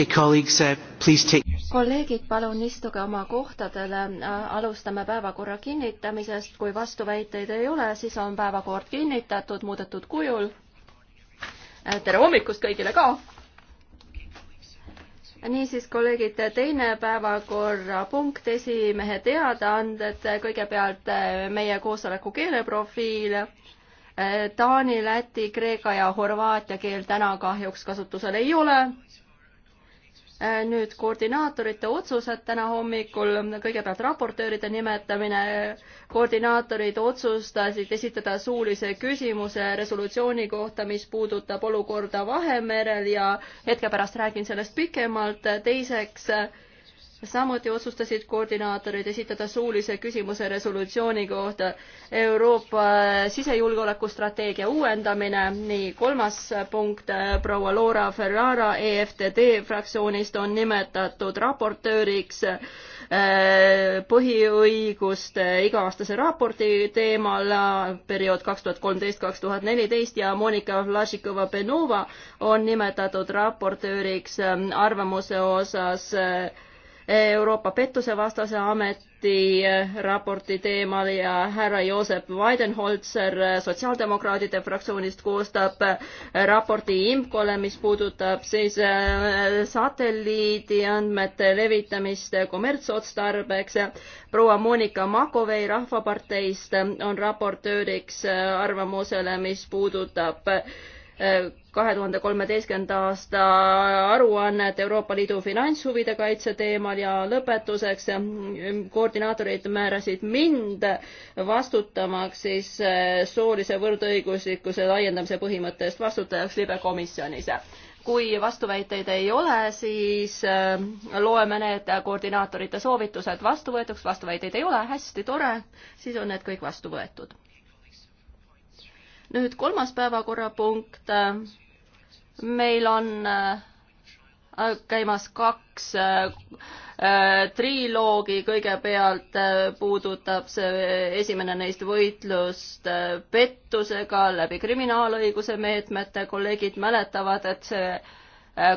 Okay, colleagues, uh, please take... kolleegid, palun istuge oma kohtadele, alustame päevakorra kinnitamisest, kui vastuväiteid ei ole, siis on päevakord kinnitatud muudetud kujul. tere hommikust kõigile ka! niisiis, kolleegid, teine päevakorrapunkt, esimehe teadaanded, kõigepealt e, meie koosoleku keeleprofiil. E, taani, Läti, Kreeka ja Horvaatia keel täna kahjuks kasutusel ei ole Äh, nüüd koordinaatorite otsused täna hommikul, kõigepealt raportööride nimetamine. koordinaatorid otsustasid esitada suulise küsimuse resolutsiooni kohta, mis puudutab olukorda Vahemerel ja hetke pärast räägin sellest pikemalt. teiseks äh, samuti otsustasid koordinaatorid esitada suulise küsimuse resolutsiooni kohta Euroopa sisejulgeolekustrateegia uuendamine. nii, kolmas punkt, äh, proua Laura Ferrara EFTD fraktsioonist on nimetatud raportööriks äh, põhiõiguste iga-aastase raporti teemal periood kaks tuhat kolmteist, kaks tuhat neliteist ja Monika Vlašikova-Benova on nimetatud raportööriks äh, arvamuse osas Euroopa pettusevastase ameti eh, raporti teemal ja härra Joosep Weidenholzer sotsiaaldemokraadide fraktsioonist koostab eh, raporti IMCO-le, mis puudutab siis eh, satelliidiandmete levitamist kommertsotstarbeks. proua Monika Makovei Rahvaparteist on raportööriks arvamusele, mis puudutab kahe tuhande kolmeteistkümnenda aasta aruannet Euroopa Liidu finantshuvide kaitse teemal ja lõpetuseks mm, koordinaatorid määrasid mind vastutamaks siis eh, soolise võrdõiguslikkuse laiendamise põhimõtte eest vastutajaks libekomisjonis. kui vastuväiteid ei ole, siis eh, loeme need koordinaatorite soovitused vastuvõetuks, vastuväiteid ei ole, hästi tore, siis on need kõik vastu võetud nüüd kolmas päevakorrapunkt meil on äh, käimas kaks äh, äh, triloogi, kõigepealt puudutab see esimene neist võitlust pettusega läbi kriminaalõiguse meetmete, kolleegid mäletavad, et see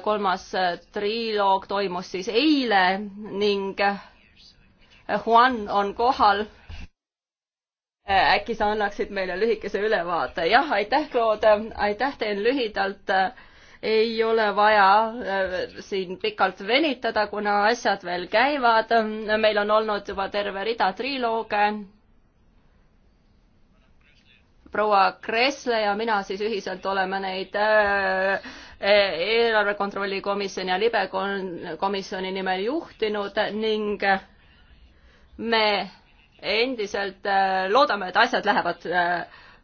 kolmas triloog toimus siis eile ning Juan on kohal. äkki sa annaksid meile lühikese ülevaate, jah, aitäh, Claude, aitäh teile lühidalt äh, ei ole vaja äh, siin pikalt venitada, kuna asjad veel käivad. meil on olnud juba terve rida triloog. proua Kressle ja mina siis ühiselt oleme neid äh, äh, eelarve kontrolli komisjoni ja libe komisjoni nimel juhtinud ning me endiselt loodame, et asjad lähevad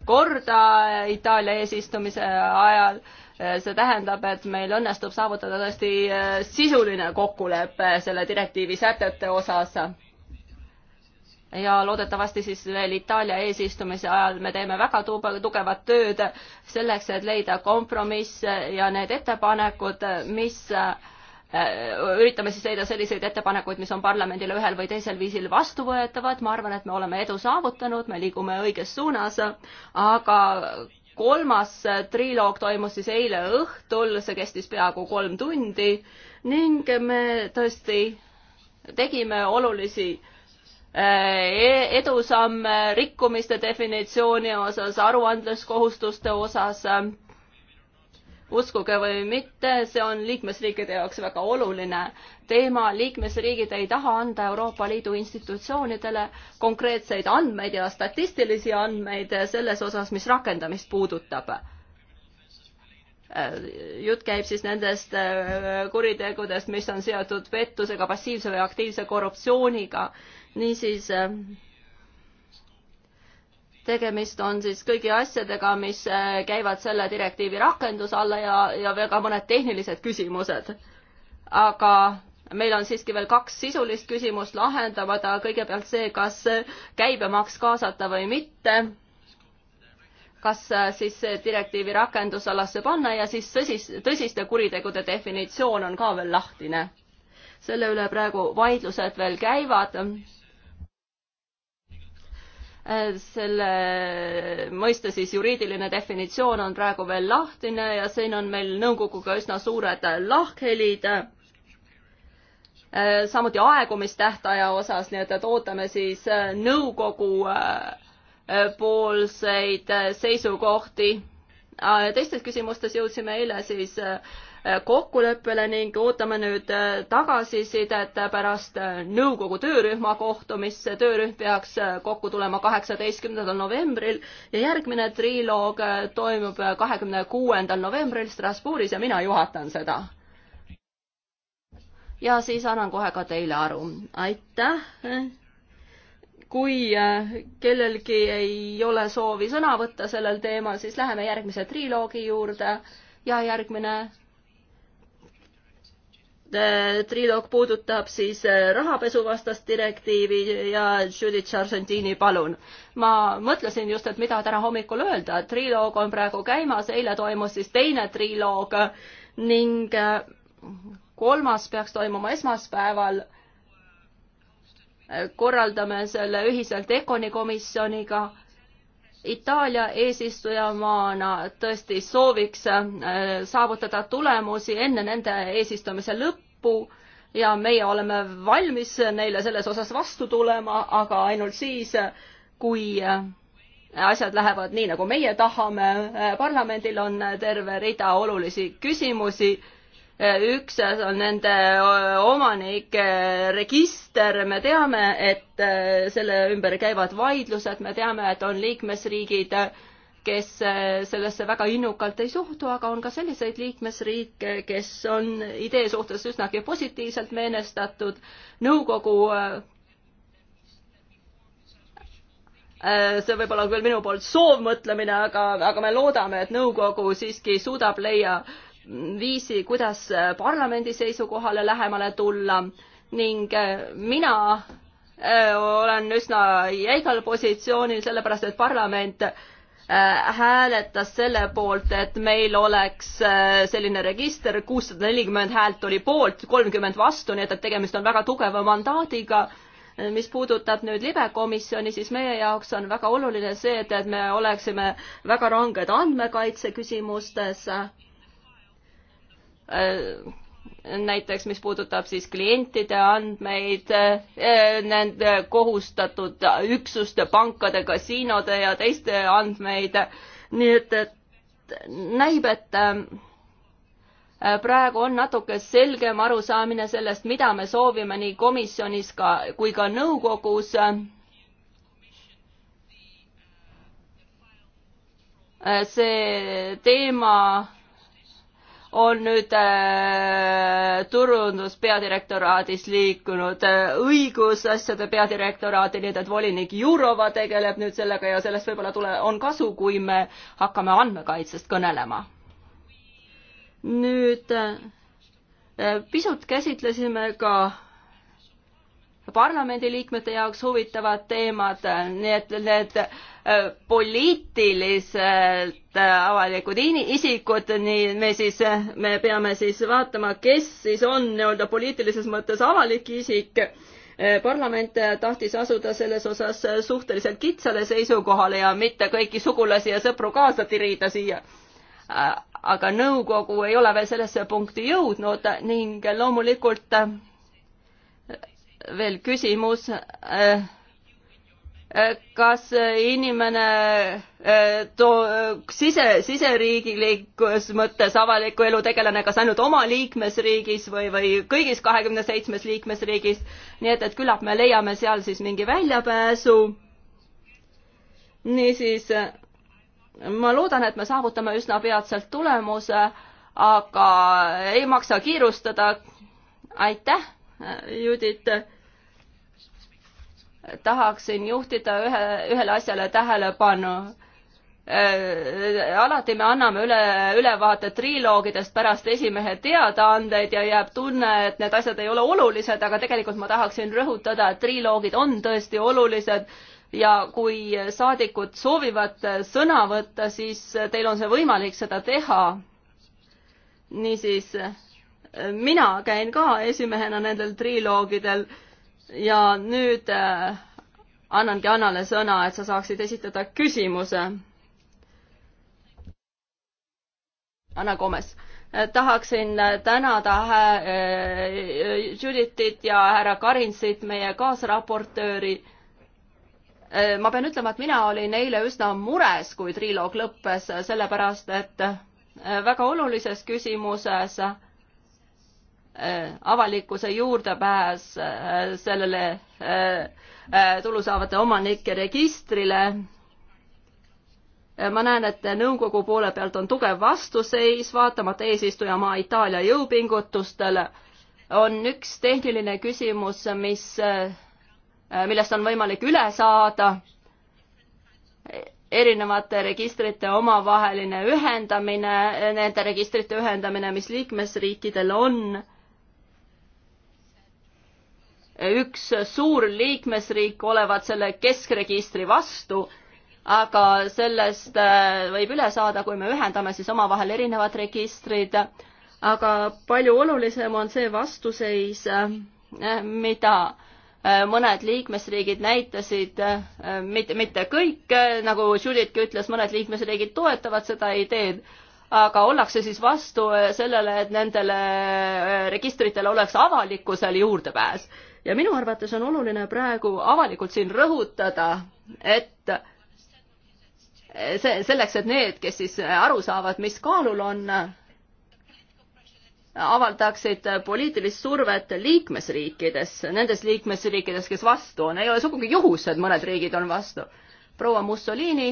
korda Itaalia eesistumise ajal see tähendab, et meil õnnestub saavutada tõesti äh, sisuline kokkulepe selle direktiivi sätete osas. ja loodetavasti siis veel Itaalia eesistumise ajal me teeme väga tugevat tööd selleks, et leida kompromiss ja need ettepanekud, mis äh, üritame siis leida selliseid ettepanekuid, mis on parlamendile ühel või teisel viisil vastuvõetavad, ma arvan, et me oleme edu saavutanud, me liigume õiges suunas, aga kolmas triloog toimus siis eile õhtul, see kestis peaaegu kolm tundi ning me tõesti tegime olulisi äh, e-, edusamme rikkumiste definitsiooni osas, aruandluskohustuste osas uskuge või mitte, see on liikmesriikide jaoks väga oluline teema, liikmesriigid ei taha anda Euroopa Liidu institutsioonidele konkreetseid andmeid ja statistilisi andmeid selles osas, mis rakendamist puudutab. jutt käib siis nendest äh, kuritegudest, mis on seotud pettusega, passiivse või aktiivse korruptsiooniga, niisiis äh, tegemist on siis kõigi asjadega, mis äh, käivad selle direktiivi rakenduse alla ja, ja väga mõned tehnilised küsimused. aga meil on siiski veel kaks sisulist küsimust lahendamata, kõigepealt see, kas käibemaks kaasata või mitte, kas äh, siis direktiivi rakendusalasse panna ja siis tõsis, tõsiste kuritegude definitsioon on ka veel lahtine. selle üle praegu vaidlused veel käivad Äh, selle mõiste siis juriidiline definitsioon on praegu veel lahtine ja siin on meil nõukoguga üsna suured lahkhelid. Äh, samuti aegumistähtaja osas, nii et, et ootame siis äh, nõukogu poolseid seisukohti. teistes küsimustes jõudsime eile siis Äh, kokkuleppele ning ootame nüüd äh, tagasisidet pärast äh, nõukogu töörühma kohtumist. see töörühm peaks kokku tulema kaheksateistkümnendal novembril ja järgmine triloog toimub kahekümne kuuendal novembril Strasbourgis ja mina juhatan seda. ja siis annan kohe ka teile aru. aitäh! kui kellelgi ei ole soovi sõna võtta sellel teemal, siis läheme järgmise triloogi juurde ja järgmine Äh, triloog puudutab siis äh, rahapesuvastast direktiivi ja Judith Sargentini, palun. ma mõtlesin just, et mida täna hommikul öelda, et triloog on praegu käimas, eile toimus siis teine triloog ning äh, kolmas peaks toimuma esmaspäeval. korraldame selle ühiselt Econi komisjoniga Itaalia eesistujamaana tõesti sooviks äh, saavutada tulemusi enne nende eesistumise lõppu ja meie oleme valmis neile selles osas vastu tulema, aga ainult siis, kui äh, asjad lähevad nii, nagu meie tahame. Äh, parlamendil on terve rida olulisi küsimusi üks on nende omanike register, me teame, et selle ümber käivad vaidlused, me teame, et on liikmesriigid, kes sellesse väga innukalt ei suhtu, aga on ka selliseid liikmesriike, kes on idee suhtes üsnagi positiivselt meenestatud. nõukogu see võib olla küll minu poolt soovmõtlemine, aga, aga me loodame, et nõukogu siiski suudab leia äh, viisi, kuidas äh, parlamendi seisukohale lähemale tulla ning äh, mina äh, olen üsna jäigal positsioonil, sellepärast et parlament hääletas selle poolt, et meil oleks selline register, kuussada nelikümmend häält oli poolt, kolmkümmend vastu, nii et, et tegemist on väga tugeva mandaadiga. mis puudutab nüüd libekomisjoni, siis meie jaoks on väga oluline see, et, et me oleksime väga ranged andmekaitse küsimustes Äh, näiteks mis puudutab siis klientide andmeid, äh, nende kohustatud üksuste, pankade, kasiinode ja teiste andmeid. nii et, et näib, et äh, praegu on natuke selgem arusaamine sellest, mida me soovime nii komisjonis ka, kui ka nõukogus. see teema on nüüd äh, turunduspeadirektoraadis liikunud äh, õigusasjade peadirektoraadini, nii et volinik Jurova tegeleb nüüd sellega ja sellest võib-olla tule-, on kasu, kui me hakkame andmekaitsest kõnelema. nüüd äh, pisut käsitlesime ka parlamendiliikmete jaoks huvitavad teemad, nii et need, need Äh, poliitiliselt äh, avalikud isikud, nii me siis, äh, me peame siis vaatama, kes siis on nii-öelda poliitilises mõttes avalik isik. parlament tahtis asuda selles osas suhteliselt kitsale seisukohale ja mitte kõiki sugulasi ja sõpru kaasa tirida siia aga nõukogu ei ole veel sellesse punkti jõudnud ning loomulikult veel küsimus äh, kas inimene äh, too sise, siseriigilikus mõttes avaliku elu tegelane, kas ainult oma liikmesriigis või, või kõigis kahekümne seitsmes liikmesriigis. nii et, et küllap me leiame seal siis mingi väljapääsu. niisiis, ma loodan, et me saavutame üsna peatselt tulemuse, aga ei maksa kiirustada. aitäh, Judith tahaksin juhtida ühe, ühele asjale tähelepanu äh,. alati me anname üle, ülevaate triloogidest pärast esimehe teadaandeid ja jääb tunne, et need asjad ei ole olulised, aga tegelikult ma tahaksin rõhutada, et triloogid on tõesti olulised ja kui saadikud soovivad sõna võtta, siis teil on see võimalik seda teha. niisiis, mina käin ka esimehena nendel triloogidel ja nüüd äh, annangi Annale sõna, et sa saaksid esitada küsimuse. Anna Komes, äh, tahaksin äh, tänada Judithit ja härra Karinsit, meie kaasraportööri. ma pean ütlema, et mina olin eile üsna mures, kui triloog lõppes, sellepärast et väga olulises küsimuses äh, Äh, avalikkuse juurdepääs äh, sellele äh, tulu saavate omanike registrile. ma näen, et nõukogu poole pealt on tugev vastuseis, vaatamata eesistujamaa Itaalia jõupingutustele, on üks tehniline küsimus, mis, millest on võimalik üle saada erinevate registrite omavaheline ühendamine, nende registrite ühendamine, mis liikmesriikidel on üks suur liikmesriik olevat selle keskregistri vastu, aga sellest äh, võib üle saada, kui me ühendame siis omavahel erinevad registrid. aga palju olulisem on see vastuseis, äh, mida äh, mõned liikmesriigid näitasid, mitte, mitte kõik, nagu Judithki ütles, mõned liikmesriigid toetavad seda ideed aga ollakse siis vastu sellele, et nendele registritele oleks avalikkusel juurdepääs ja minu arvates on oluline praegu avalikult siin rõhutada, et see, selleks, et need, kes siis aru saavad, mis kaalul on, avaldaksid poliitilist survet liikmesriikides, nendes liikmesriikides, kes vastu on. ei ole sugugi juhus, et mõned riigid on vastu. proua Mussolini,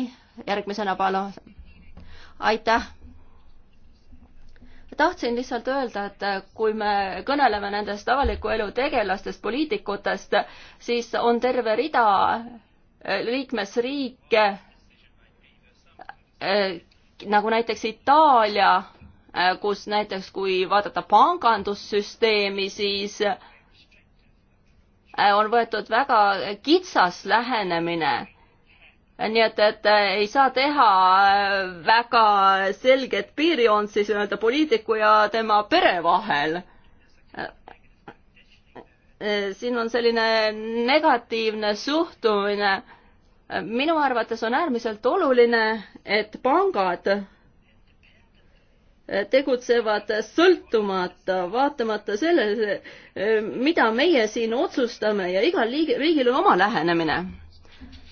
järgmisena palun. aitäh tahtsin lihtsalt öelda, et äh, kui me kõneleme nendest avaliku elu tegelastest, poliitikutest, siis on terve rida äh, liikmesriike, äh, nagu näiteks Itaalia, kus näiteks kui vaadata pangandussüsteemi, siis on võetud väga kitsas lähenemine nii et, et äh, ei saa teha äh, väga selget piirjoont siis nii-öelda poliitiku ja tema pere vahel. Äh, siin on selline negatiivne suhtumine. minu arvates on äärmiselt oluline, et pangad tegutsevad sõltumata, vaatamata sellele, mida meie siin otsustame ja igal liigi, riigil on oma lähenemine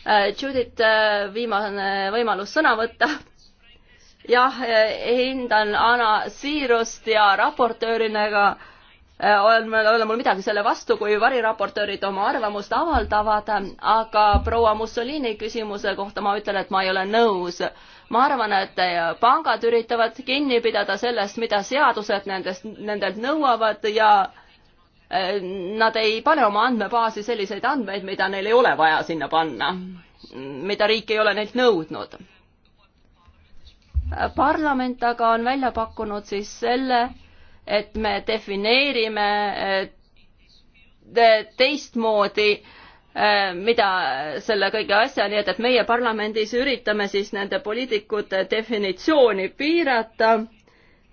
Äh, Judith, äh, viimane võimalus sõna võtta. jah, äh, hindan Anna siirust ja raportöörina ka on, ole mul midagi selle vastu, kui variraportöörid oma arvamust avaldavad, aga proua Mussolini küsimuse kohta ma ütlen, et ma ei ole nõus. ma arvan, et pangad üritavad kinni pidada sellest, mida seadused nendest, nendelt nõuavad ja nad ei pane oma andmebaasi selliseid andmeid, mida neil ei ole vaja sinna panna, mida riik ei ole neilt nõudnud. parlament aga on välja pakkunud siis selle, et me defineerime teistmoodi, mida selle kõige asja, nii et, et meie parlamendis üritame siis nende poliitikute definitsiooni piirata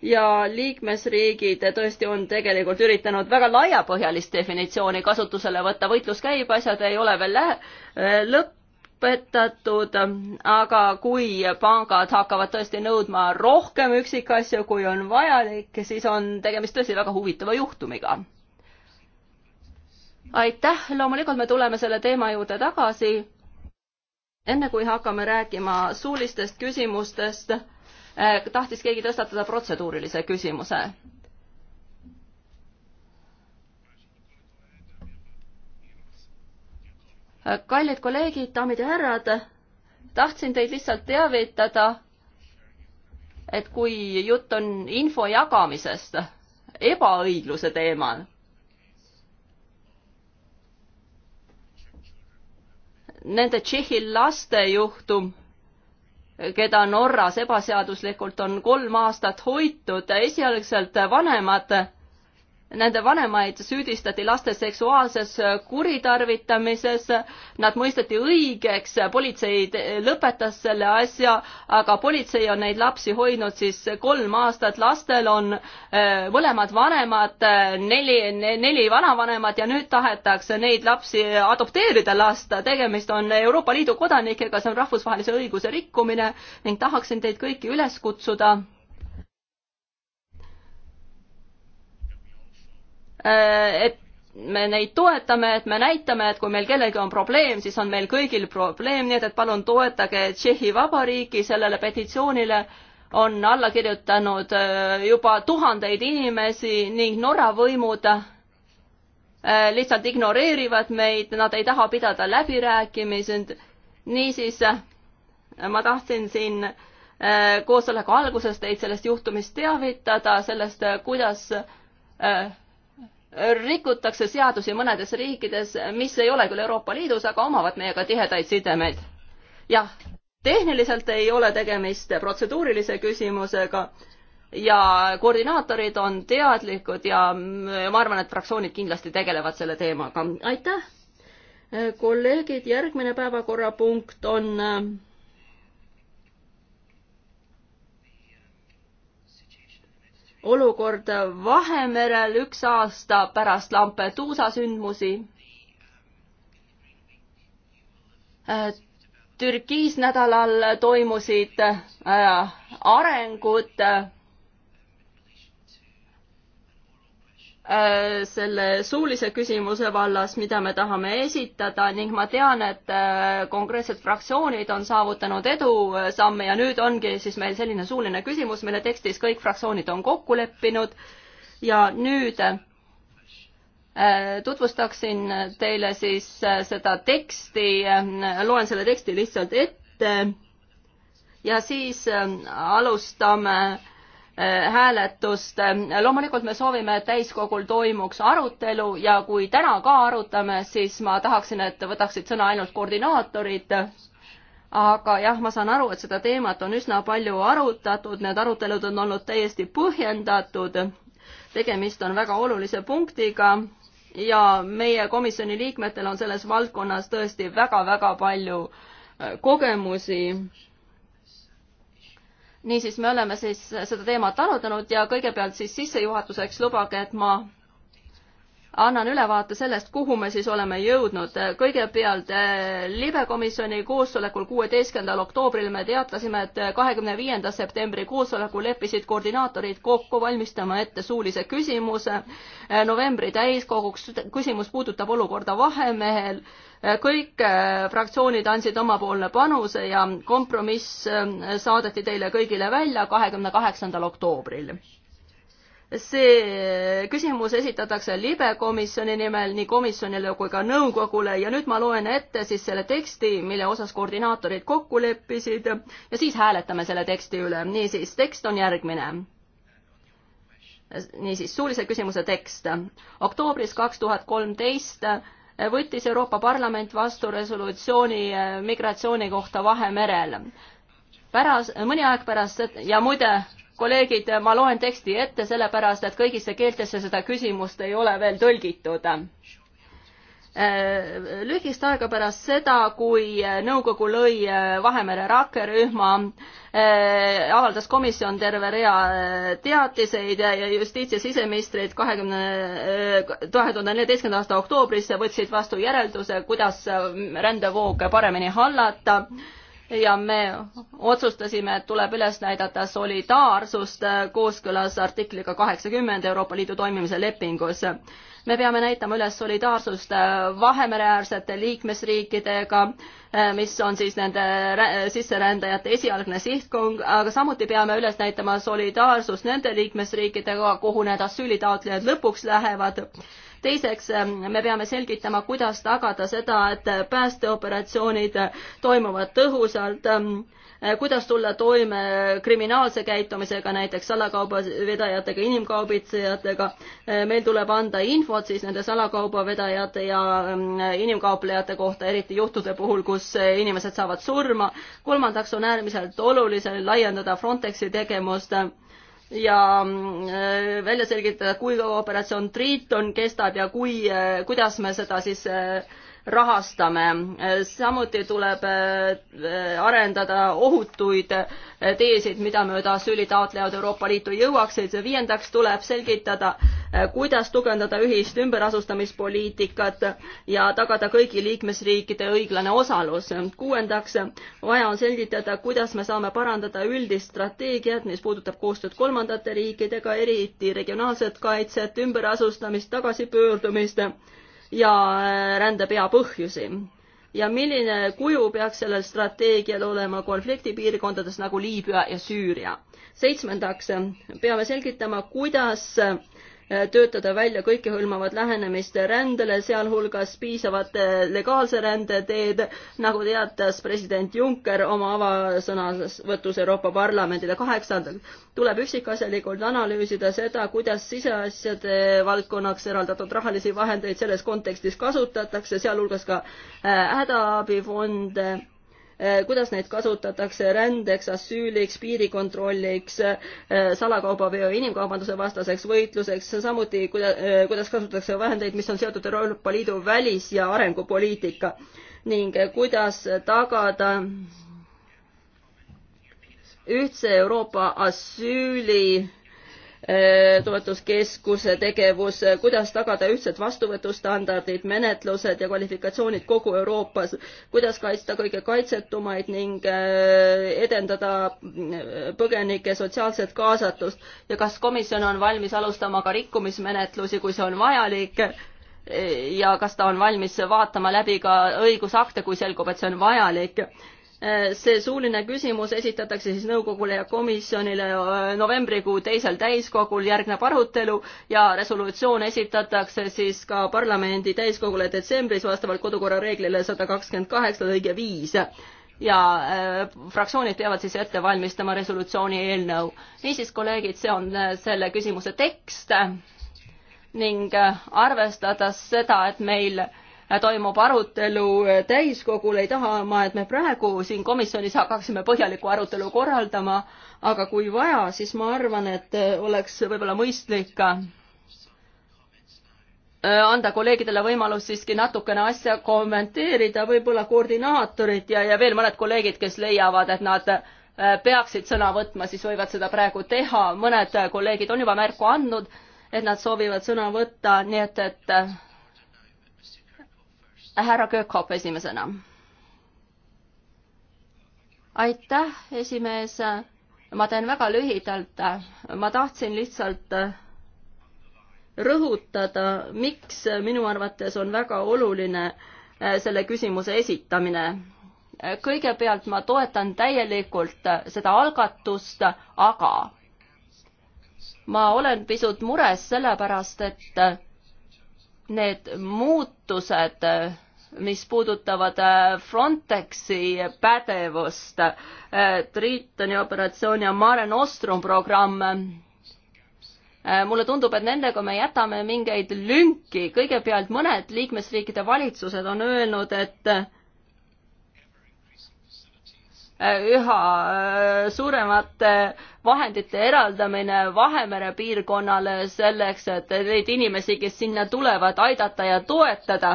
ja liikmesriigid tõesti on tegelikult üritanud väga laiapõhjalist definitsiooni kasutusele võtta, võitlus käib, asjad ei ole veel äh, lõpetatud, aga kui pangad hakkavad tõesti nõudma rohkem üksikasju, kui on vajalik, siis on tegemist tõesti väga huvitava juhtumiga. aitäh, loomulikult me tuleme selle teema juurde tagasi. enne kui hakkame rääkima suulistest küsimustest Äh, tahtis keegi tõstatada protseduurilise küsimuse? Äh, kallid kolleegid, daamid ja härrad, tahtsin teid lihtsalt teavitada, et kui jutt on info jagamisest ebaõigluse teemal, nende Tšehhi laste juhtum keda Norras ebaseaduslikult on kolm aastat hoitud, esialgselt vanemad Nende vanemaid süüdistati laste seksuaalses kuritarvitamises, nad mõisteti õigeks, politsei lõpetas selle asja, aga politsei on neid lapsi hoidnud siis kolm aastat, lastel on äh, mõlemad vanemad, neli, neli vanavanemat ja nüüd tahetakse neid lapsi adopteerida lasta, tegemist on Euroopa Liidu kodanikega, see on rahvusvahelise õiguse rikkumine ning tahaksin teid kõiki üles kutsuda Äh, et me neid toetame, et me näitame, et kui meil kellelgi on probleem, siis on meil kõigil probleem, nii et, et palun toetage Tšehhi Vabariiki sellele petitsioonile on alla kirjutanud äh, juba tuhandeid inimesi ning Norra võimud äh, lihtsalt ignoreerivad meid, nad ei taha pidada läbirääkimisi. niisiis ma tahtsin siin koosoleku alguses teid sellest juhtumist teavitada, sellest, kuidas rikutakse seadusi mõnedes riikides, mis ei ole küll Euroopa Liidus, aga omavad meiega tihedaid sidemeid. jah, tehniliselt ei ole tegemist protseduurilise küsimusega ja koordinaatorid on teadlikud ja ma arvan, et fraktsioonid kindlasti tegelevad selle teemaga. aitäh! kolleegid, järgmine päevakorrapunkt on äh, olukord Vahemerel üks aasta pärast Lampeduusa sündmusi. Türgis nädalal toimusid äh, arengud Äh, selle suulise küsimuse vallas, mida me tahame esitada ning ma tean, et äh, konkreetsed fraktsioonid on saavutanud edusamme äh, ja nüüd ongi siis meil selline suuline küsimus, mille tekstis kõik fraktsioonid on kokku leppinud ja nüüd tutvustaksin teile siis seda teksti, loen selle teksti lihtsalt ette ja siis alustame hääletust. loomulikult me soovime, et täiskogul toimuks arutelu ja kui täna ka arutame, siis ma tahaksin, et võtaksid sõna ainult koordinaatorid. aga jah, ma saan aru, et seda teemat on üsna palju arutatud, need arutelud on olnud täiesti põhjendatud. tegemist on väga olulise punktiga ja meie komisjoni liikmetel on selles valdkonnas tõesti väga-väga palju kogemusi niisiis, me oleme siis seda teemat arutanud ja kõigepealt siis sissejuhatuseks lubage, et ma annan ülevaate sellest, kuhu me siis oleme jõudnud. kõigepealt eh, libekomisjoni koosolekul kuueteistkümnendal oktoobril me teatasime, et kahekümne viienda septembri koosolekul leppisid koordinaatorid kokku valmistama ette suulise küsimuse. Eh, novembri täiskoguks küsimus puudutab olukorda Vahemehel kõik äh, fraktsioonid andsid omapoolne panuse ja kompromiss äh, saadeti teile kõigile välja kahekümne kaheksandal oktoobril. see äh, küsimus esitatakse libe komisjoni nimel nii komisjonile kui ka nõukogule ja nüüd ma loen ette siis selle teksti, mille osas koordinaatorid kokku leppisid ja siis hääletame selle teksti üle. niisiis, tekst on järgmine niisiis, suulise küsimuse tekst. oktoobris kaks tuhat kolmteist võttis Euroopa Parlament vastu resolutsiooni eh, migratsiooni kohta Vahemerel. pärast, mõni aeg pärast ja muide, kolleegid, ma loen teksti ette, sellepärast et kõigisse keeltesse seda küsimust ei ole veel tõlgitud Äh, lühikest aega pärast seda, kui äh, nõukogu lõi äh, Vahemere rakkerühma, avaldas komisjon terve rea teatiseid ja justiits- ja siseministrid kahekümne, kahe tuhande neljateistkümnenda aasta oktoobris võtsid vastu järelduse, kuidas rändevooge paremini hallata ja me otsustasime, et tuleb üles näidata solidaarsust äh, kooskõlas artikliga kaheksakümmend Euroopa Liidu toimimise lepingus. me peame näitama üles solidaarsust äh, Vahemereäärsete liikmesriikidega, äh, mis on siis nende sisserändajate esialgne sihtkong, aga samuti peame üles näitama solidaarsust nende liikmesriikidega, kuhu need asüülitaotlejad lõpuks lähevad teiseks, ähm, me peame selgitama, kuidas tagada seda, et päästeoperatsioonid toimuvad tõhusalt, ähm, kuidas tulla toime kriminaalse käitumisega, näiteks salakaubavedajatega, inimkaubitsejatega. Äh, meil tuleb anda infot siis nende salakaubavedajate ja ähm, inimkauplejate kohta, eriti juhtude puhul, kus äh, inimesed saavad surma. kolmandaks on äärmiselt olulisel laiendada Frontexi tegevust ja äh, välja selgitada, kui kaua operatsioon Triton kestab ja kui, äh, kuidas me seda siis äh, rahastame. samuti tuleb äh, arendada ohutuid äh, teesid, mida mööda asüülitaotlejad Euroopa Liitu jõuaksid. viiendaks tuleb selgitada, äh, kuidas tugevdada ühist ümberasustamispoliitikat ja tagada kõigi liikmesriikide õiglane osalus. kuuendaks, vaja on selgitada, kuidas me saame parandada üldist strateegiat, mis puudutab koostööd kolmandate riikidega, eriti regionaalset kaitset, ümberasustamist, tagasipöördumist ja äh, rände peapõhjusi. ja milline kuju peaks sellel strateegial olema konfliktipiirkondades nagu Liibüa ja Süüria. seitsmendaks, peame selgitama, kuidas Äh, töötada välja kõikehõlmavat lähenemist rändele, sealhulgas piisavat äh, legaalse rände teed, nagu teatas president Juncker oma avasõnavõtus Euroopa Parlamendile kaheksandal. tuleb üksikasjalikult analüüsida seda, kuidas siseasjade valdkonnaks eraldatud rahalisi vahendeid selles kontekstis kasutatakse, sealhulgas ka äh, hädaabifonde äh, Eh, kuidas neid kasutatakse rändeks, asüüliks, piirikontrolliks, eh, salakaubaveo ja inimkaubanduse vastaseks võitluseks, samuti kuida-, eh, kuidas kasutatakse vahendeid, mis on seotud Euroopa Liidu välis- ja arengupoliitika ning kuidas tagada ühtse Euroopa asüüli Äh, toetuskeskuse äh, tegevus, äh, kuidas tagada ühtsed vastuvõtustandardid, menetlused ja kvalifikatsioonid kogu Euroopas, kuidas kaitsta kõige kaitsetumaid ning edendada põgenike sotsiaalset kaasatust ja kas komisjon on valmis alustama ka rikkumismenetlusi, kui see on vajalik ja kas ta on valmis vaatama läbi ka õigusakte, kui selgub, et see on vajalik Äh, see suuline küsimus esitatakse siis nõukogule ja komisjonile äh, novembrikuu teisel täiskogul, järgneb arutelu ja resolutsioon esitatakse siis ka parlamendi täiskogule detsembris vastavalt kodukorra reeglile sada kakskümmend kaheksa lõige viis ja äh, fraktsioonid peavad siis ette valmistama resolutsiooni eelnõu. niisiis, kolleegid, see on äh, selle küsimuse tekst ning arvestades seda, et meil äh, toimub arutelu täiskogul, ei taha ma, et me praegu siin komisjonis hakkaksime põhjalikku arutelu korraldama, aga kui vaja, siis ma arvan, et oleks võib-olla mõistlik äh, anda kolleegidele võimalus siiski natukene asja kommenteerida, võib-olla koordinaatorid ja, ja veel mõned kolleegid, kes leiavad, et nad äh, peaksid sõna võtma, siis võivad seda praegu teha, mõned kolleegid on juba märku andnud, et nad soovivad sõna võtta, nii et, et äh, Äh, härra Kökop esimesena. aitäh, esimees. ma teen väga lühidalt. ma tahtsin lihtsalt äh, rõhutada, miks minu arvates on väga oluline äh, selle küsimuse esitamine. kõigepealt ma toetan täielikult seda algatust, aga ma olen pisut mures sellepärast, et need muutused, mis puudutavad äh, Frontexi pädevust, äh, Tritoni operatsioon ja Mare Nostrum programm, äh, mulle tundub, et nendega me jätame mingeid lünki, kõigepealt mõned liikmesriikide valitsused on öelnud, et Äh, üha äh, suuremate vahendite eraldamine Vahemere piirkonnale selleks, et neid inimesi, kes sinna tulevad, aidata ja toetada.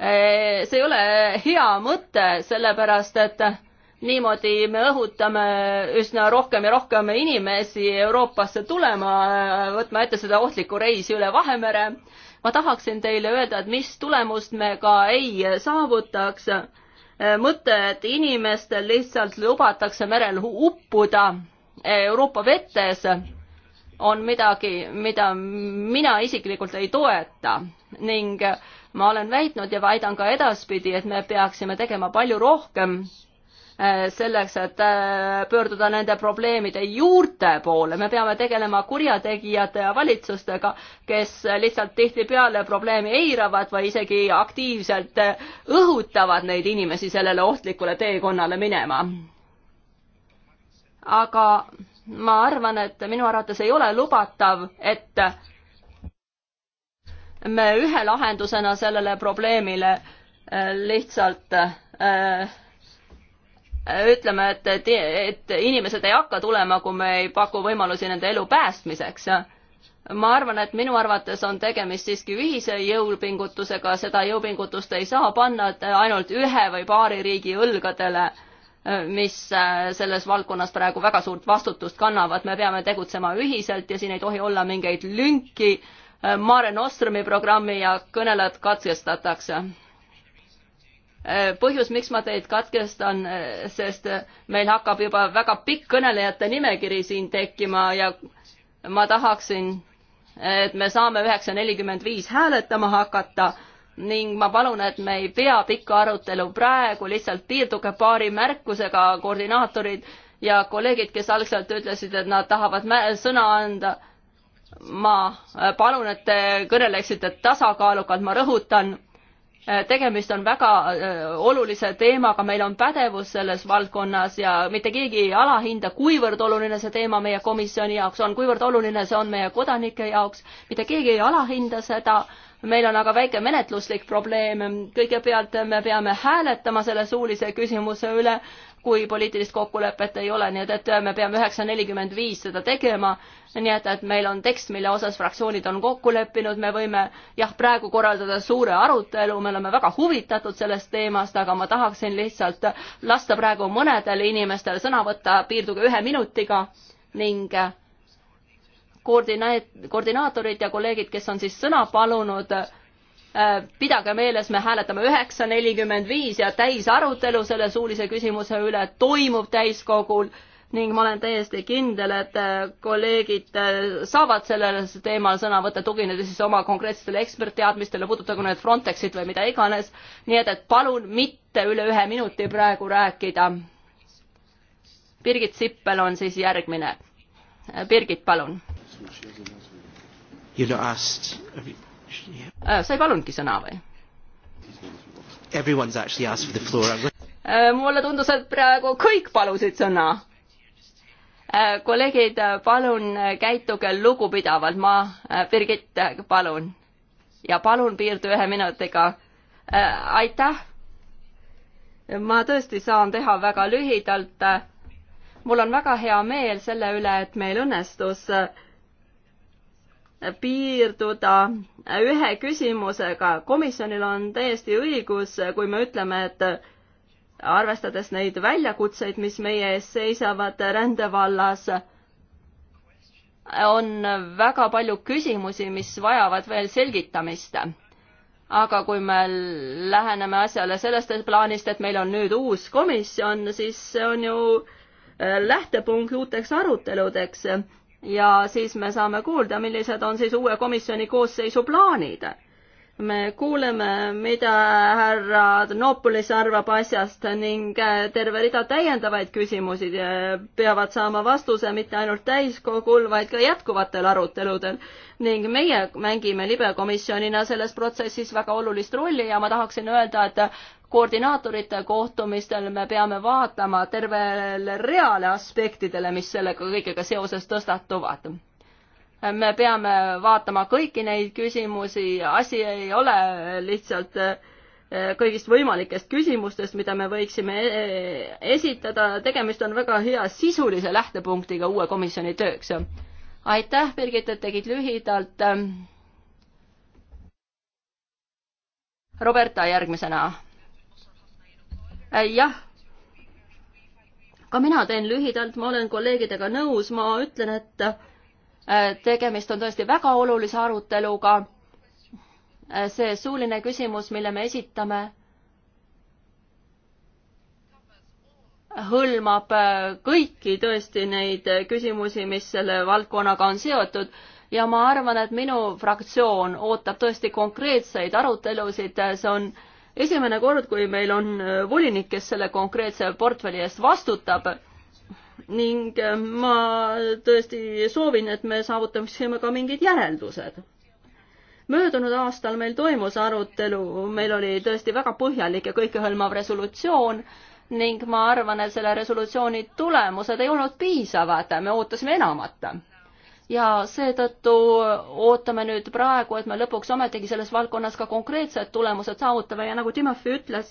Äh, see ei ole hea mõte, sellepärast et niimoodi me õhutame üsna rohkem ja rohkem inimesi Euroopasse tulema, võtma ette seda ohtlikku reisi üle Vahemere ma tahaksin teile öelda, et mis tulemust me ka ei saavutaks. mõte, et inimestel lihtsalt lubatakse merel uppuda Euroopa vetes, on midagi, mida mina isiklikult ei toeta ning ma olen väitnud ja väidan ka edaspidi, et me peaksime tegema palju rohkem Äh, selleks, et äh, pöörduda nende probleemide juurte poole, me peame tegelema kurjategijate ja valitsustega, kes lihtsalt tihtipeale probleemi eiravad või isegi aktiivselt äh, õhutavad neid inimesi sellele ohtlikule teekonnale minema. aga ma arvan, et minu arvates ei ole lubatav, et me ühe lahendusena sellele probleemile lihtsalt äh, ütleme, et, et inimesed ei hakka tulema, kui me ei paku võimalusi nende elu päästmiseks ma arvan, et minu arvates on tegemist siiski ühise jõupingutusega, seda jõupingutust ei saa panna ainult ühe või paari riigi õlgadele, mis selles valdkonnas praegu väga suurt vastutust kannavad, me peame tegutsema ühiselt ja siin ei tohi olla mingeid lünki Mare Nostrumi programmi ja kõnelejad katkestatakse Äh, põhjus, miks ma teid katkestan, äh, sest äh, meil hakkab juba väga pikk kõnelejate nimekiri siin tekkima ja ma tahaksin, et me saame üheksa nelikümmend viis hääletama hakata ning ma palun, et me ei pea pikka arutelu praegu, lihtsalt piirduge paari märkusega, koordinaatorid ja kolleegid, kes algselt ütlesid, et nad tahavad sõna anda, ma palun, et te kõneleksite tasakaalukalt, ma rõhutan Äh, tegemist on väga äh, olulise teemaga, meil on pädevus selles valdkonnas ja mitte keegi ei alahinda, kuivõrd oluline see teema meie komisjoni jaoks on, kuivõrd oluline see on meie kodanike jaoks, mitte keegi ei alahinda seda, meil on aga väike menetluslik probleem, kõigepealt me peame hääletama selle suulise küsimuse üle kui poliitilist kokkulepet ei ole, nii et, et me peame üheksa nelikümmend viis seda tegema. nii et, et meil on tekst, mille osas fraktsioonid on kokku leppinud, me võime jah, praegu korraldada suure arutelu, me oleme väga huvitatud sellest teemast, aga ma tahaksin lihtsalt lasta praegu mõnedel inimestel sõna võtta, piirduge ühe minutiga ning koordinaat-, koordinaatorid ja kolleegid, kes on siis sõna palunud Äh, pidage meeles, me hääletame üheksa nelikümmend viis ja täisarutelu selle suulise küsimuse üle toimub täiskogul ning ma olen täiesti kindel, et äh, kolleegid äh, saavad sellel teemal sõna võtta, tuginedes siis oma konkreetsetele ekspertteadmistele, puudutagu need Frontexit või mida iganes. nii et, et palun mitte üle ühe minuti praegu rääkida. Birgit Sippel on siis järgmine. Birgit, palun. You asked Äh, sa ei palunudki sõna või? Everyone's actually asked for the floor. Äh, mulle tundus, et praegu kõik palusid sõna. Äh, kolleegid, palun käituge lugupidavalt, ma, Birgit, palun. ja palun piirdu ühe minutiga. aitäh. ma tõesti saan teha väga lühidalt. mul on väga hea meel selle üle, et meil õnnestus äh, piirduda ühe küsimusega. komisjonil on täiesti õigus, kui me ütleme, et arvestades neid väljakutseid, mis meie ees seisavad rändevallas, on väga palju küsimusi, mis vajavad veel selgitamist. aga kui me läheneme asjale sellest plaanist, et meil on nüüd uus komisjon, siis see on ju äh, lähtepunkt uuteks aruteludeks ja siis me saame kuulda, millised on siis uue komisjoni koosseisu plaanid. me kuuleme, mida härra Dnopolis arvab asjast ning terve rida täiendavaid küsimusi peavad saama vastuse mitte ainult täiskogul, vaid ka jätkuvatel aruteludel ning meie mängime libekomisjonina selles protsessis väga olulist rolli ja ma tahaksin öelda, et koordinaatorite kohtumistel me peame vaatama tervele reale aspektidele, mis sellega kõigega seoses tõstatuvad. me peame vaatama kõiki neid küsimusi, asi ei ole lihtsalt eh, kõigist võimalikest küsimustest, mida me võiksime eh, esitada, tegemist on väga hea sisulise lähtepunktiga uue komisjoni tööks aitäh, Birgit, et tegid lühidalt. Roberta järgmisena. Äh, jah, ka mina teen lühidalt, ma olen kolleegidega nõus, ma ütlen, et äh, tegemist on tõesti väga olulise aruteluga. Äh, see suuline küsimus, mille me esitame hõlmab äh, kõiki tõesti neid küsimusi, mis selle valdkonnaga on seotud ja ma arvan, et minu fraktsioon ootab tõesti konkreetseid arutelusid, see on esimene kord, kui meil on äh, volinik, kes selle konkreetse portfelli eest vastutab ning äh, ma tõesti soovin, et me saavutaksime ka mingid järeldused möödunud aastal meil toimus arutelu, meil oli tõesti väga põhjalik ja kõikehõlmav resolutsioon ning ma arvan, et selle resolutsiooni tulemused ei olnud piisavad, me ootasime enamat. ja seetõttu ootame nüüd praegu, et me lõpuks ometigi selles valdkonnas ka konkreetsed tulemused saavutame ja nagu Timofei ütles,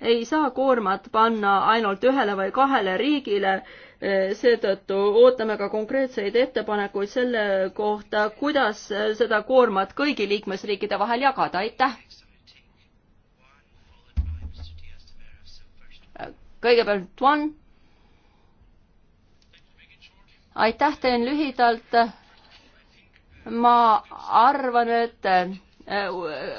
ei saa koormat panna ainult ühele või kahele riigile, seetõttu ootame ka konkreetseid ettepanekuid selle kohta, kuidas seda koormat kõigi liikmesriikide vahel jagada, aitäh! kõigepealt Juan. aitäh, teen lühidalt. ma arvan, et äh,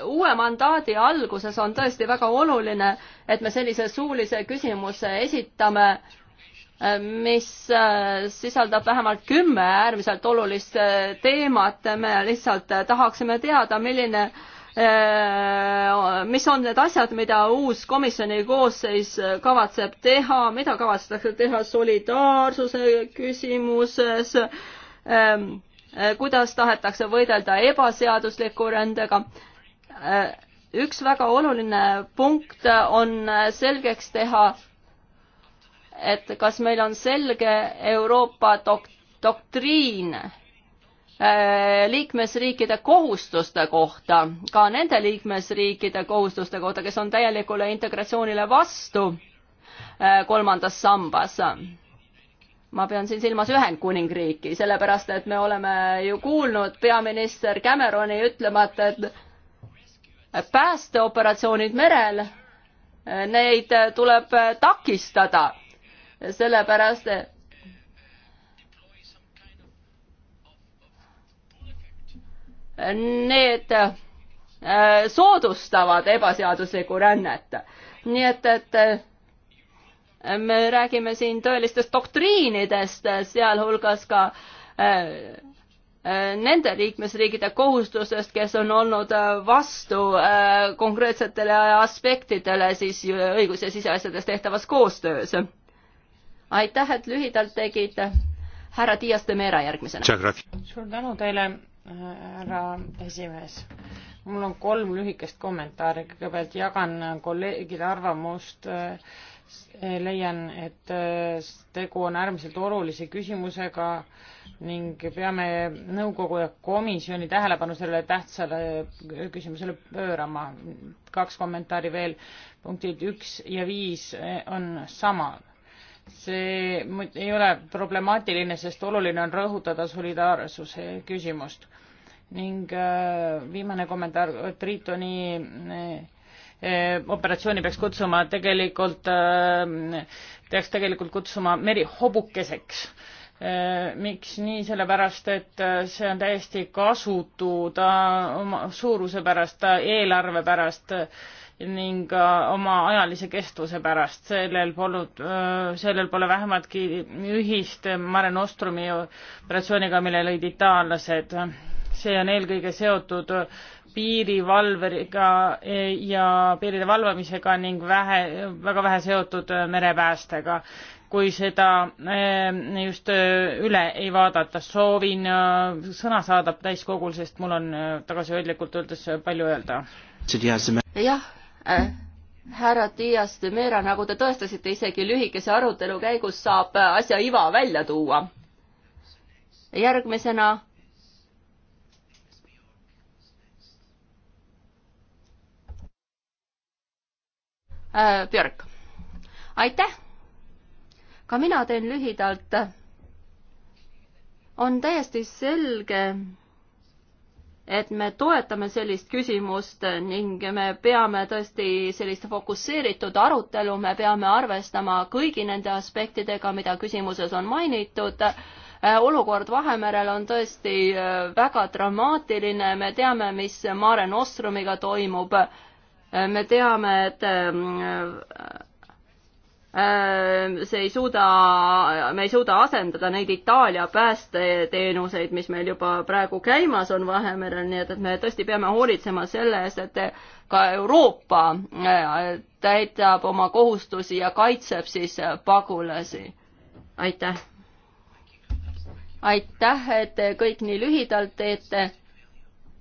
uue mandaadi alguses on tõesti väga oluline, et me sellise suulise küsimuse esitame, äh, mis äh, sisaldab vähemalt kümme äärmiselt olulist teemat. me lihtsalt tahaksime teada, milline äh, Äh, mis on need asjad, mida uus komisjoni koosseis kavatseb teha, mida kavatsetakse teha solidaarsuse küsimuses, ähm, äh, kuidas tahetakse võidelda ebaseadusliku rändega. Äh, üks väga oluline punkt on selgeks teha, et kas meil on selge Euroopa dok-, doktriin Äh, liikmesriikide kohustuste kohta, ka nende liikmesriikide kohustuste kohta, kes on täielikule integratsioonile vastu äh, kolmandas sambas. ma pean siin silmas Ühendkuningriiki, sellepärast et me oleme ju kuulnud peaminister Cameroni ütlemat, et päästeoperatsioonid merel, äh, neid tuleb takistada, sellepärast need äh, soodustavad ebaseaduslikku rännet. nii et, et äh, me räägime siin tõelistest doktriinidest, äh, sealhulgas ka nende liikmesriigide kohustusest, kes on olnud vastu konkreetsetele aspektidele siis õigus- ja siseasjades tehtavas koostöös. aitäh, et lühidalt tegid. härra Dias de Meera järgmisena. suur tänu teile härra esimees. mul on kolm lühikest kommentaari, kõigepealt jagan kolleegide arvamust, leian, et tegu on äärmiselt olulise küsimusega ning peame nõukogu ja komisjoni tähelepanu sellele tähtsale küsimusele pöörama. kaks kommentaari veel, punktid üks ja viis on samad see ei ole problemaatiline, sest oluline on rõhutada solidaarsuse küsimust. ning äh, viimane kommentaar, Tritoni äh, äh, operatsiooni peaks kutsuma tegelikult, peaks tegelikult kutsuma merihobukeseks miks nii, sellepärast et see on täiesti kasutu, ta oma suuruse pärast, ta eelarve pärast, ning äh, oma ajalise kestvuse pärast. sellel polnud, äh, sellel pole vähematki ühist Mare Nostrumi operatsiooniga, mille lõid itaallased. see on eelkõige seotud piirivalveriga e, ja piiride valvamisega ning vähe, väga vähe seotud äh, merepäästega. kui seda just üle ei vaadata, soovin sõna saada täiskogul, sest mul on tagasihoidlikult öeldes palju öelda. jah Äh, härra Dias de Mera, nagu te tõestasite, isegi lühikese arutelu käigus saab äh, asja iva välja tuua. järgmisena. Äh, Björk, aitäh. ka mina teen lühidalt. on täiesti selge et me toetame sellist küsimust ning me peame tõesti sellist fokusseeritud arutelu, me peame arvestama kõigi nende aspektidega, mida küsimuses on mainitud. Äh, olukord Vahemerel on tõesti äh, väga dramaatiline, me teame, mis Mare Nostrumiga toimub. Äh, me teame, et ähm, Äh, see ei suuda, me ei suuda asendada neid Itaalia päästeteenuseid, mis meil juba praegu käimas on Vahemerel, nii et, et me tõesti peame hoolitsema selle eest, et ka Euroopa äh, täidab oma kohustusi ja kaitseb siis pagulasi. aitäh! aitäh, et te kõik nii lühidalt teete.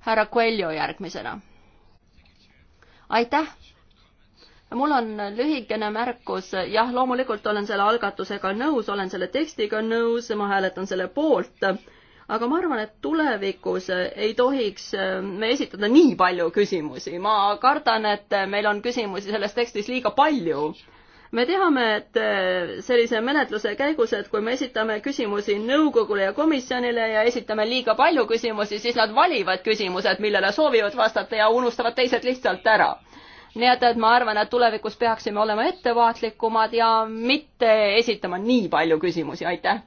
härra Coelho järgmisena. aitäh! mul on lühikene märkus, jah, loomulikult olen selle algatusega nõus, olen selle tekstiga nõus, ma hääletan selle poolt, aga ma arvan, et tulevikus ei tohiks me esitada nii palju küsimusi, ma kardan, et meil on küsimusi selles tekstis liiga palju me teame, et sellise menetluse käigus, et kui me esitame küsimusi nõukogule ja komisjonile ja esitame liiga palju küsimusi, siis nad valivad küsimused, millele soovivad vastata ja unustavad teised lihtsalt ära nii et, et ma arvan, et tulevikus peaksime olema ettevaatlikumad ja mitte esitama nii palju küsimusi, aitäh.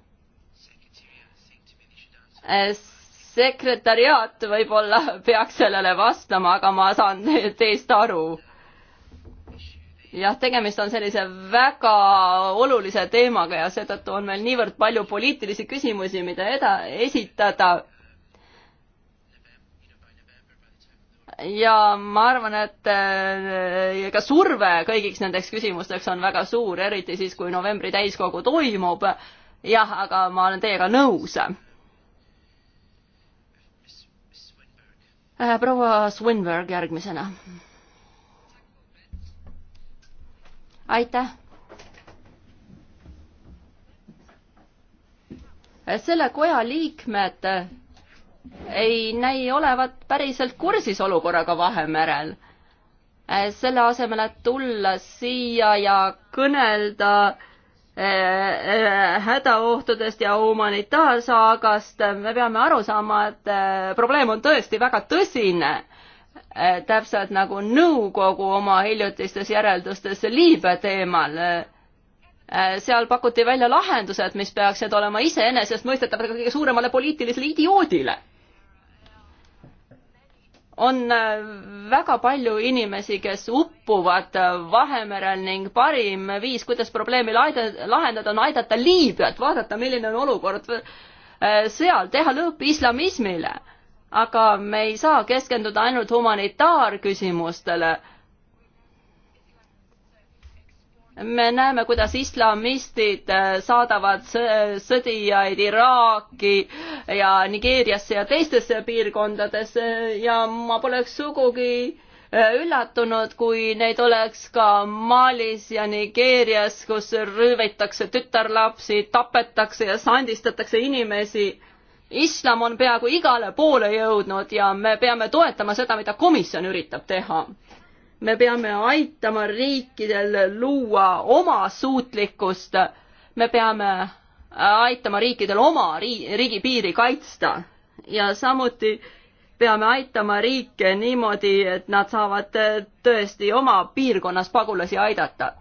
sekretäriaat võib-olla peaks sellele vastama, aga ma saan teist aru. jah, tegemist on sellise väga olulise teemaga ja seetõttu on meil niivõrd palju poliitilisi küsimusi, mida eda-, esitada ja ma arvan, et äh, ka surve kõigiks nendeks küsimusteks on väga suur, eriti siis, kui novembri täiskogu toimub. jah, aga ma olen teiega nõus. Äh, proua Swinberg järgmisena. aitäh. selle koja liikmed ei näi olevat päriselt kursis olukorraga Vahemerel. Äh, selle asemel, et tulla siia ja kõnelda äh, äh, hädaohtudest ja humanitaarsaagast, me peame aru saama, et probleem on tõesti väga tõsine. täpselt nagu nõukogu oma hiljutistes järeldustes Liibüa teemal Äh, seal pakuti välja lahendused, mis peaksid olema iseenesestmõistetavad ka kõige suuremale poliitilisele idioodile. on äh, väga palju inimesi, kes uppuvad äh, Vahemerel ning parim viis, kuidas probleemi lahendada, on aidata Liibüat, vaadata, milline on olukord seal, teha lõpp islamismile. aga me ei saa keskenduda ainult humanitaarküsimustele me näeme, kuidas islamistid äh, saadavad sõdijaid Iraaki ja Nigeeriasse ja teistesse piirkondadesse ja ma poleks sugugi äh, üllatunud, kui neid oleks ka Malis ja Nigeerias, kus röövitakse tütarlapsi, tapetakse ja sandistatakse inimesi. islam on peaaegu igale poole jõudnud ja me peame toetama seda, mida komisjon üritab teha me peame aitama riikidel luua oma suutlikkust, me peame aitama riikidel oma riigi, riigipiiri kaitsta ja samuti peame aitama riike niimoodi, et nad saavad tõesti oma piirkonnas pagulasi aidata.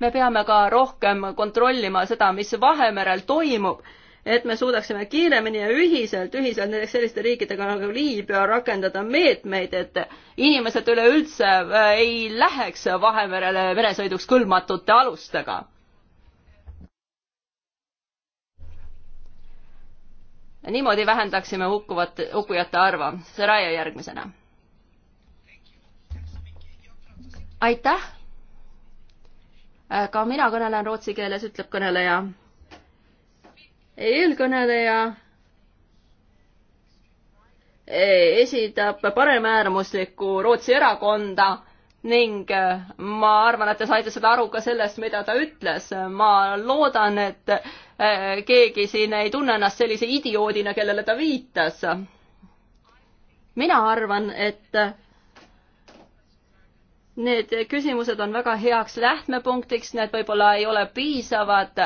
me peame ka rohkem kontrollima seda, mis Vahemerel toimub et me suudaksime kiiremini ja ühiselt, ühiselt näiteks selliste riikidega nagu Liibüa rakendada meetmeid, et inimesed üleüldse äh, ei läheks Vahemerele meresõiduks kõlbmatute alustega. niimoodi vähendaksime hukkuvat, hukkujate arvu. Seraja järgmisena. aitäh! Äh, ka mina kõnelen rootsi keeles, ütleb kõneleja eelkõneleja esitab paremäärmuslikku Rootsi erakonda ning ma arvan, et te saite seda aru ka sellest, mida ta ütles. ma loodan, et eh, keegi siin ei tunne ennast sellise idioodina, kellele ta viitas. mina arvan, et need küsimused on väga heaks lähtmepunktiks, need võib-olla ei ole piisavad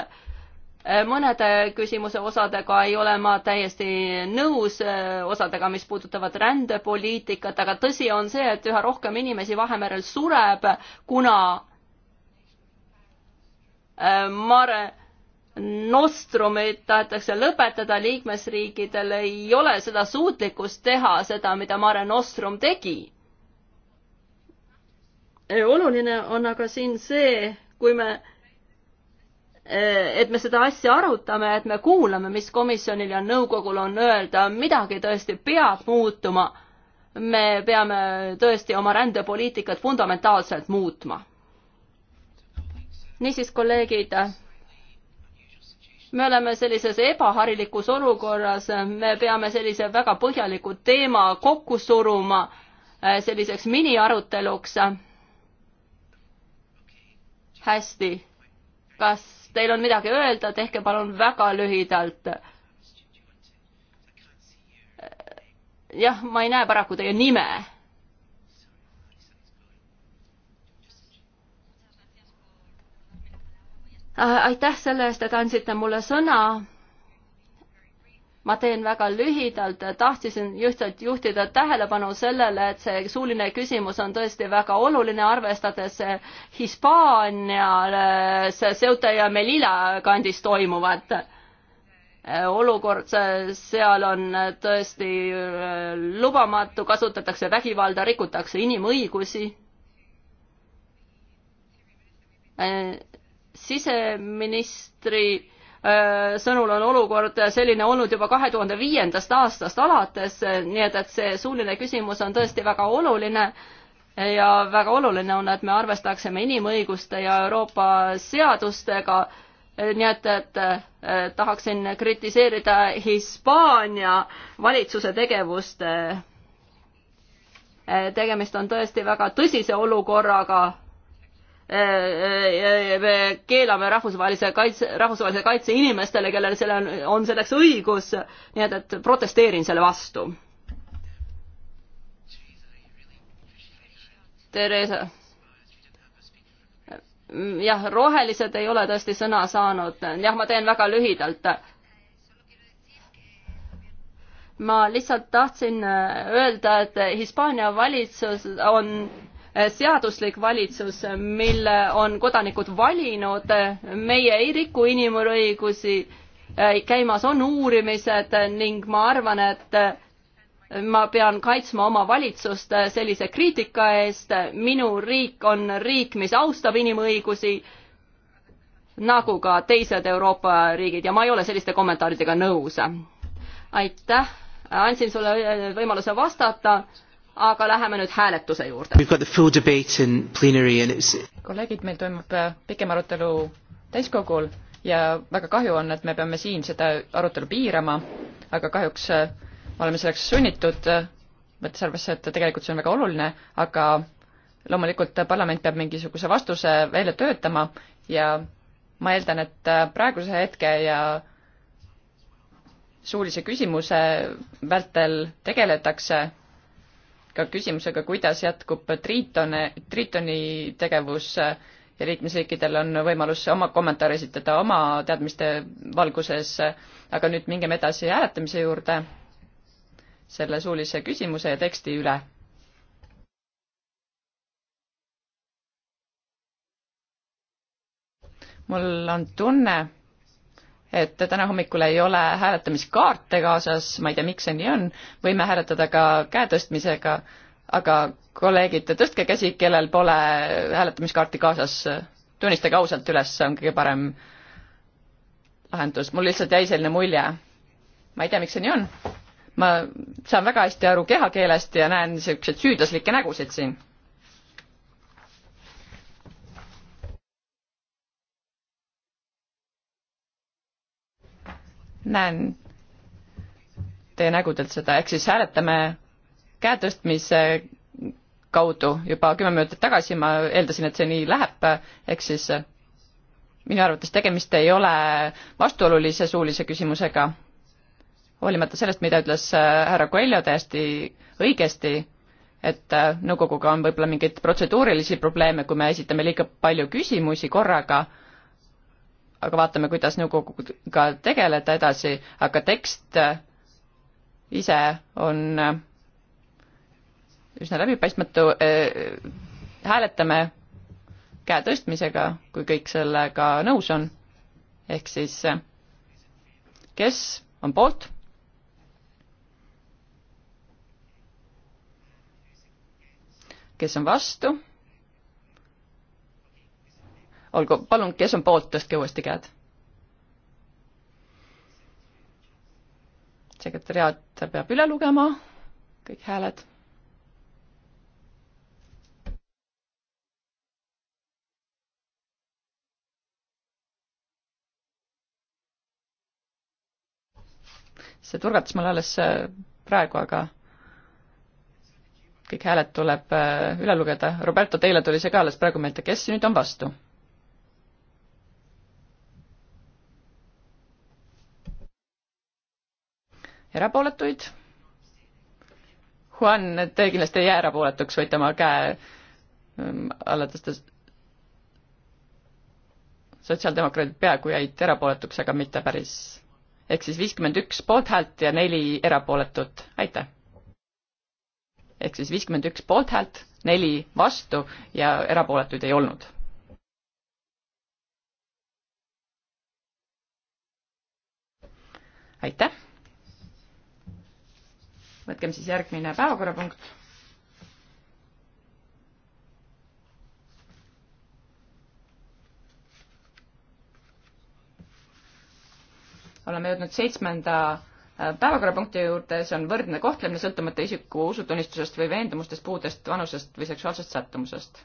Äh, mõnede küsimuse osadega ei ole ma täiesti nõus, äh, osadega, mis puudutavad rändepoliitikat, aga tõsi on see, et üha rohkem inimesi Vahemerel sureb, kuna äh, Mare Nostrumit tahetakse lõpetada, liikmesriikidel ei ole seda suutlikkust teha, seda, mida Mare Nostrum tegi. oluline on aga siin see, kui me Eh, et me seda asja arutame, et me kuulame, mis komisjonil ja nõukogul on öelda, midagi tõesti peab muutuma. me peame tõesti oma rändepoliitikat fundamentaalselt muutma. niisiis, kolleegid, me oleme sellises ebaharilikus olukorras, me peame sellise väga põhjaliku teema kokku suruma eh, selliseks miniaruteluks. hästi, kas kas teil on midagi öelda, tehke palun väga lühidalt. jah, ma ei näe paraku teie nime. Äh, aitäh selle eest, et andsite mulle sõna ma teen väga lühidalt, tahtsin lihtsalt juhtida tähelepanu sellele, et see suuline küsimus on tõesti väga oluline, arvestades Hispaanias Ceuta ja Melilla kandis toimuvat. olukord seal on tõesti äh, lubamatu, kasutatakse vägivalda, rikutakse inimõigusi äh, siseministri Äh, sõnul on olukord selline olnud juba kahe tuhande viiendast aastast alates, nii et, et see suuline küsimus on tõesti väga oluline ja väga oluline on, et me arvestaksime inimõiguste ja Euroopa seadustega, äh, nii et, et äh, tahaksin kritiseerida Hispaania valitsuse tegevust. tegemist on tõesti väga tõsise olukorraga me äh, äh, äh, keelame rahvusvahelise kaitse, rahvusvahelise kaitse inimestele, kellel selle on, on selleks õigus, nii et, et protesteerin selle vastu. Theresa. jah, rohelised ei ole tõesti sõna saanud, jah, ma teen väga lühidalt ma lihtsalt tahtsin öelda, et Hispaania valitsus on seaduslik valitsus, mille on kodanikud valinud, meie ei riku inimõigusi, käimas on uurimised ning ma arvan, et ma pean kaitsma oma valitsust sellise kriitika eest, minu riik on riik, mis austab inimõigusi, nagu ka teised Euroopa riigid ja ma ei ole selliste kommentaaridega nõus. aitäh, andsin sulle võimaluse vastata aga läheme nüüd hääletuse juurde. kolleegid, meil toimub äh, pikem arutelu täiskogul ja väga kahju on, et me peame siin seda arutelu piirama, aga kahjuks äh, oleme selleks sunnitud, äh, võttes arvesse, et tegelikult see on väga oluline, aga loomulikult parlament peab mingisuguse vastuse välja töötama ja ma eeldan, et praeguse hetke ja suulise küsimuse vältel tegeletakse ka küsimusega, kuidas jätkub Triitone, Triitoni tegevus ja liikmesriikidel on võimalus oma kommentaare esitada oma teadmiste valguses, aga nüüd mingem edasi hääletamise juurde, selle suulise küsimuse ja teksti üle. mul on tunne et täna hommikul ei ole hääletamiskaarte kaasas, ma ei tea, miks see nii on, võime hääletada ka käetõstmisega, aga kolleegid, tõstke käsi, kellel pole hääletamiskaarti kaasas, tunnistage ausalt üles, see on kõige parem lahendus, mul lihtsalt jäi selline mulje. ma ei tea, miks see nii on. ma saan väga hästi aru kehakeelest ja näen niisuguseid süüdlaslikke nägusid siin näen teie nägudelt seda, ehk siis hääletame käe tõstmise kaudu juba kümme minutit tagasi, ma eeldasin, et see nii läheb, ehk siis eh, minu arvates tegemist ei ole vastuolulise suulise küsimusega, hoolimata sellest, mida ütles eh, härra Coelho täiesti õigesti, et eh, nõukoguga on võib-olla mingeid protseduurilisi probleeme, kui me esitame liiga palju küsimusi korraga aga vaatame, kuidas nõukoguga tegeleda edasi, aga tekst ise on üsna läbipaistmatu. hääletame käe tõstmisega, kui kõik sellega nõus on. ehk siis, kes on poolt? kes on vastu? olgu, palun, kes on poolt, tõstke uuesti käed. sekretäriaat peab üle lugema kõik hääled. see turgatas mul alles äh, praegu, aga kõik hääled tuleb äh, üle lugeda. Roberto, teile tuli see ka alles praegu meelde, kes nüüd on vastu? erapooletuid? Juan, te kindlasti ei jää erapooletuks, võite oma käe ähm, alla tõsta. sotsiaaldemokraadid peaaegu jäid erapooletuks, aga mitte päris. ehk siis viiskümmend üks poolthäält ja neli erapooletut, aitäh! ehk siis viiskümmend üks poolthäält, neli vastu ja erapooletuid ei olnud. aitäh! võtkem siis järgmine päevakorrapunkt. oleme jõudnud seitsmenda äh, päevakorrapunkti juurde, see on võrdne kohtlemine sõltumata isiku usutunnistusest või veendumustest, puudest, vanusest või seksuaalsest sättumusest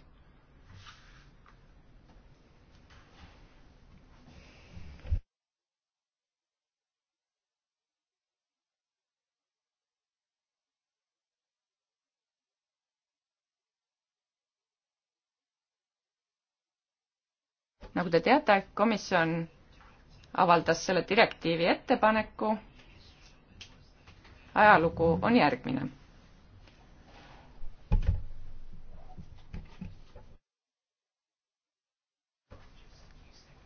nagu te teate, komisjon avaldas selle direktiivi ettepaneku. ajalugu on järgmine.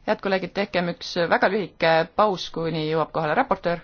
head kolleegid, tehkem üks väga lühike paus, kuni jõuab kohale raportöör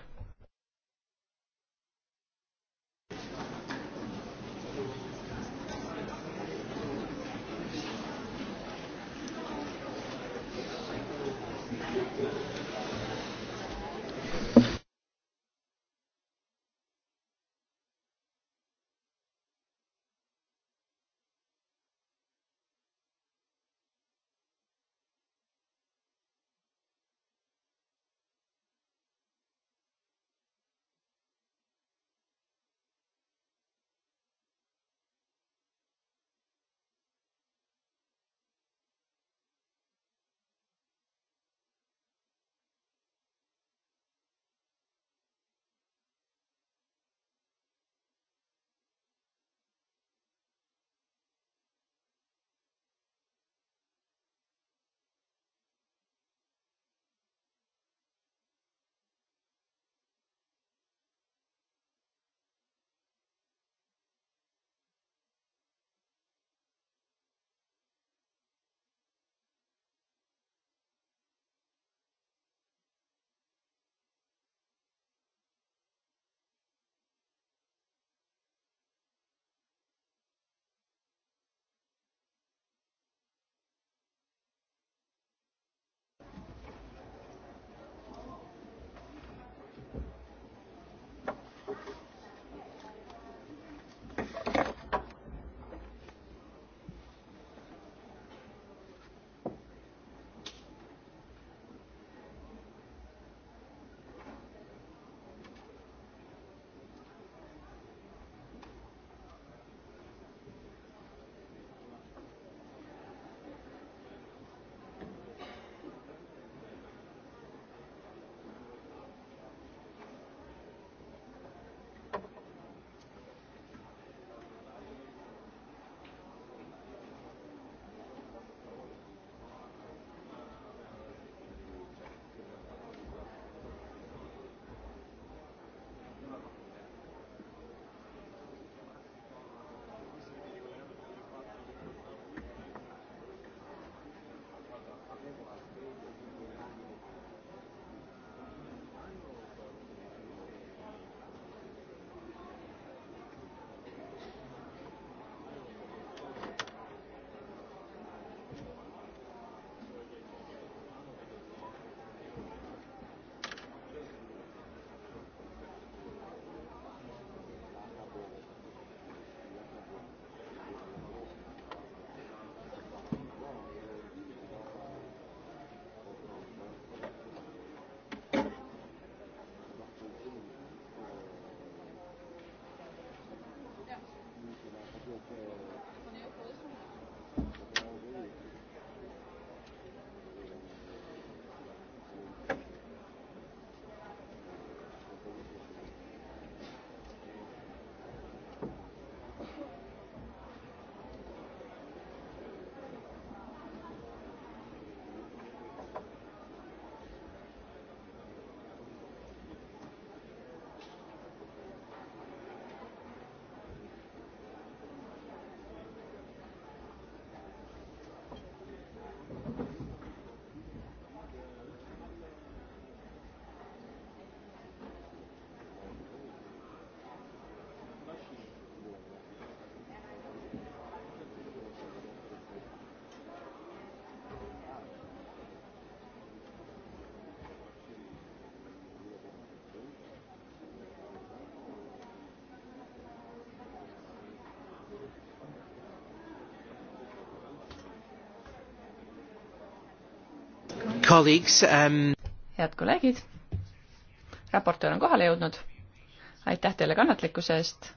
Um, head kolleegid, raportöör on kohale jõudnud. aitäh teile kannatlikkuse eest.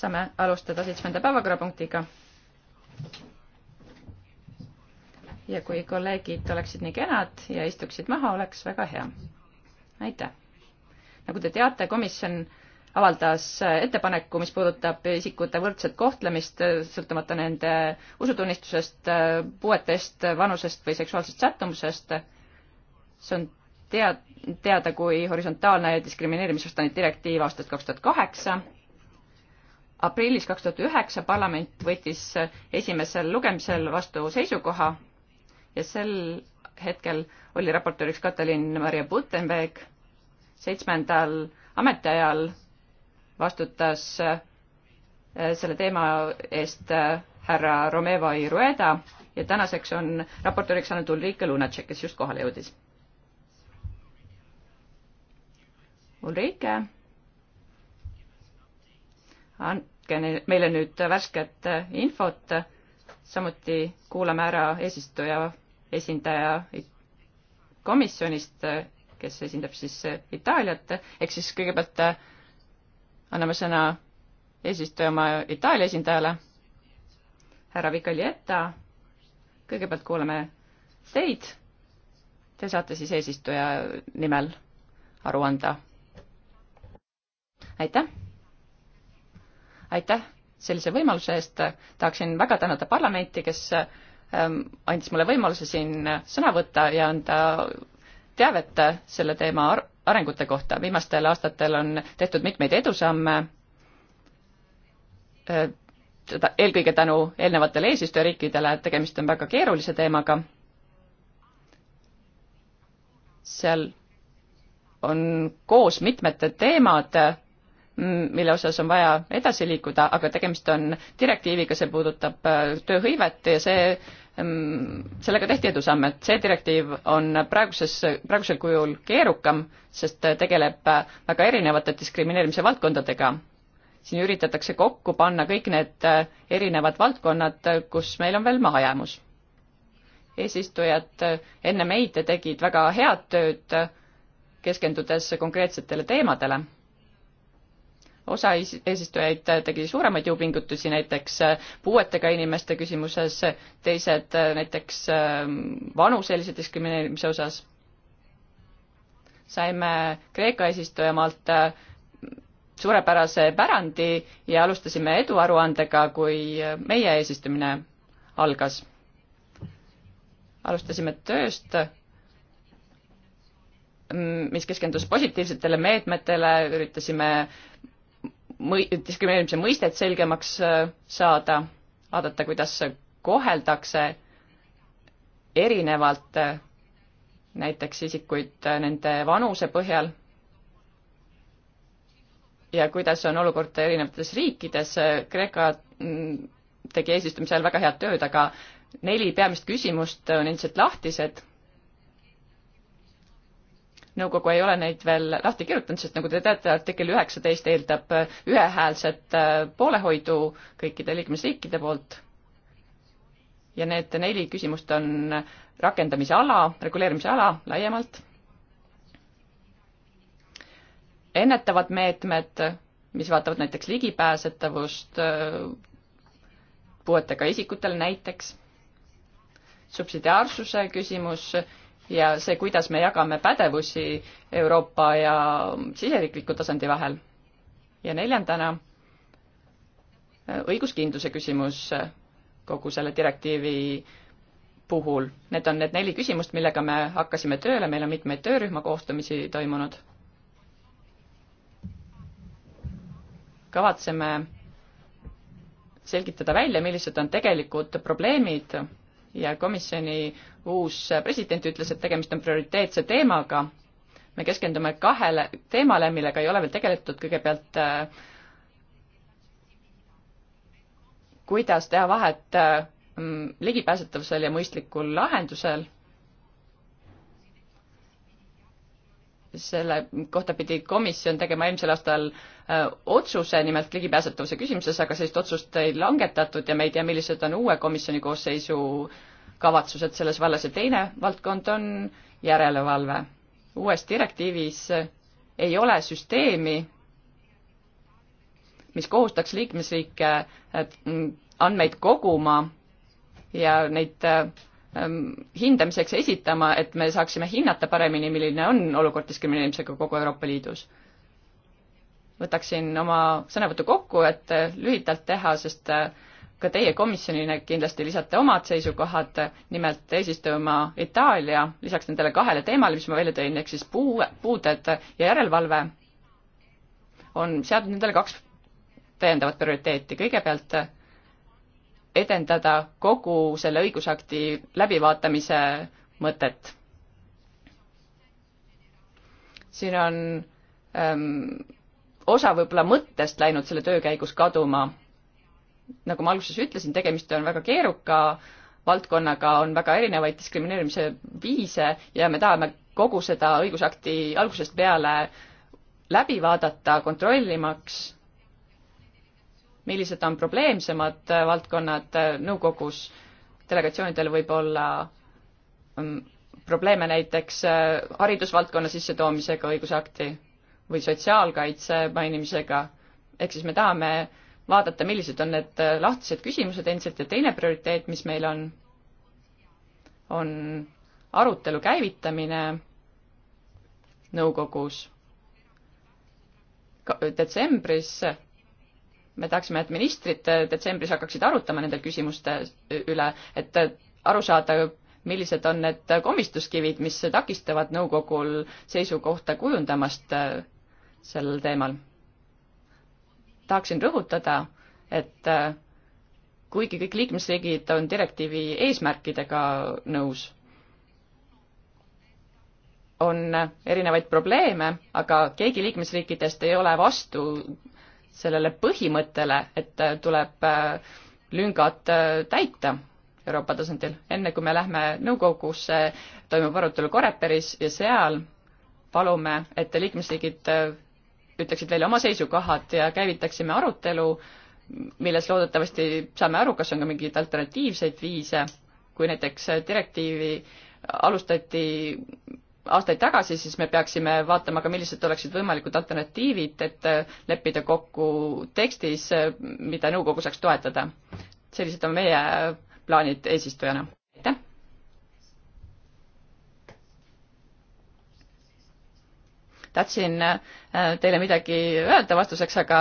saame alustada seitsmenda päevakorrapunktiga. ja kui kolleegid oleksid nii kenad ja istuksid maha, oleks väga hea. aitäh. nagu te teate, komisjon avaldas ettepaneku, mis puudutab isikute võrdset kohtlemist, sõltumata nende usutunnistusest, puuetest, vanusest või seksuaalsest sättumusest. see on tead-, teada kui horisontaalne diskrimineerimisvastane direktiiv aastast kaks tuhat kaheksa. aprillis kaks tuhat üheksa parlament võttis esimesel lugemisel vastu seisukoha ja sel hetkel oli raportööriks Katalin Maria Butenberg. seitsmendal ametiajal vastutas äh, selle teema eest äh, härra Romeva Irueda ja tänaseks on raportööriks antud Ulrike Lunatšek, kes just kohale jõudis. Ulrike, andke meile nüüd värsket äh, infot, samuti kuulame ära eesistuja esindaja komisjonist, kes esindab siis Itaaliat, ehk siis kõigepealt anname sõna eesistuja oma Itaalia esindajale, härra Vicalietta. kõigepealt kuulame teid. Te saate siis eesistuja nimel aru anda. aitäh. aitäh sellise võimaluse eest. tahaksin väga tänada parlamenti, kes ähm, andis mulle võimaluse siin sõna võtta ja anda teavet selle teema arengute kohta. viimastel aastatel on tehtud mitmeid edusamme, eelkõige tänu eelnevatele eesistujariikidele, et tegemist on väga keerulise teemaga. seal on koos mitmed teemad, mille osas on vaja edasi liikuda, aga tegemist on direktiiviga, see puudutab tööhõivet ja see Ehm, sellega tehti edusamme, et see direktiiv on praeguses, praegusel kujul keerukam, sest tegeleb väga erinevate diskrimineerimise valdkondadega. siin üritatakse kokku panna kõik need erinevad valdkonnad, kus meil on veel mahajäämus. eesistujad enne meid tegid väga head tööd, keskendudes konkreetsetele teemadele osa eesistujaid tegi suuremaid jõupingutusi, näiteks äh, puuetega inimeste küsimuses, teised äh, näiteks ähm, vanuselise diskrimineerimise osas. saime Kreeka eesistujamaalt äh, suurepärase pärandi ja alustasime eduaruandega, kui meie eesistumine algas. alustasime tööst mm, mis keskendus positiivsetele meetmetele, üritasime mõi-, diskrimineerimise mõistet selgemaks äh, saada, vaadata, kuidas koheldakse erinevalt äh, näiteks isikuid äh, nende vanuse põhjal ja kuidas on olukord erinevates riikides, Kreeka mm, tegi eesistumise ajal väga head tööd, aga neli peamist küsimust on endiselt lahtised nõukogu ei ole neid veel lahti kirjutanud, sest nagu te teate, artikkel üheksateist eeldab äh, ühehäälset äh, poolehoidu kõikide liikmesriikide poolt. ja need neli küsimust on rakendamise ala, reguleerimise ala laiemalt, ennetavad meetmed, mis vaatavad näiteks ligipääsetavust äh, puuetega isikutele näiteks subsidiaarsuse küsimus ja see, kuidas me jagame pädevusi Euroopa ja siseriikliku tasandi vahel. ja neljandana õiguskindluse küsimus kogu selle direktiivi puhul. Need on need neli küsimust, millega me hakkasime tööle, meil on mitmeid töörühma koostamisi toimunud. kavatseme selgitada välja, millised on tegelikud probleemid ja komisjoni uus president ütles, et tegemist on prioriteetse teemaga. me keskendume kahele teemale, millega ei ole veel tegeletud, kõigepealt äh, kuidas teha vahet äh, ligipääsetavusel ja mõistlikul lahendusel selle kohta pidi komisjon tegema eelmisel aastal äh, otsuse, nimelt ligipääsetavuse küsimuses, aga sellist otsust ei langetatud ja me ei tea, millised on uue komisjoni koosseisu kavatsused selles vallas ja teine valdkond on järelevalve. uues direktiivis ei ole süsteemi, mis kohustaks liikmesriike äh, andmeid koguma ja neid äh, Ähm, hindamiseks esitama, et me saaksime hinnata paremini, milline on olukord diskrimineerimisega kogu Euroopa Liidus. võtaksin oma sõnavõtu kokku, et äh, lühidalt teha, sest äh, ka teie komisjonina kindlasti lisate omad seisukohad, nimelt eesistujama Itaalia, lisaks nendele kahele teemale, mis ma välja tõin, ehk siis puu, puuded ja järelevalve, on seadnud nendele kaks täiendavat prioriteeti, kõigepealt edendada kogu selle õigusakti läbivaatamise mõtet. siin on ähm, osa võib-olla mõttest läinud selle töö käigus kaduma. nagu ma alguses ütlesin, tegemist on väga keeruka valdkonnaga, on väga erinevaid diskrimineerimise viise ja me tahame kogu seda õigusakti algusest peale läbi vaadata, kontrollimaks millised on probleemsemad valdkonnad äh, nõukogus, delegatsioonidel võib olla mm, probleeme näiteks äh, haridusvaldkonna sissetoomisega õigusakti või sotsiaalkaitse mainimisega, ehk siis me tahame vaadata, millised on need äh, lahtised küsimused endiselt ja teine prioriteet, mis meil on, on arutelu käivitamine nõukogus detsembris me tahaksime, et ministrid äh, detsembris hakkaksid arutama nende küsimuste äh, üle, et äh, aru saada, millised on need komistuskivid, mis takistavad nõukogul seisukohta kujundamast sellel teemal. tahaksin rõhutada, et kuigi kõik liikmesriigid on direktiivi eesmärkidega nõus, on erinevaid probleeme, aga keegi liikmesriikidest ei ole vastu sellele põhimõttele, et äh, tuleb äh, lüngad äh, täita Euroopa tasandil, enne kui me lähme nõukogusse, toimub arutelu Koreperis ja seal palume, et liikmesriigid ütleksid välja oma seisukohad ja käivitaksime arutelu, milles loodetavasti saame aru, kas on ka mingeid alternatiivseid viise, kui näiteks direktiivi alustati aastaid tagasi, siis me peaksime vaatama ka, millised oleksid võimalikud alternatiivid, et äh, leppida kokku tekstis, äh, mida nõukogu saaks toetada. sellised on meie äh, plaanid eesistujana. aitäh! tahtsin teile midagi öelda vastuseks, aga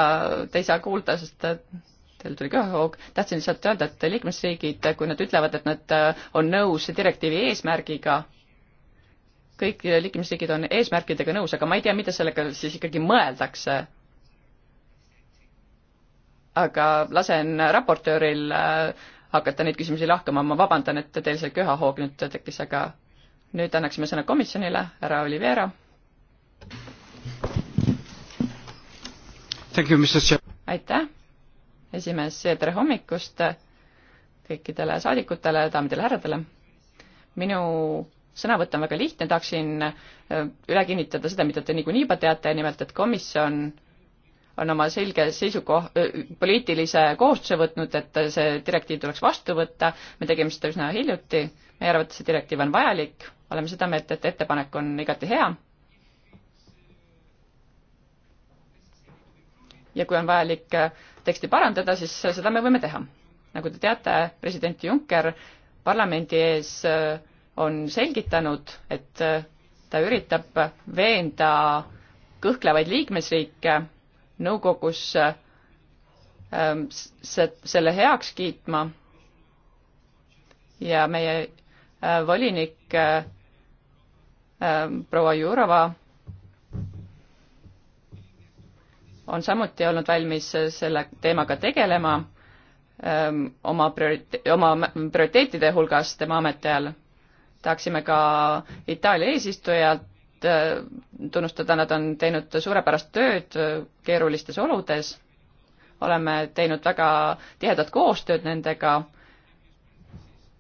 te ei saa kuulda, sest teil tuli köhahoog, tahtsin lihtsalt öelda, et liikmesriigid, kui nad ütlevad, et nad on nõus direktiivi eesmärgiga, kõik liikmesriigid on eesmärkidega nõus, aga ma ei tea, mida sellega siis ikkagi mõeldakse. aga lasen raportööril äh, hakata neid küsimusi lahkama, ma vabandan, et teil see köhahoog nüüd tekkis, aga nüüd annaksime sõna komisjonile, härra Olivera. aitäh, esimees, tere hommikust kõikidele saadikutele, daamidele, härradele. minu sõnavõtt on väga lihtne, tahaksin äh, üle kinnitada seda, mida te niikuinii juba teate, nimelt et komisjon on oma selge seisukoha, poliitilise kohustuse võtnud, et see direktiiv tuleks vastu võtta, me tegime seda üsna hiljuti, meie arvates see direktiiv on vajalik, oleme seda meelt, et ettepanek on igati hea. ja kui on vajalik äh, teksti parandada, siis äh, seda me võime teha. nagu te teate, president Juncker parlamendi ees äh, on selgitanud, et äh, ta üritab veenda kõhklevaid liikmesriike nõukogus äh, ähm, selle heaks kiitma ja meie äh, volinik ähm, proua Jurova on samuti olnud valmis selle teemaga tegelema ähm, oma priorite-, oma prioriteetide hulgas tema ametiajal tahaksime ka Itaalia eesistujalt äh, tunnustada, nad on teinud suurepärast tööd äh, keerulistes oludes, oleme teinud väga tihedat koostööd nendega,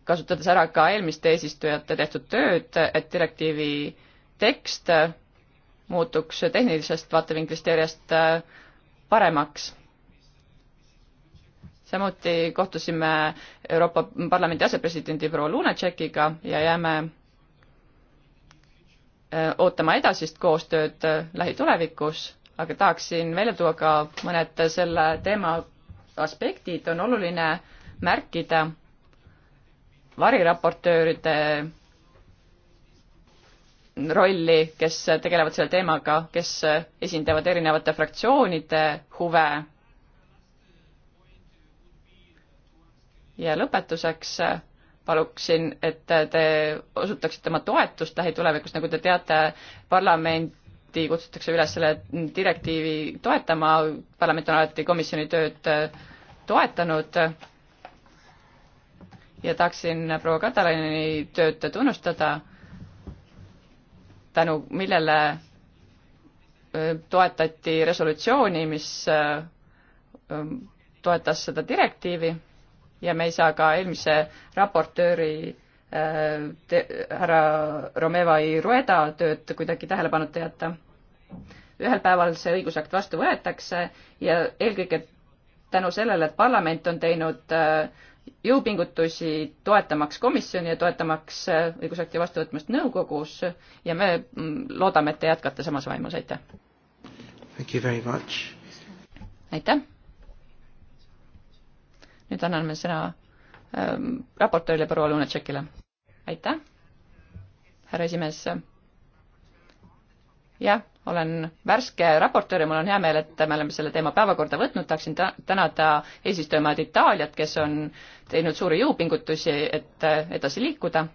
kasutades ära ka eelmiste eesistujate tehtud tööd, et direktiivi tekst äh, muutuks tehnilisest vaatevinklist järjest paremaks samuti kohtusime Euroopa Parlamendi asepresidendi proua Lunatšekiga ja jääme ootama edasist koostööd lähitulevikus, aga tahaksin välja tuua ka mõned selle teema aspektid, on oluline märkida variraportööride rolli, kes tegelevad selle teemaga, kes esindavad erinevate fraktsioonide huve ja lõpetuseks äh, paluksin, et äh, te osutaksite oma toetust lähitulevikus, nagu te teate, parlamenti kutsutakse üles selle direktiivi toetama, parlament on alati komisjoni tööd äh, toetanud ja tahaksin proua Katalini tööd tunnustada, tänu millele toetati resolutsiooni, mis toetas seda direktiivi ja me ei saa ka eelmise raportööri äh, härra Romeva Irueda tööd kuidagi tähelepanuta jätta. ühel päeval see õigusakt vastu võetakse ja eelkõige tänu sellele, et parlament on teinud äh, jõupingutusi toetamaks komisjoni ja toetamaks äh, õigusakti vastuvõtmist nõukogus ja me mm, loodame, et te jätkate samas vaimus, aitäh! aitäh! nüüd anname sõna ähm, raportöörile proua Lunatšekile. aitäh, härra esimees. jah, olen värske raportöör ja mul on hea meel, et me oleme selle teema päevakorda võtnud, tahaksin ta-, tänada eesistujamaad Itaaliat, kes on teinud suuri jõupingutusi, et edasi liikuda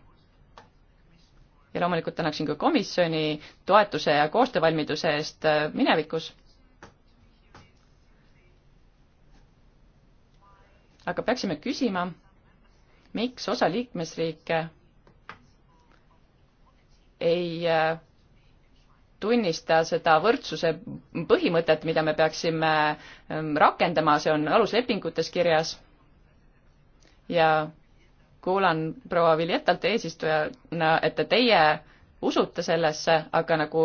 ja loomulikult tänaksin ka komisjoni toetuse ja koostöövalmiduse eest äh, minevikus aga peaksime küsima, miks osa liikmesriike ei äh, tunnista seda võrdsuse põhimõtet, mida me peaksime ähm, rakendama, see on aluslepingutes kirjas. ja kuulan proua Viljetalt eesistujana, et teie usute sellesse, aga nagu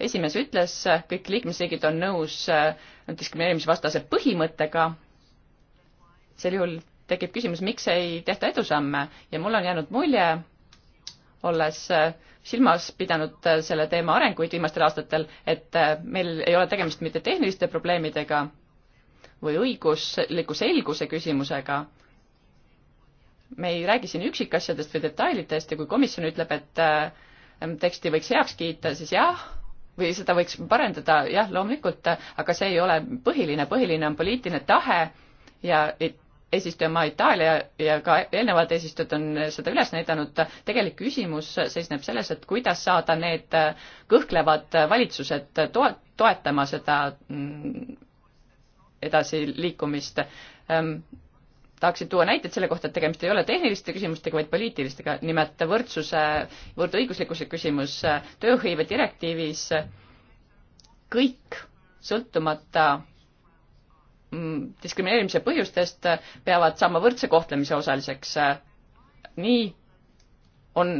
esimees ütles, kõik liikmesriigid on nõus äh, diskrimineerimisvastase põhimõttega sel juhul tekib küsimus, miks ei tehta edusamme ja mul on jäänud mulje, olles äh, silmas pidanud äh, selle teema arenguid viimastel aastatel, et äh, meil ei ole tegemist mitte tehniliste probleemidega või õigusliku selguse küsimusega. me ei räägi siin üksikasjadest või detailidest ja kui komisjon ütleb, et teksti võiks heaks kiita, siis jah, või seda võiks parendada, jah, loomulikult, aga see ei ole põhiline, põhiline on poliitiline tahe ja et eesistujamaa Itaalia ja ka eelnevad eesistujad on seda üles näidanud, tegelik küsimus seisneb selles, et kuidas saada need kõhklevad valitsused to-, toetama seda mm, edasiliikumist. Ehm, tahaksin tuua näiteid selle kohta, et tegemist ei ole tehniliste küsimustega, vaid poliitilistega, nimelt võrdsuse, võrdõiguslikkuse küsimus tööhõive direktiivis, kõik sõltumata Mm, diskrimineerimise põhjustest äh, peavad saama võrdse kohtlemise osaliseks. Äh, nii on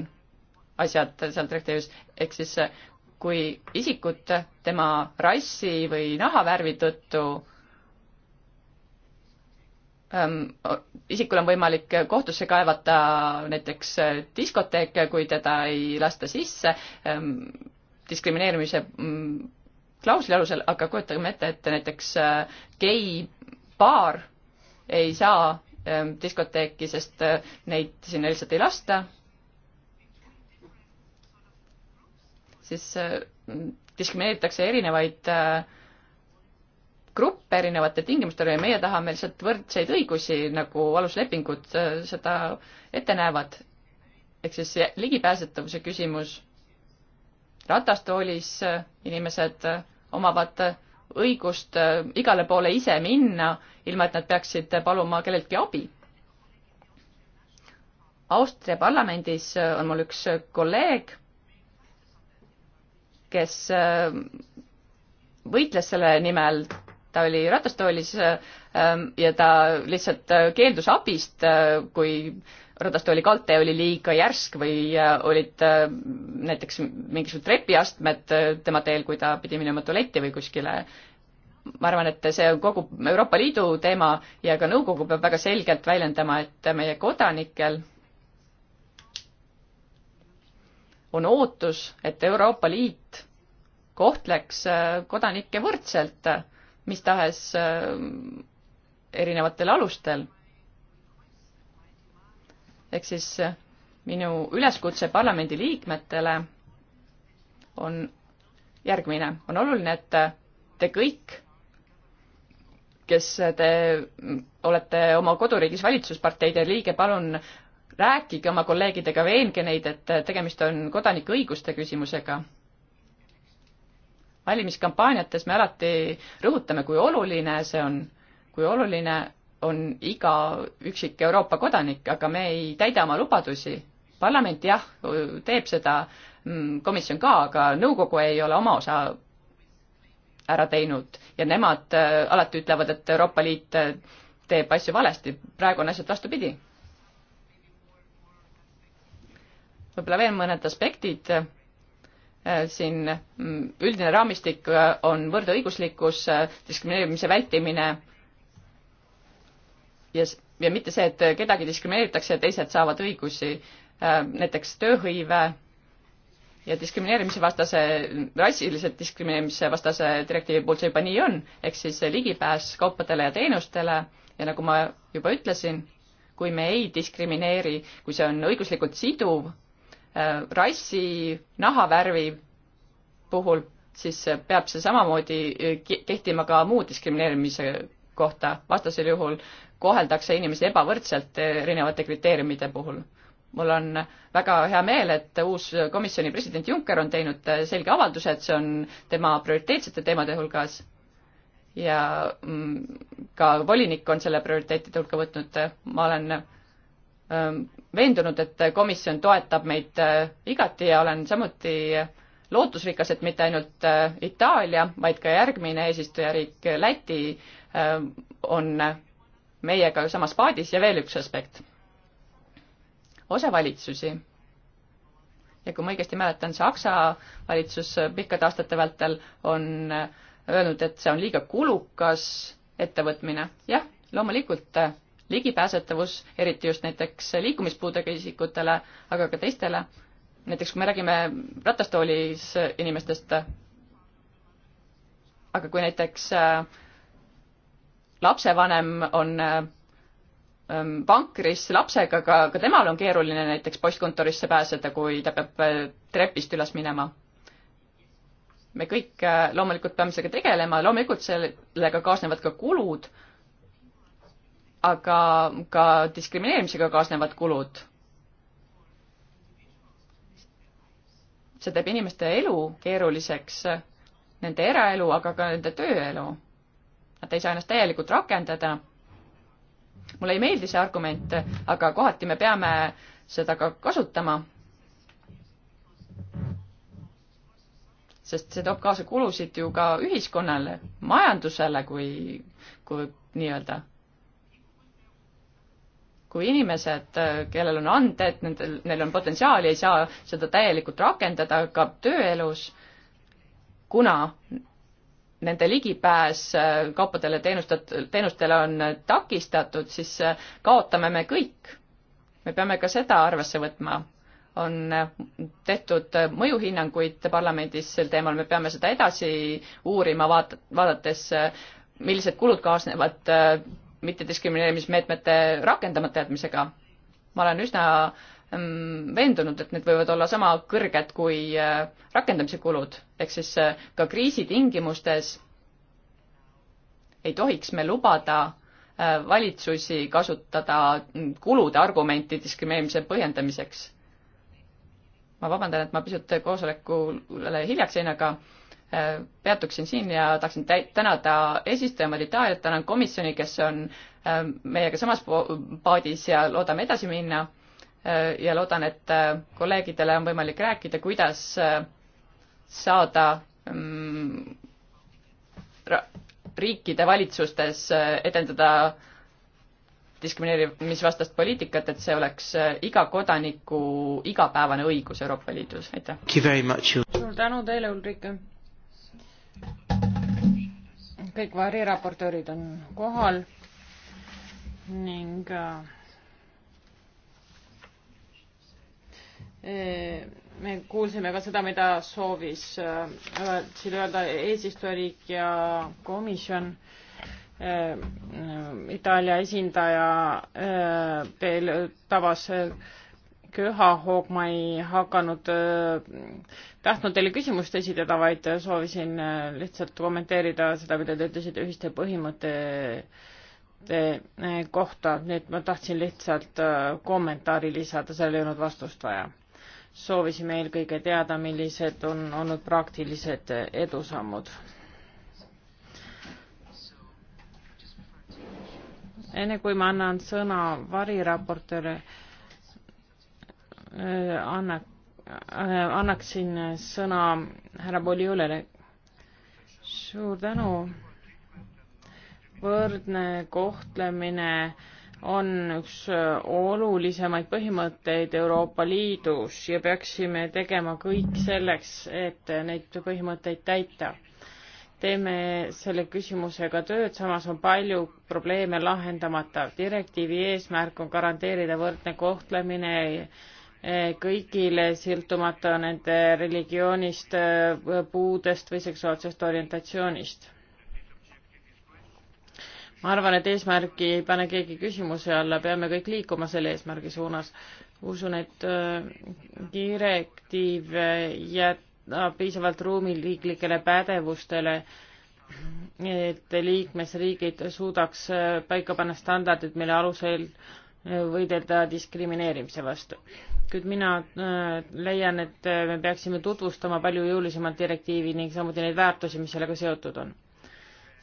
asjad seal direktiivis, ehk siis äh, kui isikut tema rassi või nahavärvi tõttu ähm, isikul on võimalik kohtusse kaevata näiteks diskoteeke, kui teda ei lasta sisse ähm, diskrimineerimise mm, klausli alusel, aga kujutame ette, et näiteks äh, gei paar ei saa ähm, diskoteeki, sest äh, neid sinna lihtsalt ei lasta, siis äh, diskrimineeritakse erinevaid gruppe erinevate tingimustele ja meie tahame lihtsalt võrdseid õigusi, nagu aluslepingud seda ette näevad. ehk siis ligipääsetavuse küsimus, ratastoolis inimesed omavad õigust äh, igale poole ise minna, ilma et nad peaksid paluma kelleltki abi. Austria parlamendis äh, on mul üks äh, kolleeg, kes võitles selle nimel, ta oli ratastoolis ja ta lihtsalt keeldus abist, kui rataste oli kalte oli liiga järsk või äh, olid äh, näiteks mingisugused trepiastmed äh, tema teel, kui ta pidi minema tualetti või kuskile. ma arvan, et see on kogu Euroopa Liidu teema ja ka nõukogu peab väga selgelt väljendama, et meie kodanikel on ootus, et Euroopa Liit kohtleks kodanikke võrdselt mis tahes erinevatel alustel ehk siis eh, minu üleskutse parlamendi liikmetele on järgmine, on oluline, et eh, te kõik, kes eh, te olete oma koduriigis valitsusparteide liige, palun rääkige oma kolleegidega, veenge neid, et tegemist on kodanikuõiguste küsimusega. valimiskampaaniates me alati rõhutame, kui oluline see on, kui oluline on iga üksik Euroopa kodanik, aga me ei täida oma lubadusi. parlament jah, teeb seda, mm, komisjon ka, aga nõukogu ei ole oma osa ära teinud ja nemad äh, alati ütlevad, et Euroopa Liit äh, teeb asju valesti, praegu on asjad vastupidi. võib-olla veel mõned aspektid, äh, siin mm, üldine raamistik on võrdõiguslikkus, diskrimineerimise vältimine ja, ja mitte see, et kedagi diskrimineeritakse ja teised saavad õigusi, äh, näiteks tööhõive ja diskrimineerimise vastase, rassiliselt diskrimineerimise vastase direktiivi poolt see juba nii on, ehk siis ligipääs kaupadele ja teenustele ja nagu ma juba ütlesin, kui me ei diskrimineeri, kui see on õiguslikult siduv äh, rassi, nahavärvi puhul, siis peab see samamoodi äh, kehtima ka muu diskrimineerimise kohta, vastasel juhul koheldakse inimesi ebavõrdselt erinevate kriteeriumide puhul. mul on väga hea meel, et uus komisjoni president Juncker on teinud selge avalduse, et see on tema prioriteetsete teemade hulgas ja mm, ka volinik on selle prioriteetide hulka võtnud, ma olen mm, veendunud, et komisjon toetab meid mm, igati ja olen samuti lootusrikas, et mitte ainult Itaalia, vaid ka järgmine eesistujariik Läti on meiega ju samas paadis ja veel üks aspekt. osa valitsusi ja kui ma õigesti mäletan, Saksa valitsus pikkade aastate vältel on öelnud, et see on liiga kulukas ettevõtmine. jah, loomulikult ligipääsetavus, eriti just näiteks liikumispuudega isikutele, aga ka teistele, näiteks kui me räägime ratastoolis inimestest, aga kui näiteks äh, lapsevanem on ähm, vankris lapsega, aga ka temal on keeruline näiteks postkontorisse pääseda, kui ta peab äh, trepist üles minema. me kõik äh, loomulikult peame sellega tegelema, loomulikult sellega kaasnevad ka kulud, aga ka diskrimineerimisega kaasnevad kulud. see teeb inimeste elu keeruliseks, nende eraelu, aga ka nende tööelu nad ei saa ennast täielikult rakendada. mulle ei meeldi see argument, aga kohati me peame seda ka kasutama. sest see toob kaasa kulusid ju ka ühiskonnale, majandusele kui, kui nii-öelda kui inimesed, kellel on anded, nendel, neil on potentsiaali, ei saa seda täielikult rakendada ka tööelus, kuna nende ligipääs äh, kaupadele, teenustat-, teenustele on takistatud, siis äh, kaotame me kõik. me peame ka seda arvesse võtma. on äh, tehtud mõjuhinnanguid parlamendis sel teemal, me peame seda edasi uurima, vaat-, vaadates, millised kulud kaasnevad mittediskrimineerimismeetmete rakendamata jätmisega. ma olen üsna äh, Ehm, veendunud, et need võivad olla sama kõrged kui äh, rakendamise kulud, ehk siis äh, ka kriisi tingimustes ei tohiks me lubada äh, valitsusi kasutada mm, kulude argumenti diskrimineerimise põhjendamiseks. ma vabandan, et ma pisut koosolekule hiljaks jäin, aga peatuksin siin ja tahaksin tänada eesistujamaad Itaaliat, tänan komisjoni, kes on meiega samas paadis ja loodame edasi minna ja loodan, et äh, kolleegidele on võimalik rääkida, kuidas äh, saada mm, riikide valitsustes äh, edendada diskrimineerimisvastast poliitikat, et see oleks iga kodaniku igapäevane õigus Euroopa Liidus, aitäh. suur tänu teile, Ulrike. kõik variraportöörid on kohal ning me kuulsime ka seda, mida soovis äh, siin öelda eesistujariik ja komisjon. Äh, Itaalia esindaja teil äh, tavas köha hoog, ma ei hakanud, tahtnud teile küsimust esitada, vaid soovisin lihtsalt kommenteerida seda, mida te ütlesite ühiste põhimõtete kohta, nii et ma tahtsin lihtsalt kommentaari lisada, seal ei olnud vastust vaja soovisime eelkõige teada, millised on olnud praktilised edusammud. enne kui ma annan sõna variraportööre, äh, anna, äh, annaksin sõna härra Poliulele. suur tänu. võrdne kohtlemine äh, on üks äh, olulisemaid põhimõtteid Euroopa Liidus ja peaksime tegema kõik selleks, et neid põhimõtteid täita. teeme selle küsimusega tööd, samas on palju probleeme lahendamata. direktiivi eesmärk on garanteerida võrdne kohtlemine äh, kõigile, sõltumata nende religioonist, äh, puudest või seksuaalsest orientatsioonist ma arvan, et eesmärki ei pane keegi küsimuse alla, peame kõik liikuma selle eesmärgi suunas. usun, et äh, direktiiv äh, jätab piisavalt ruumi riiklikele pädevustele, et liikmesriigid suudaks äh, paika panna standardid, mille alusel võidelda diskrimineerimise vastu. kuid mina leian, et me peaksime tutvustama palju jõulisemalt direktiivi ning samuti neid väärtusi, mis sellega seotud on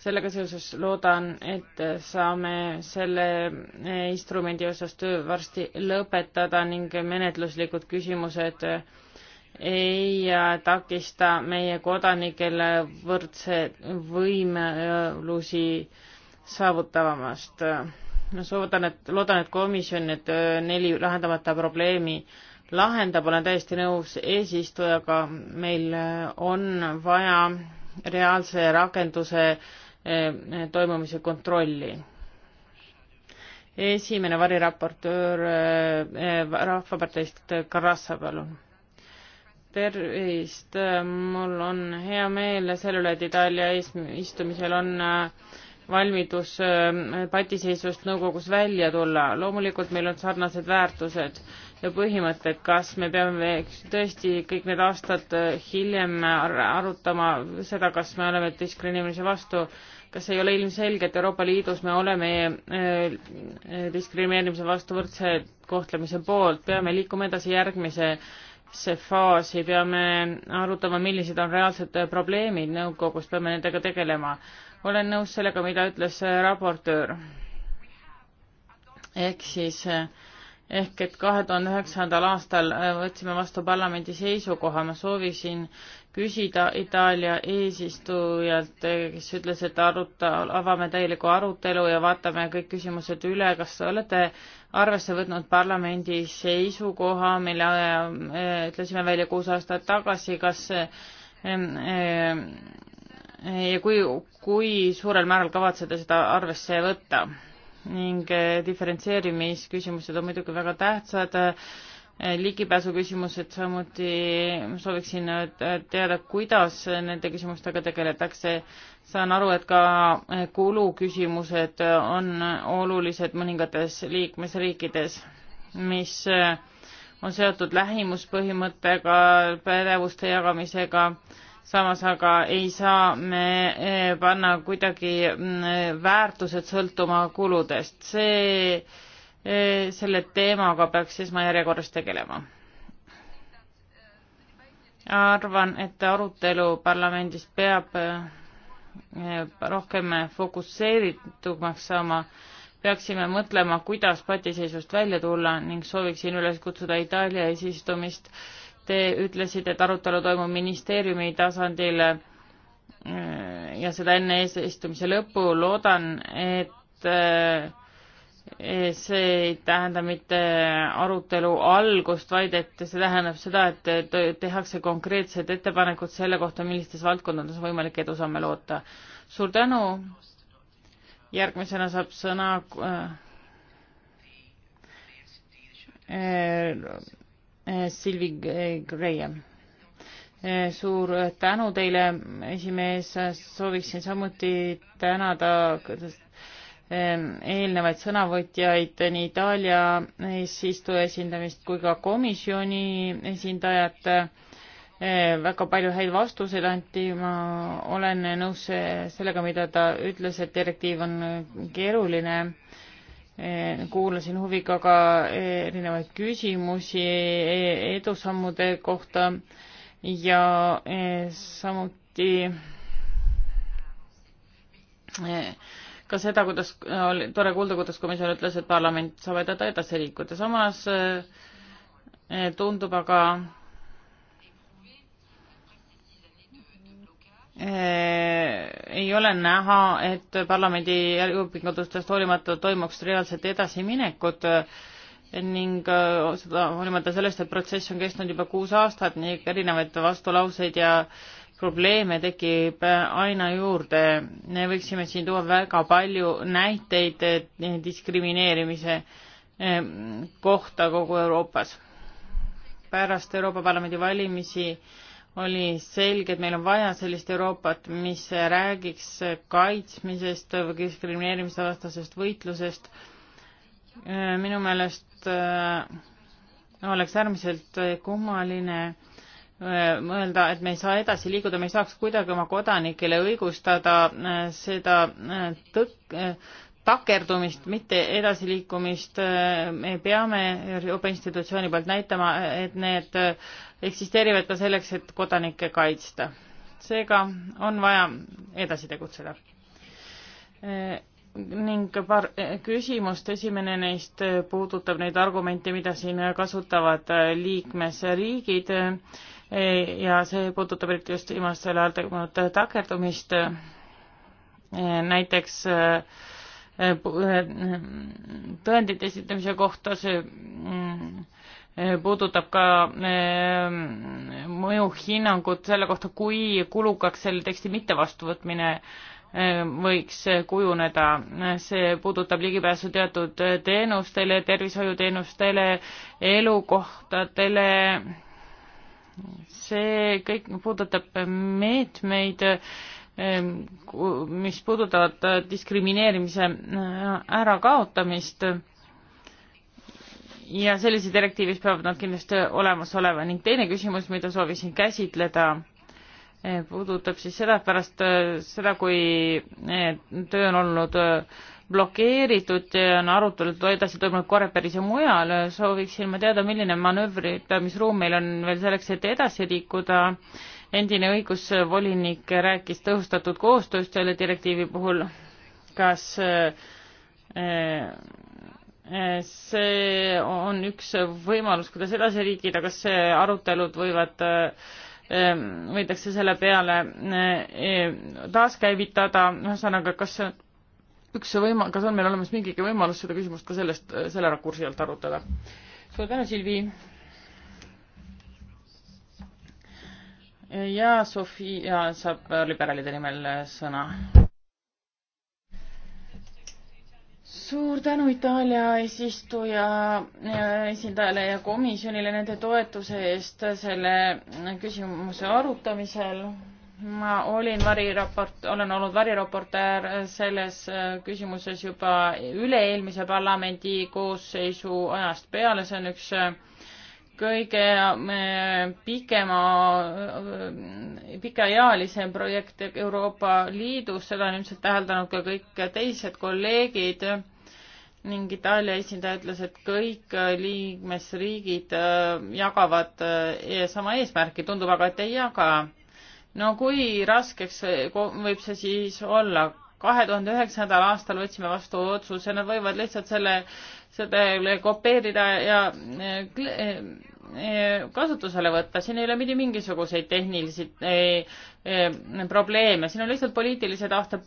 sellega seoses loodan, et saame selle eh, instrumendi osas töö varsti lõpetada ning menetluslikud küsimused ei eh, takista meie kodanikel võrdse võimelusi saavutavamast. ma soovitan, et loodan, et komisjon need eh, neli lahendamata probleemi lahendab, olen täiesti nõus eesistujaga, meil on vaja reaalse rakenduse Eh, toimumise kontrolli. esimene variraportöör eh, eh, Rahvaparteist, Karassa, palun. tervist, mul on hea meel selle üle, et Itaalia eesistumisel on valmidus patiseisust nõukogus välja tulla. loomulikult meil on sarnased väärtused põhimõtted, kas me peame tõesti kõik need aastad hiljem arutama seda, kas me oleme diskrimineerimise vastu, kas ei ole ilmselge, et Euroopa Liidus me oleme äh, äh, diskrimineerimise vastu võrdse kohtlemise poolt, peame liikuma edasi järgmise see faasi, peame arutama, millised on reaalsed probleemid nõukogus, peame nendega tegelema. olen nõus sellega, mida ütles äh, raportöör. ehk siis äh, ehk et kahe tuhande üheksandal aastal äh, võtsime vastu parlamendi seisukoha, ma soovisin küsida Itaalia eesistujalt, äh, kes ütles, et aruta, avame täieliku arutelu ja vaatame kõik küsimused üle, kas olete arvesse võtnud parlamendi seisukoha, mille äh, ütlesime välja kuus aastat tagasi, kas ähm, ja kui, kui suurel määral kavatsete seda arvesse võtta? ning eh, diferentseerimisküsimused on muidugi väga tähtsad, eh, ligipääsu küsimused samuti, sooviksin teada, kuidas nende küsimustega tegeletakse. saan aru, et ka eh, kuluküsimused on olulised mõningates liikmesriikides, mis on seotud lähimuspõhimõttega, pädevuste jagamisega samas aga ei saa me eh, panna kuidagi mm, eh, väärtused sõltuma kuludest. see, eh, selle teemaga peaks esmajärjekorras tegelema. arvan, et arutelu parlamendis peab rohkem fokusseeritumaks saama, peaksime mõtlema, kuidas patiseisust välja tulla ning sooviksin üles kutsuda Itaalia eesistumist äh, Te ütlesite, et arutelu toimub ministeeriumi tasandil äh, ja seda enne eesistumise lõppu. loodan, et äh, see ei tähenda mitte arutelu algust, vaid et see tähendab seda, et tehakse konkreetsed ettepanekud selle kohta, millistes valdkondades on võimalik edusamme loota. suur tänu. järgmisena saab sõna äh, Eh, Silvi Graham. Eh, suur tänu teile, esimees, sooviksin samuti tänada eh, eelnevaid sõnavõtjaid, nii Itaalia eesistuja esindamist kui ka komisjoni esindajat. väga palju häid vastuseid anti, ma olen nõus sellega, mida ta ütles, et direktiiv on keeruline Äh, kuulasin huviga ka äh, erinevaid küsimusi äh, edusammude kohta ja samuti ka seda, kuidas oli tore kuulda, kuidas komisjon ütles, et parlament saab aidata edasi liikuda, samas tundub aga, Äh, ei ole näha, et parlamendi jõupingutustest hoolimata toimuks reaalset edasiminekut äh, ning äh, seda hoolimata sellest, et protsess on kestnud juba kuus aastat ning erinevaid vastulauseid ja probleeme tekib aina juurde. me võiksime siin tuua väga palju näiteid diskrimineerimise ähm, kohta kogu Euroopas. pärast Euroopa Parlamendi valimisi oli selge, et meil on vaja sellist Euroopat, mis räägiks kaitsmisest, diskrimineerimise vastasest võitlusest. minu meelest äh, oleks äärmiselt kummaline äh, mõelda, et me ei saa edasi liikuda, me ei saaks kuidagi oma kodanikele õigustada äh, seda tõk-, takerdumist, mitte edasiliikumist. me peame Euroopa institutsiooni poolt näitama, et need eksisteerivad ka selleks, et kodanikke kaitsta. seega on vaja edasi tegutseda e. ning paar äh, küsimust, esimene neist äh, puudutab neid argumente, mida siin kasutavad liikmesriigid e ja see puudutab eriti just viimastel ajal toimunud takerdumist e. näiteks tõendite esitamise kohta see mm, puudutab ka eh, mõjuhinnangut selle kohta, kui kulukaks selle teksti mittevastuvõtmine eh, võiks kujuneda. see puudutab ligipääsu teatud teenustele, tervishoiuteenustele, elukohtadele. see kõik puudutab meetmeid, eh, mis puudutavad diskrimineerimise ärakaotamist ja sellises direktiivis peavad nad kindlasti olemas olema ning teine küsimus, mida soovisin käsitleda, eh, puudutab siis seda, et pärast eh, seda, kui eh, töö on olnud blokeeritud ja on arutelud edasi toimunud Koreperis ja mujal, sooviksin ma teada, milline manöövritamisruum meil on veel selleks, et edasi liikuda. endine õigusvolinik rääkis tõhustatud koostööst selle direktiivi puhul. kas äh, Eh, see on üks võimalus, kuidas edasi liikida, kas arutelud võivad, eh, võidakse selle peale eh, taaskäivitada, ühesõnaga, kas see üks võima-, kas on meil olemas mingigi võimalus seda küsimust ka sellest, selle rakursi alt arutada? suur tänu, Silvi. ja Sofia saab liberaalide nimel sõna suur tänu Itaalia eesistuja äh, esindajale ja komisjonile nende toetuse eest selle küsimuse arutamisel. ma olin variraport, olen olnud variraportöör selles äh, küsimuses juba üle-eelmise parlamendi koosseisu ajast peale, see on üks äh, kõige pikema, pikaealisem projekt Euroopa Liidus, seda on ilmselt täheldanud ka kõik teised kolleegid ning Itaalia esindaja ütles, et kõik äh, liikmesriigid äh, jagavad äh, e-, sama eesmärki, tundub aga, et ei jaga. no kui raskeks võib see siis olla? kahe tuhande üheksandal aastal võtsime vastu otsuse, nad võivad lihtsalt selle seda kopeerida ja eh, eh, kasutusele võtta, siin ei ole mitte mingisuguseid tehnilisi eh, probleeme, siin on lihtsalt poliitilise tahte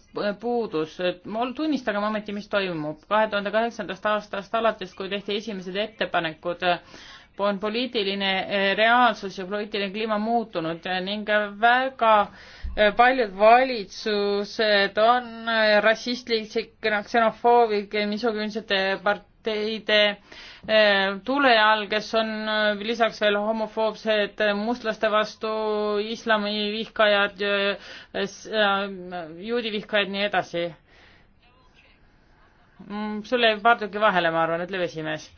puudus, et tunnistagem ometi, mis toimub. kahe tuhande kaheksandast aastast alates, kui tehti esimesed ettepanekud, on poliitiline reaalsus ja poliitiline kliima muutunud ning väga paljud valitsused on rassistlikud, ksenofoobilised, misogüünsete part-, aparteide eh, tule all, kes on eh, lisaks veel homofoobsed eh, mustlaste vastu, islami vihkajad, juudi vihkajad, nii edasi. Mm, sul jäi paar tükki vahele, ma arvan, ütleb esimees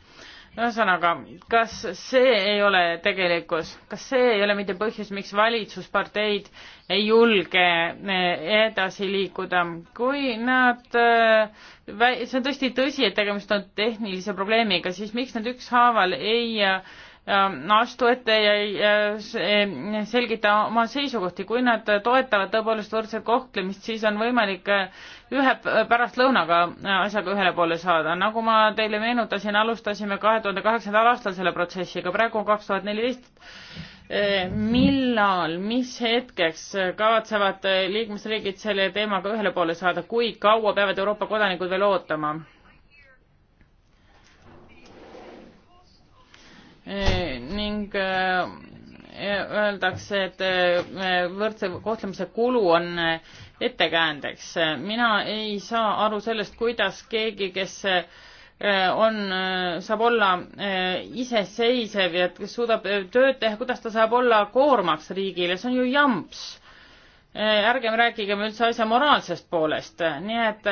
ühesõnaga, kas see ei ole tegelikkus, kas see ei ole mitte põhjus, miks valitsusparteid ei julge eh, edasi liikuda, kui nad, eh, see on tõesti tõsi, et tegemist on tehnilise probleemiga, siis miks nad ükshaaval ei äh, Ähm, astu ette ja äh, selgita oma seisukohti. kui nad toetavad tõepoolest võrdset kohtlemist, siis on võimalik äh, ühe pärastlõunaga äh, asjaga ühele poole saada. nagu ma teile meenutasin, alustasime kahe tuhande kaheksandal aastal selle protsessiga, praegu on kaks tuhat neliteist. millal, mis hetkeks kavatsevad liikmesriigid selle teemaga ühele poole saada, kui kaua peavad Euroopa kodanikud veel ootama? ning eh, öeldakse, et eh, võrdse kohtlemise kulu on eh, ettekäändeks. mina ei saa aru sellest, kuidas keegi, kes on, saab olla iseseisev ja kes suudab tööd teha, kuidas ta saab olla koormaks riigile, see on ju jamps. ärgem rääkigem üldse asja moraalsest poolest, nii et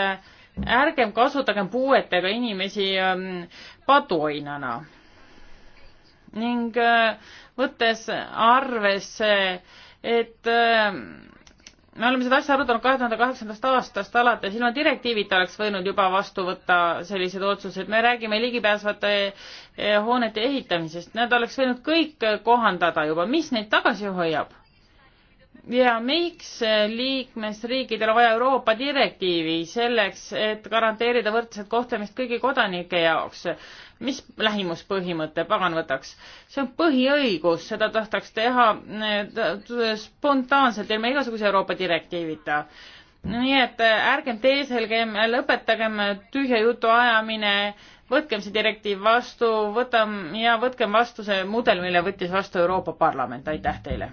ärgem kasutagem puuetega inimesi mm, patuoinana ning äh, võttes arvesse, et äh, me oleme seda asja arutanud kahe tuhande kaheksandast aastast alates, ilma direktiivita oleks võinud juba vastu võtta sellised otsused, me räägime ligipääsvate äh, hoonete ehitamisest, need oleks võinud kõik kohandada juba, mis neid tagasi hoiab? ja miks liikmesriikidel on vaja Euroopa direktiivi selleks, et garanteerida võrdset kohtlemist kõigi kodanike jaoks? mis lähimuspõhimõte pagan võtaks? see on põhiõigus, seda tahtaks teha eh, spontaanselt, ilma igasuguse Euroopa direktiivita. nii et eh, ärgem teeselgem, lõpetagem tühja jutu ajamine, võtkem see direktiiv vastu, võtame ja võtkem vastu see mudel, mille võttis vastu Euroopa Parlament, aitäh teile!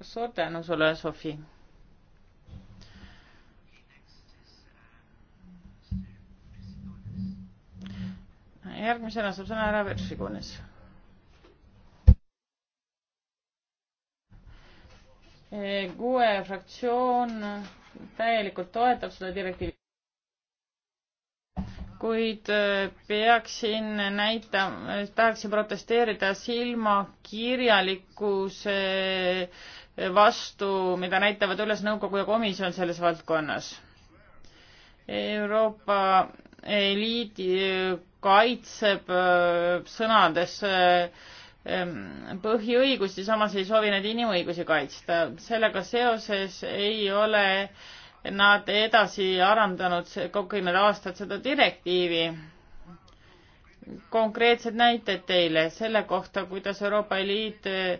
suur tänu sulle, Sofi. järgmisena saab sõna härra Versikunis. kuue fraktsioon täielikult toetab seda direktiivi kuid eh, peaksin näita, tahaksin protesteerida silmakirjalikkuse eh, vastu, mida näitavad üles nõukogu ja komisjon selles valdkonnas. Euroopa eliit eh, kaitseb sõnades põhiõigusi, samas ei soovi neid inimõigusi kaitsta. sellega seoses ei ole äh, nad edasi arendanud kõik need aastad seda direktiivi. konkreetsed näited teile selle kohta, kuidas Euroopa Liit eh,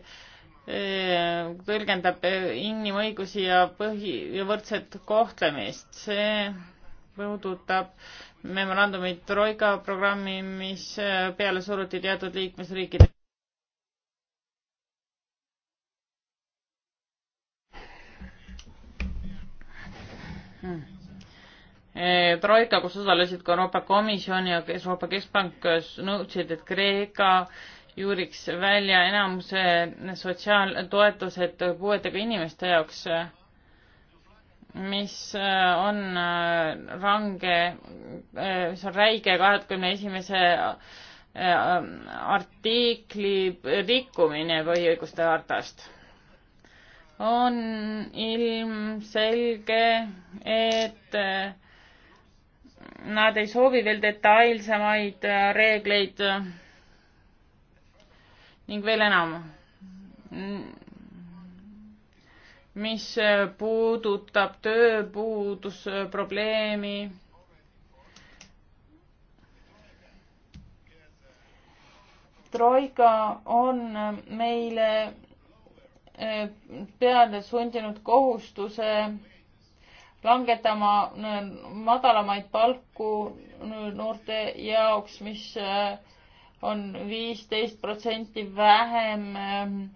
eh, tõlgendab eh, inimõigusi ja põhi ja võrdset kohtlemist. see puudutab memorandumit Troika programmi, mis peale suruti teatud liikmesriikide Eh, Troika, kus osalesid ka Euroopa Komisjon ja Euroopa Keskpank, nõudsid, et Kreeka juuriks välja enamuse sotsiaaltoetused puuetega inimeste jaoks, mis eh, on eh, range, mis on räige kahekümne esimese artikli rikkumine põhiõiguste hartast on ilmselge, et nad ei soovi veel detailsemaid äh, reegleid ning veel enam. mis puudutab tööpuudusprobleemi, äh, troika on meile Eh, peale sundinud kohustuse langetama eh, madalamaid palku noorte jaoks, mis eh, on viisteist protsenti vähem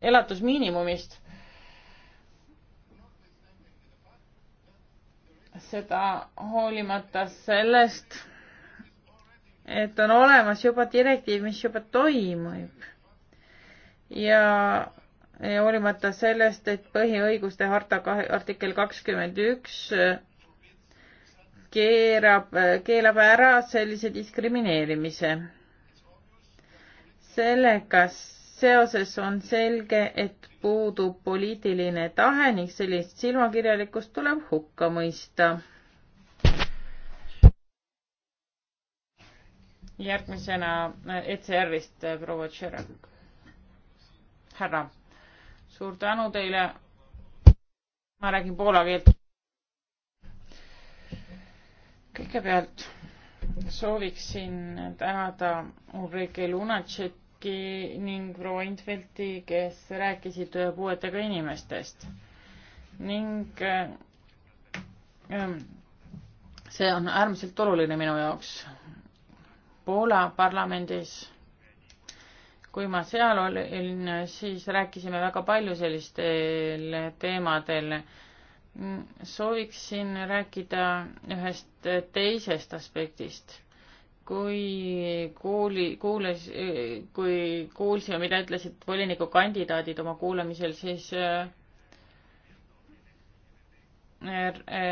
elatusmiinimumist. seda hoolimata sellest et on olemas juba direktiiv, mis juba toimub. ja hoolimata sellest, et põhiõiguste harta artikkel kakskümmend üks äh, keerab, äh, keelab ära sellise diskrimineerimise. sellega seoses on selge, et puudub poliitiline tahe ning sellist silmakirjalikkust tuleb hukka mõista järgmisena äh, ECR-ist äh, proua Tšerek. härra, suur tänu teile. ma räägin poola keelt. kõigepealt sooviksin tänada Ulrike Lunatšeki ning proua Intvelti, kes rääkisid puuetega inimestest ning äh, ähm, see on äärmiselt oluline minu jaoks Poola parlamendis. kui ma seal olin, siis rääkisime väga palju sellistel teemadel. sooviksin rääkida ühest teisest aspektist. kui kuuli, kuulas, kui kuulsime, mida ütlesid volinikukandidaadid oma kuulamisel, siis äh,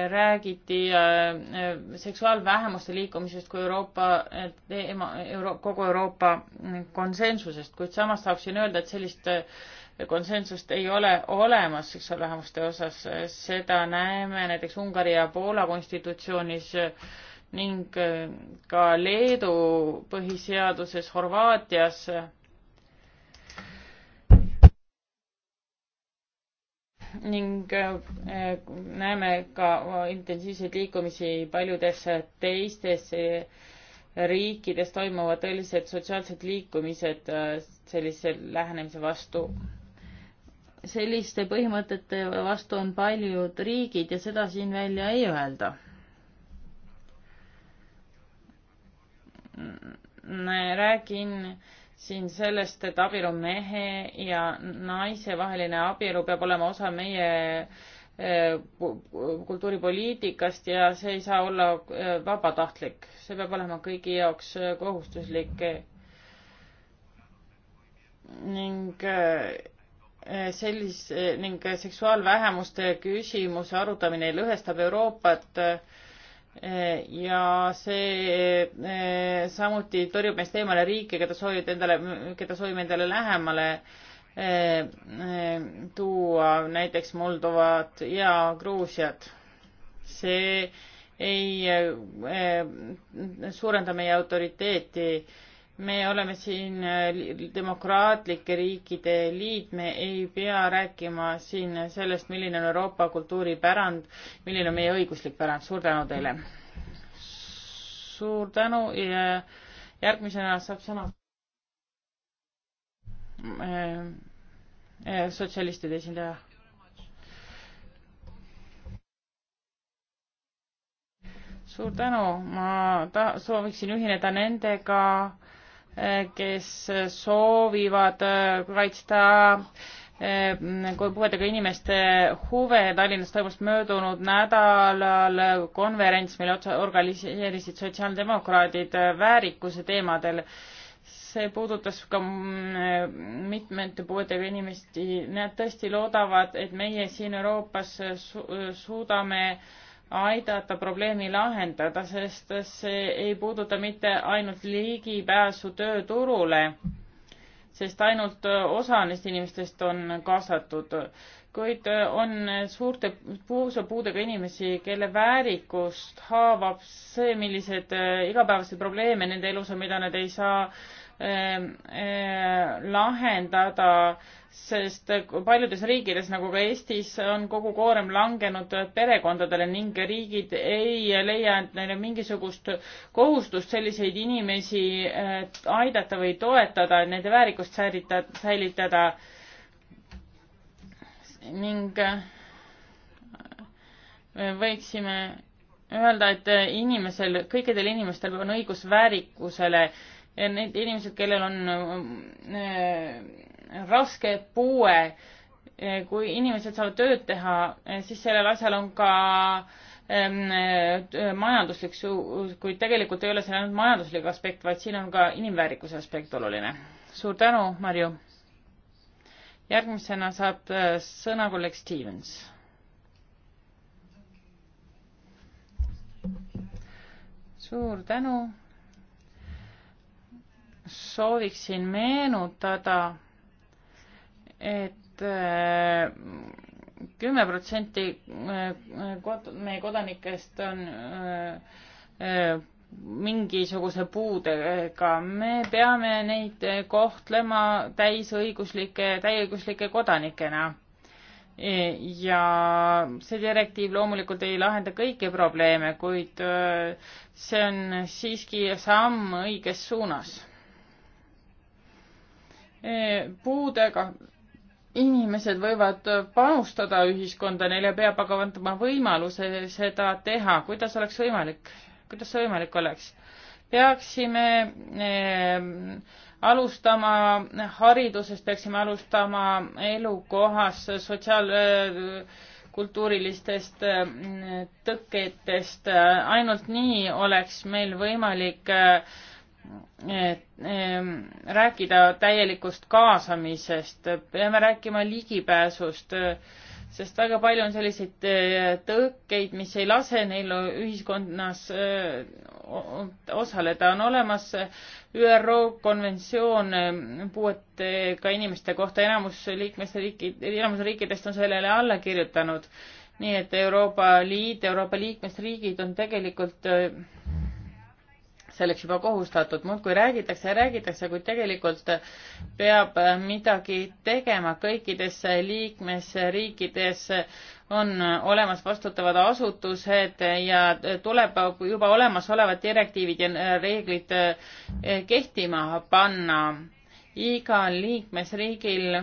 räägiti äh, seksuaalvähemuste liikumisest kui Euroopa teema, Euro-, kogu Euroopa konsensusest, kuid samas tahaksin öelda, et sellist äh, konsensust ei ole olemas seksuaalvähemuste osas, seda näeme näiteks Ungari ja Poola konstitutsioonis ning äh, ka Leedu põhiseaduses, Horvaatias ning äh, näeme ka intensiivseid liikumisi paljudes teistes äh, riikides toimuvad tõelised sotsiaalsed liikumised äh, sellise lähenemise vastu. selliste põhimõtete vastu on paljud riigid ja seda siin välja ei öelda. räägin siin sellest, et abielu mehe ja naise vaheline abielu peab olema osa meie eh, kultuuripoliitikast ja see ei saa olla eh, vabatahtlik, see peab olema kõigi jaoks eh, kohustuslik. ning sellise ning seksuaalvähemuste küsimuse arutamine lõhestab Euroopat ja see eh, samuti tõrjub meist eemale riike, keda soovid endale, keda soovime endale lähemale eh, eh, tuua, näiteks Moldovat ja Gruusiat. see ei suurenda meie autoriteeti me oleme siin äh, demokraatlike riikide liit, me ei pea rääkima siin sellest, milline on Euroopa kultuuripärand, milline on meie õiguslik pärand, suur tänu teile. suur tänu ja järgmisena saab sõna äh, äh, sotsialistide esindaja. suur tänu, ma ta-, sooviksin ühineda nendega, Eh, kes soovivad eh, kaitsta eh, puuetega inimeste huve. Tallinnas toimus möödunud nädalal konverents, mille organiseerisid sotsiaaldemokraadid väärikuse teemadel. see puudutas ka mm, mitmete puuetega inimesi. Nad tõesti loodavad, et meie siin Euroopas su suudame aidata probleemi lahendada, sest see ei puuduta mitte ainult ligipääsu tööturule, sest ainult osa neist inimestest on kaasatud, kuid on suurte puusapuudega inimesi, kelle väärikust haavab see, millised igapäevaseid probleeme nende elus on, mida nad ei saa äh, Ähm, äh, lahendada, sest paljudes riikides, nagu ka Eestis, on kogu koorem langenud perekondadele ning riigid ei leia end neile mingisugust kohustust selliseid inimesi aidata või toetada, et nende väärikust säilita, säilitada. ning äh, võiksime öelda, et inimesel, kõikidel inimestel on õigus väärikusele need inimesed, kellel on äh, raske puue, äh, kui inimesed saavad tööd teha, äh, siis sellel asjal on ka ähm, majanduslik su-, kuid tegelikult ei ole see ainult majanduslik aspekt, vaid siin on ka inimväärikuse aspekt oluline. suur tänu, Marju. järgmisena saab sõna kolleeg Stevens. suur tänu sooviksin meenutada et, et äh, kümme protsenti äh, kod-, meie kodanikest on äh, mingisuguse puudega, me peame neid kohtlema täisõiguslike, täieõiguslike kodanikena. E, ja see direktiiv loomulikult ei lahenda kõiki probleeme, kuid see on siiski samm õiges suunas puudega inimesed võivad panustada ühiskonda, neile peab aga andma võimaluse seda teha. kuidas oleks võimalik, kuidas see võimalik oleks? peaksime ehm, alustama haridusest, peaksime alustama elukohas sotsiaalkultuurilistest äh, äh, tõketest. ainult nii oleks meil võimalik äh, Ehm, rääkida täielikust kaasamisest, peame rääkima ligipääsust, sest väga palju on selliseid eh, tõkkeid, mis ei lase neil ühiskonnas eh, osaleda. on olemas ÜRO konventsioon ehm, puuetega inimeste kohta, enamus liikmesriikid, enamus riikidest on sellele alla kirjutanud. nii et Euroopa Liit, Euroopa liikmesriigid on tegelikult eh, selleks juba kohustatud. muudkui räägitakse ja räägitakse, kuid tegelikult peab midagi tegema. kõikides liikmesriikides on olemas vastutavad asutused ja tuleb juba olemasolevad direktiivid ja reeglid eh, kehtima panna. igal liikmesriigil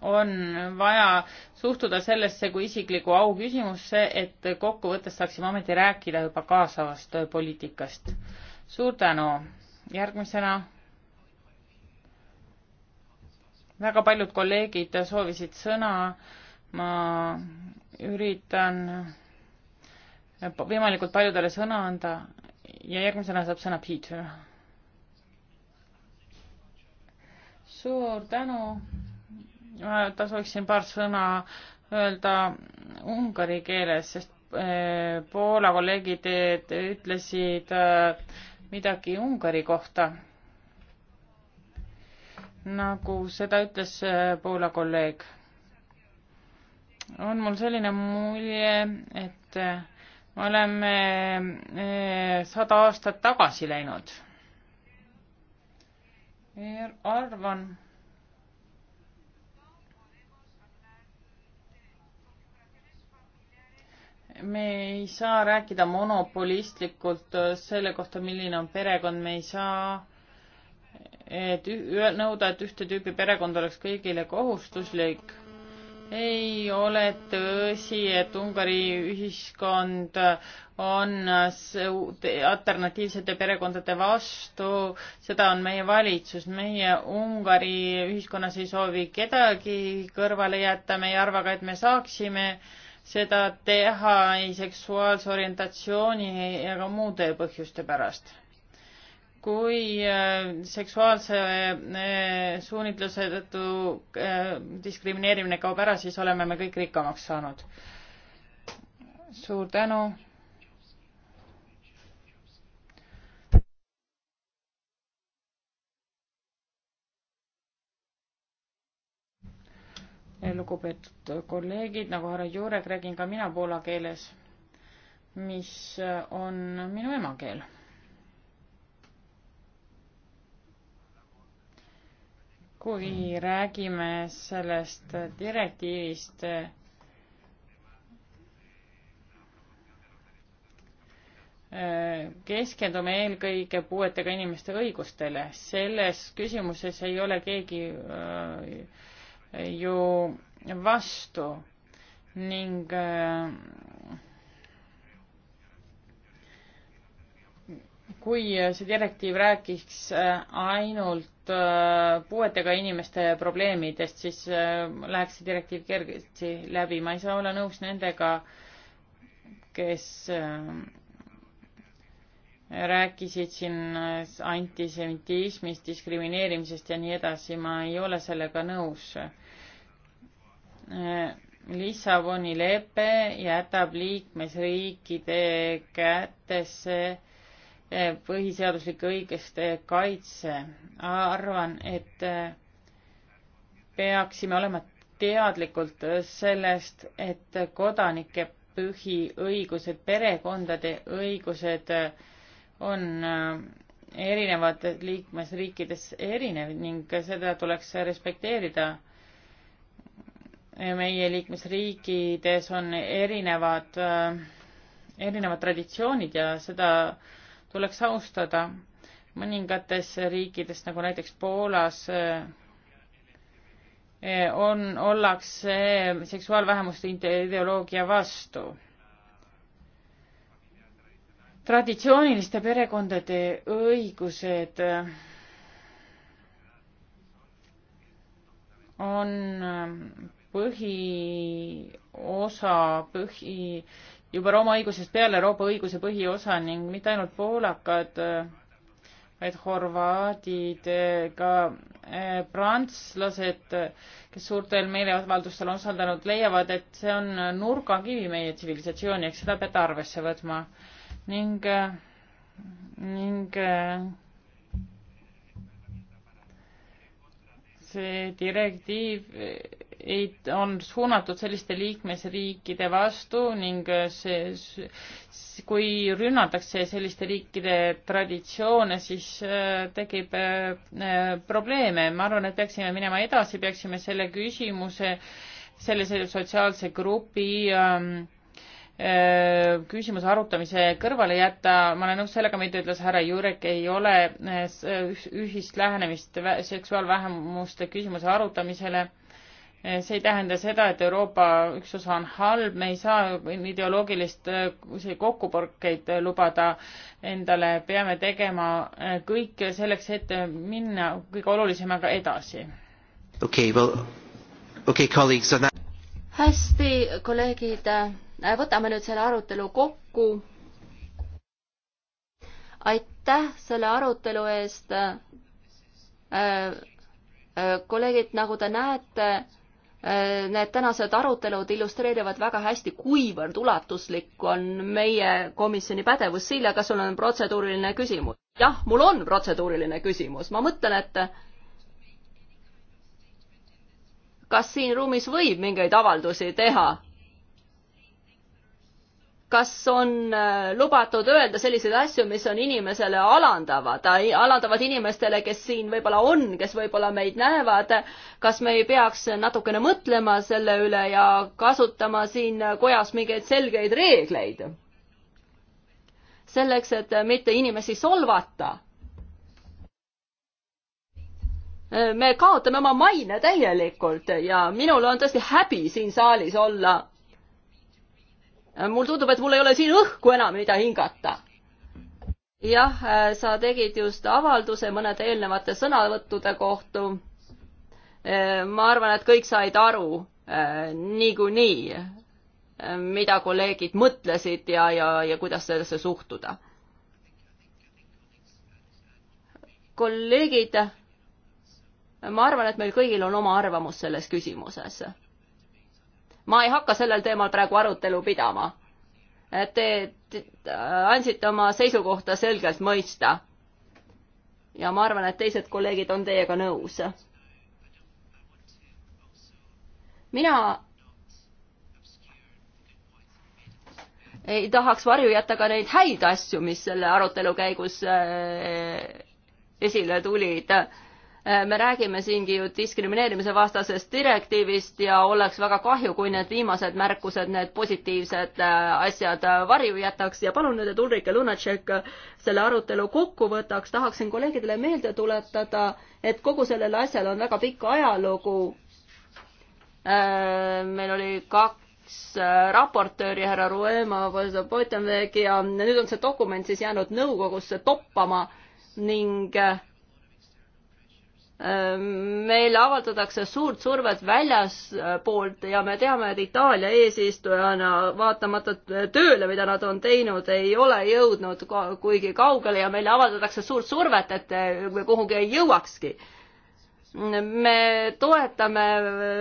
on vaja suhtuda sellesse kui isikliku au küsimusse, et kokkuvõttes saaksime ometi rääkida juba kaasavast poliitikast suur tänu. järgmisena. väga paljud kolleegid soovisid sõna. ma üritan võimalikult paljudele sõna anda ja järgmisena saab sõna Peter. suur tänu. ma sooviksin paar sõna öelda ungari keeles, sest eh, Poola kolleegid ütlesid eh, midagi Ungari kohta. nagu seda ütles äh, Poola kolleeg. on mul selline mulje, et äh, me oleme äh, sada aastat tagasi läinud. arvan me ei saa rääkida monopolistlikult äh, selle kohta, milline on perekond, me ei saa et nõuda, et ühte tüüpi perekond oleks kõigile kohustuslik. ei ole tõsi, et Ungari ühiskond on alternatiivsete perekondade vastu, seda on meie valitsus, meie Ungari ühiskonnas ei soovi kedagi kõrvale jätta, me ei arva ka, et me saaksime äh, seda teha ei seksuaalse orientatsiooni ega muude põhjuste pärast. kui äh, seksuaalse äh, suunitluse tõttu äh, diskrimineerimine kaob ära, siis oleme me kõik rikkamaks saanud. suur tänu lugupeetud kolleegid, nagu härra Jurek, räägin ka mina poola keeles, mis on minu emakeel. kui räägime sellest direktiivist, keskendume eelkõige puuetega inimeste õigustele. selles küsimuses ei ole keegi äh, ju vastu ning äh, kui see direktiiv räägiks äh, ainult äh, puuetega inimeste probleemidest, siis läheks see direktiiv kergesti läbi. ma ei saa olla nõus nendega, kes rääkisid siin antisemitismist, diskrimineerimisest ja nii edasi, ma ei ole sellega nõus Lissaboni lepe jätab liikmesriikide kätesse eh, põhiseaduslike õiguste kaitse. arvan, et eh, peaksime olema teadlikult sellest, et kodanike põhiõigused, perekondade õigused eh, on erinevates liikmesriikides erinev ning seda tuleks respekteerida meie liikmesriikides on erinevad, äh, erinevad traditsioonid ja seda tuleks austada. mõningates riikides, nagu näiteks Poolas, äh, äh, on, ollakse seksuaalvähemuste ideoloogia vastu. traditsiooniliste perekondade õigused on põhiosa, põhi, juba Rooma õigusest peale Euroopa õiguse põhiosa ning mitte ainult poolakad, vaid horvaadid, ka eh, prantslased, kes suurtel meeleavaldustel on osalenud, leiavad, et see on nurgakivi meie tsivilisatsiooni, eks seda peate arvesse võtma. ning, eh, ning eh, see direktiiv on suunatud selliste liikmesriikide vastu ning äh, see, kui rünnatakse selliste riikide traditsioone, siis äh, tekib äh, probleeme. ma arvan, et peaksime minema edasi, peaksime selle küsimuse, selle, selle sotsiaalse grupi ähm, küsimuse arutamise kõrvale jätta, ma olen nõus sellega, mida ütles härra Jurek, ei ole ühist lähenemist seksuaalvähemuste küsimuse arutamisele see ei tähenda seda, et Euroopa üks osa on halb, me ei saa ideoloogilist äh, kokkupõrkeid äh, lubada endale, peame tegema äh, kõik selleks, et minna kõige olulisemaga edasi. okei okay,, well, okei okay,, colleagues on that. hästi, kolleegid, võtame nüüd selle arutelu kokku. aitäh selle arutelu eest. kolleegid, nagu te näete Need tänased arutelud illustreerivad väga hästi, kuivõrd ulatuslik on meie komisjoni pädevus. Silja, kas sul on protseduuriline küsimus? jah, mul on protseduuriline küsimus. ma mõtlen, et kas siin ruumis võib mingeid avaldusi teha? kas on äh, lubatud öelda selliseid asju, mis on inimesele alandavad, alandavad inimestele, kes siin võib-olla on, kes võib-olla meid näevad, kas me ei peaks natukene mõtlema selle üle ja kasutama siin kojas mingeid selgeid reegleid? selleks, et mitte inimesi solvata. Äh, me kaotame oma maine täielikult ja minul on tõesti häbi siin saalis olla Äh, mul tundub, et mul ei ole siin õhku enam, mida hingata. jah, äh, sa tegid just avalduse mõnede eelnevate sõnavõttude kohta. Äh, ma arvan, et kõik said aru niikuinii, mida kolleegid mõtlesid ja, ja, ja kuidas sellesse suhtuda. kolleegid, ma arvan, et meil kõigil on oma arvamus selles küsimuses ma ei hakka sellel teemal praegu arutelu pidama. Te, te andsite oma seisukohta selgelt mõista. ja ma arvan, et teised kolleegid on teiega nõus. mina ei tahaks varju jätta ka neid häid asju, mis selle arutelu käigus äh, esile tulid Äh, me räägime siingi ju diskrimineerimise vastasest direktiivist ja oleks väga kahju, kui need viimased märkused, need positiivsed äh, asjad äh, varju jätaks ja palun nüüd, et Ulrike Lunatšek selle arutelu kokku võtaks, tahaksin kolleegidele meelde tuletada, et kogu sellel asjal on väga pikk ajalugu. meil oli kaks raportööri, härra Ruema, ja nüüd on see dokument siis jäänud nõukogusse toppama ning äh, Ehm, meil avaldatakse suurt survet väljaspoolt ja me teame, et Itaalia eesistujana vaatamata tööle, mida nad on teinud, ei ole jõudnud kuigi kaugele ja meile avaldatakse suurt survet, et me kuhugi ei jõuakski. me toetame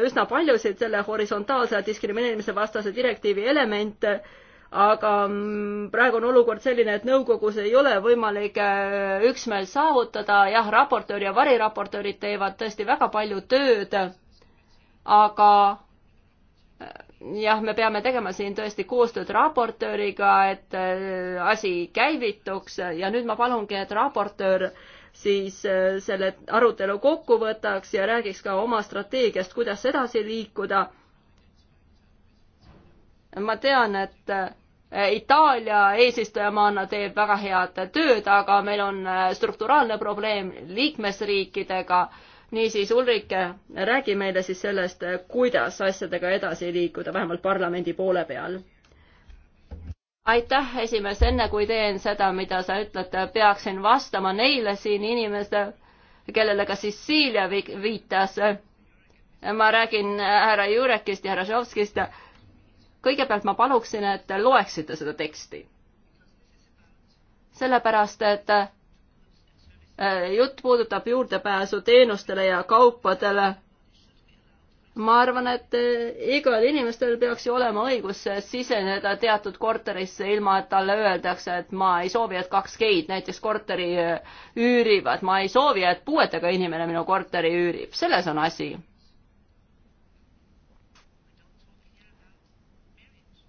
üsna paljusid selle horisontaalse diskrimineerimise vastase direktiivi elemente aga mm, praegu on olukord selline, et nõukogus ei ole võimalik äh, üksmeel saavutada, jah, raportöör ja variraportöörid teevad tõesti väga palju tööd, aga äh, jah, me peame tegema siin tõesti koostööd raportööriga, et äh, asi käivituks ja nüüd ma palungi, et raportöör siis selle arutelu kokku võtaks ja räägiks ka oma strateegiast, kuidas edasi liikuda. ma tean, et Itaalia eesistujamaana teeb väga head tööd, aga meil on äh, strukturaalne probleem liikmesriikidega. niisiis, Ulrike, räägi meile siis sellest, kuidas asjadega edasi liikuda, vähemalt parlamendi poole peal. aitäh, esimees, enne kui teen seda, mida sa ütled, peaksin vastama neile siin inimestele, kellele ka Cecilia viitas. ma räägin äh, härra Jurekist ja härra Žovskist kõigepealt ma paluksin, et te loeksite seda teksti. sellepärast, et äh, jutt puudutab juurdepääsu teenustele ja kaupadele. ma arvan, et äh, igal inimestel peaks ju olema õigus siseneda teatud korterisse, ilma et talle öeldakse, et ma ei soovi, et kaks geid näiteks korteri äh, üürivad, ma ei soovi, et puuetega inimene minu korteri üürib, selles on asi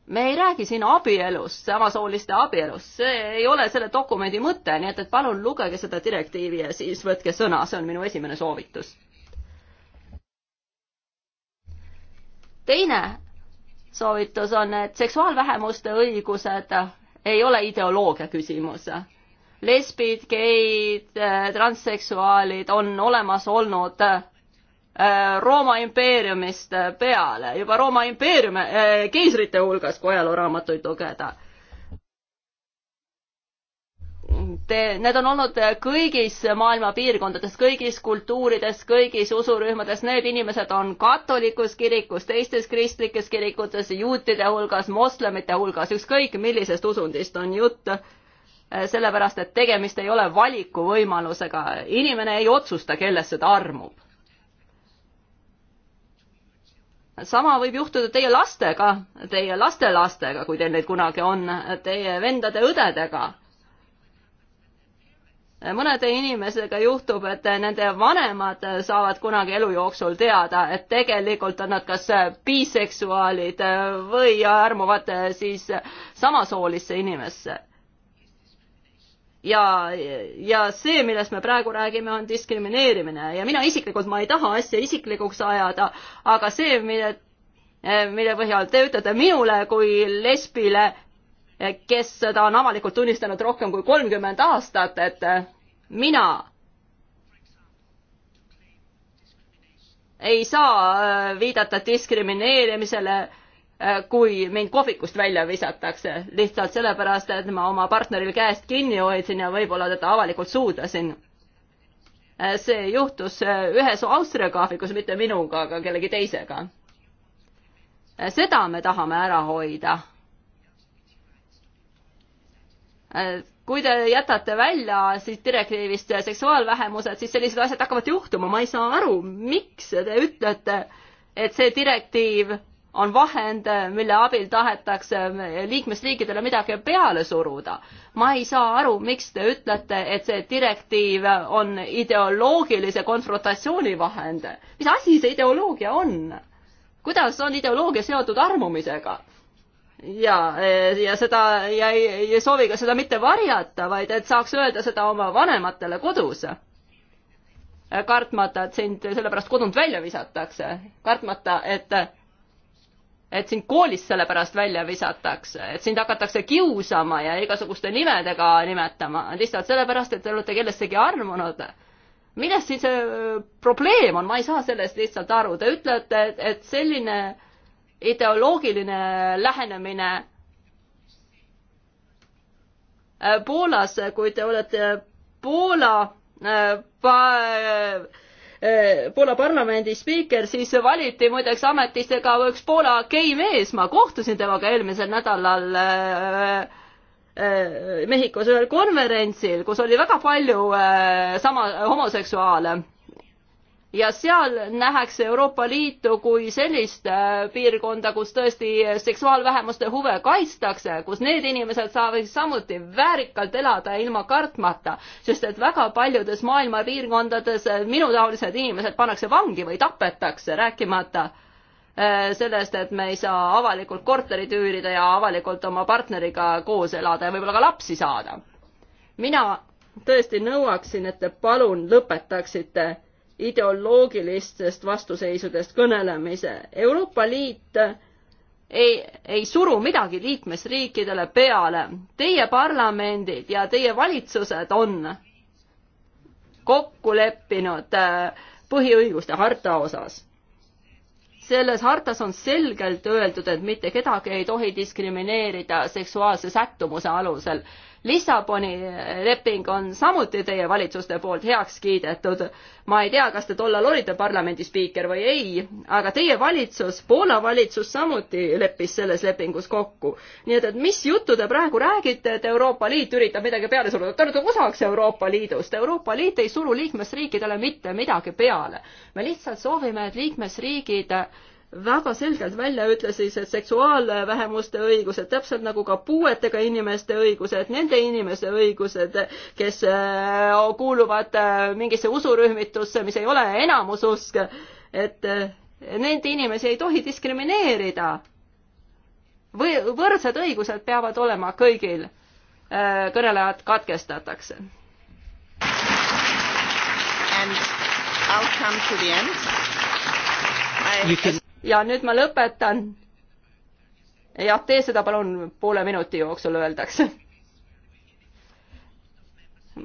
me ei räägi siin abielust, samasooliste abielust, see ei ole selle dokumendi mõte, nii et, et palun lugege seda direktiivi ja siis võtke sõna, see on minu esimene soovitus. teine soovitus on, et seksuaalvähemuste õigused ei ole ideoloogia küsimus. lesbid, geid, transseksuaalid on olemas olnud äh, Äh, Rooma impeeriumist äh, peale, juba Rooma impeeriumi eh,, keisrite hulgas, kui ajalooraamatuid lugeda. Te, need on olnud kõigis maailma piirkondades, kõigis kultuurides, kõigis usurühmades, need inimesed on katolikus kirikus, teistes kristlikes kirikutes, juutide hulgas, moslemite hulgas, ükskõik millisest usundist on jutt sellepärast, et tegemist ei ole valikuvõimalusega, inimene ei otsusta, kellesse ta armub sama võib juhtuda teie lastega, teie lastelastega, kui teil neid kunagi on, teie vendade-õdedega. mõnede inimesega juhtub, et nende vanemad saavad kunagi elu jooksul teada, et tegelikult on nad kas biseksuaalid või armuvad siis samasoolisse inimesse ja, ja see, millest me praegu räägime, on diskrimineerimine ja mina isiklikult, ma ei taha asja isiklikuks ajada, aga see, mille, eh, mille põhjal te ütlete minule kui lesbile, eh, kes seda on avalikult tunnistanud rohkem kui kolmkümmend aastat, et eh, mina ei saa viidata diskrimineerimisele Äh, kui mind kohvikust välja visatakse, lihtsalt sellepärast, et ma oma partneril käest kinni hoidsin ja võib-olla teda avalikult suudasin. Äh, see juhtus äh, ühes Austria kohvikus, mitte minuga, aga kellegi teisega. seda me tahame ära hoida. kui te jätate välja siit direktiivist seksuaalvähemused, siis sellised asjad hakkavad juhtuma, ma ei saa aru, miks te ütlete, et see direktiiv on vahend, mille abil tahetakse liikmesriikidele midagi peale suruda. ma ei saa aru, miks te ütlete, et see direktiiv on ideoloogilise konfrontatsiooni vahend. mis asi see ideoloogia on? kuidas on ideoloogia seotud armumisega? ja, ja seda ja ei, ei soovi ka seda mitte varjata, vaid et saaks öelda seda oma vanematele kodus. kartmata, et sind sellepärast kodunt välja visatakse, kartmata, et et sind koolist selle pärast välja visatakse, et sind hakatakse kiusama ja igasuguste nimedega nimetama, lihtsalt sellepärast, et te olete kellessegi armunud. milles siis see probleem on, ma ei saa sellest lihtsalt aru, te ütlete, et selline ideoloogiline lähenemine äh, Poolas, kui te olete Poola äh, pa, Äh, Poola parlamendi spiiker, siis valiti muideks ametisse ka üks Poola gei mees, ma kohtusin temaga eelmisel nädalal äh, äh, Mehhikos ühel konverentsil, kus oli väga palju äh, sama homoseksuaale ja seal nähakse Euroopa Liitu kui sellist äh, piirkonda, kus tõesti seksuaalvähemuste huve kaitstakse, kus need inimesed saavad samuti väärikalt elada ilma kartmata, sest et väga paljudes maailma piirkondades äh, minutaolised inimesed pannakse vangi või tapetakse, rääkimata äh, sellest, et me ei saa avalikult korterit üürida ja avalikult oma partneriga koos elada ja võib-olla ka lapsi saada. mina tõesti nõuaksin, et te palun lõpetaksite ideoloogilistest vastuseisudest kõnelemise. Euroopa Liit ei, ei suru midagi liikmesriikidele peale. Teie parlamendid ja teie valitsused on kokku leppinud äh, põhiõiguste harta osas. selles hartas on selgelt öeldud, et mitte kedagi ei tohi diskrimineerida seksuaalse sättumuse alusel Lissaboni leping on samuti teie valitsuste poolt heaks kiidetud. ma ei tea, kas te tollal olite parlamendi spiiker või ei, aga teie valitsus, Poola valitsus samuti leppis selles lepingus kokku. nii et, et mis juttu te praegu räägite, et Euroopa Liit üritab midagi peale suruda, te olete osaks Euroopa Liidust, Euroopa Liit ei suru liikmesriikidele mitte midagi peale. me lihtsalt soovime, et liikmesriigid väga selgelt välja ütles siis, et seksuaalvähemuste õigused, täpselt nagu ka puuetega inimeste õigused, nende inimeste õigused, kes äh, kuuluvad äh, mingisse usurühmitusse, mis ei ole enamususk, et äh, neid inimesi ei tohi diskrimineerida. või võrdsed õigused peavad olema kõigil. kõnelejad katkestatakse. And I'll come to the end. I, you can ja nüüd ma lõpetan. jah, tee seda palun poole minuti jooksul, öeldakse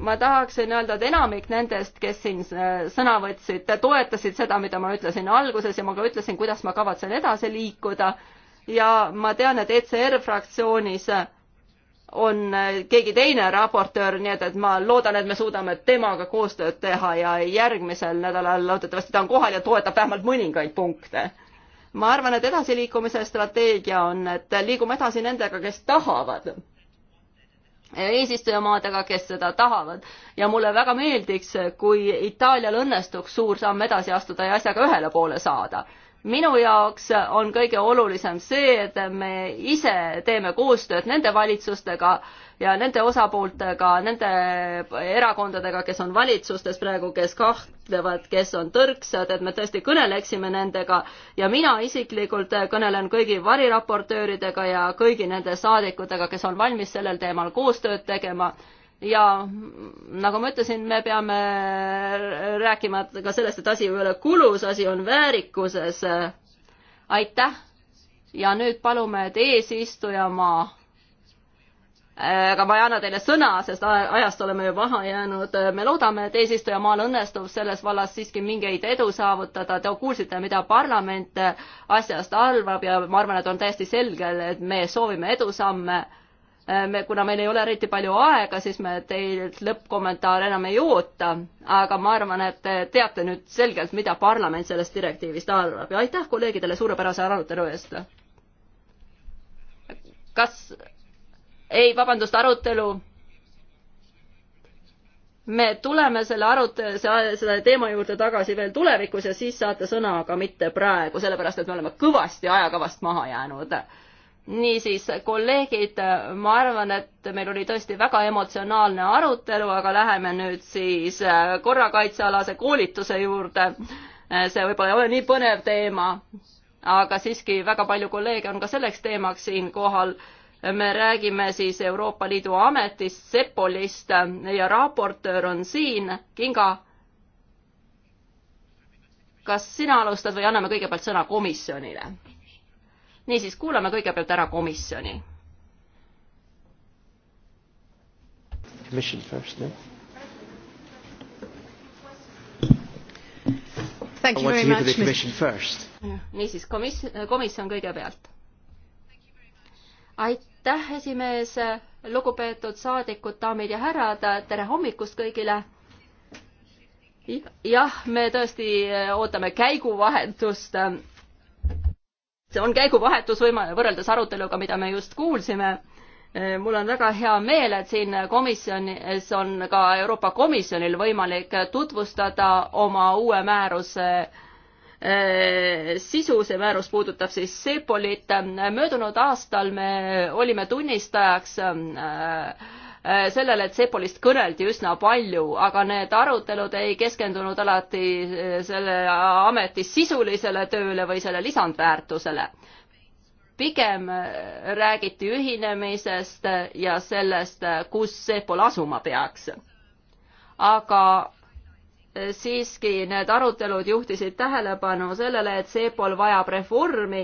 ma tahaksin öelda, et enamik nendest, kes siin äh, sõna võtsid, toetasid seda, mida ma ütlesin alguses ja ma ka ütlesin, kuidas ma kavatsen edasi liikuda. ja ma tean, et ECR fraktsioonis on äh, keegi teine raportöör, nii et, et ma loodan, et me suudame temaga koostööd teha ja järgmisel nädalal loodetavasti ta on kohal ja toetab vähemalt mõningaid punkte ma arvan, et edasiliikumise strateegia on, et liigume edasi nendega, kes tahavad eesistujamaadega, kes seda tahavad. ja mulle väga meeldiks, kui Itaalial õnnestuks suur samm edasi astuda ja asjaga ühele poole saada. minu jaoks on kõige olulisem see, et me ise teeme koostööd nende valitsustega, ja nende osapooltega, nende erakondadega, kes on valitsustes praegu, kes kahtlevad, kes on tõrksad, et me tõesti kõneleksime nendega ja mina isiklikult kõnelen kõigi variraportööridega ja kõigi nende saadikutega, kes on valmis sellel teemal koostööd tegema ja nagu ma ütlesin, me peame rääkima ka sellest, et asi ei ole kulus, asi on väärikuses. aitäh ja nüüd palume, et eesistujamaa aga ma ei anna teile sõna, sest ajast oleme ju maha jäänud. me loodame, et eesistujamaal õnnestub selles vallas siiski mingeid edu saavutada. Te kuulsite, mida parlament asjast arvab ja ma arvan, et on täiesti selge, et me soovime edusamme. me, kuna meil ei ole eriti palju aega, siis me teilt lõppkommentaare enam ei oota, aga ma arvan, et te teate nüüd selgelt, mida parlament sellest direktiivist arvab ja aitäh kolleegidele suurepärase arutelu eest. kas ei, vabandust, arutelu. me tuleme selle arut-, selle teema juurde tagasi veel tulevikus ja siis saate sõna, aga mitte praegu, sellepärast et me oleme kõvasti ajakavast maha jäänud niisiis, kolleegid, ma arvan, et meil oli tõesti väga emotsionaalne arutelu, aga läheme nüüd siis korrakaitsealase koolituse juurde. see võib-olla ei ole nii põnev teema, aga siiski väga palju kolleege on ka selleks teemaks siin kohal me räägime siis Euroopa Liidu ametist, Sepolist ja raportöör on siin, Kinga. kas sina alustad või anname kõigepealt sõna komisjonile? niisiis, kuulame kõigepealt ära komisjoni. Commission first, no? Thank you very much, Mr. niisiis, komis-, komisjon kõigepealt aitäh aitäh, esimees, lugupeetud saadikud, daamid ja härrad, tere hommikust kõigile. jah, me tõesti eh, ootame käiguvahetust. see on käiguvahetus võima-, võrreldes aruteluga, mida me just kuulsime eh, mul on väga hea meel, et siin komisjonis on ka Euroopa Komisjonil võimalik tutvustada oma uue määruse Äh, sisu, see määrus puudutab siis Sepolit. möödunud aastal me olime tunnistajaks äh, äh, sellele, et Sepolist kõneldi üsna palju, aga need arutelud ei keskendunud alati selle ameti sisulisele tööle või selle lisandväärtusele. pigem räägiti ühinemisest ja sellest, kus Sepol asuma peaks. aga siiski need arutelud juhtisid tähelepanu sellele, et Seepol vajab reformi,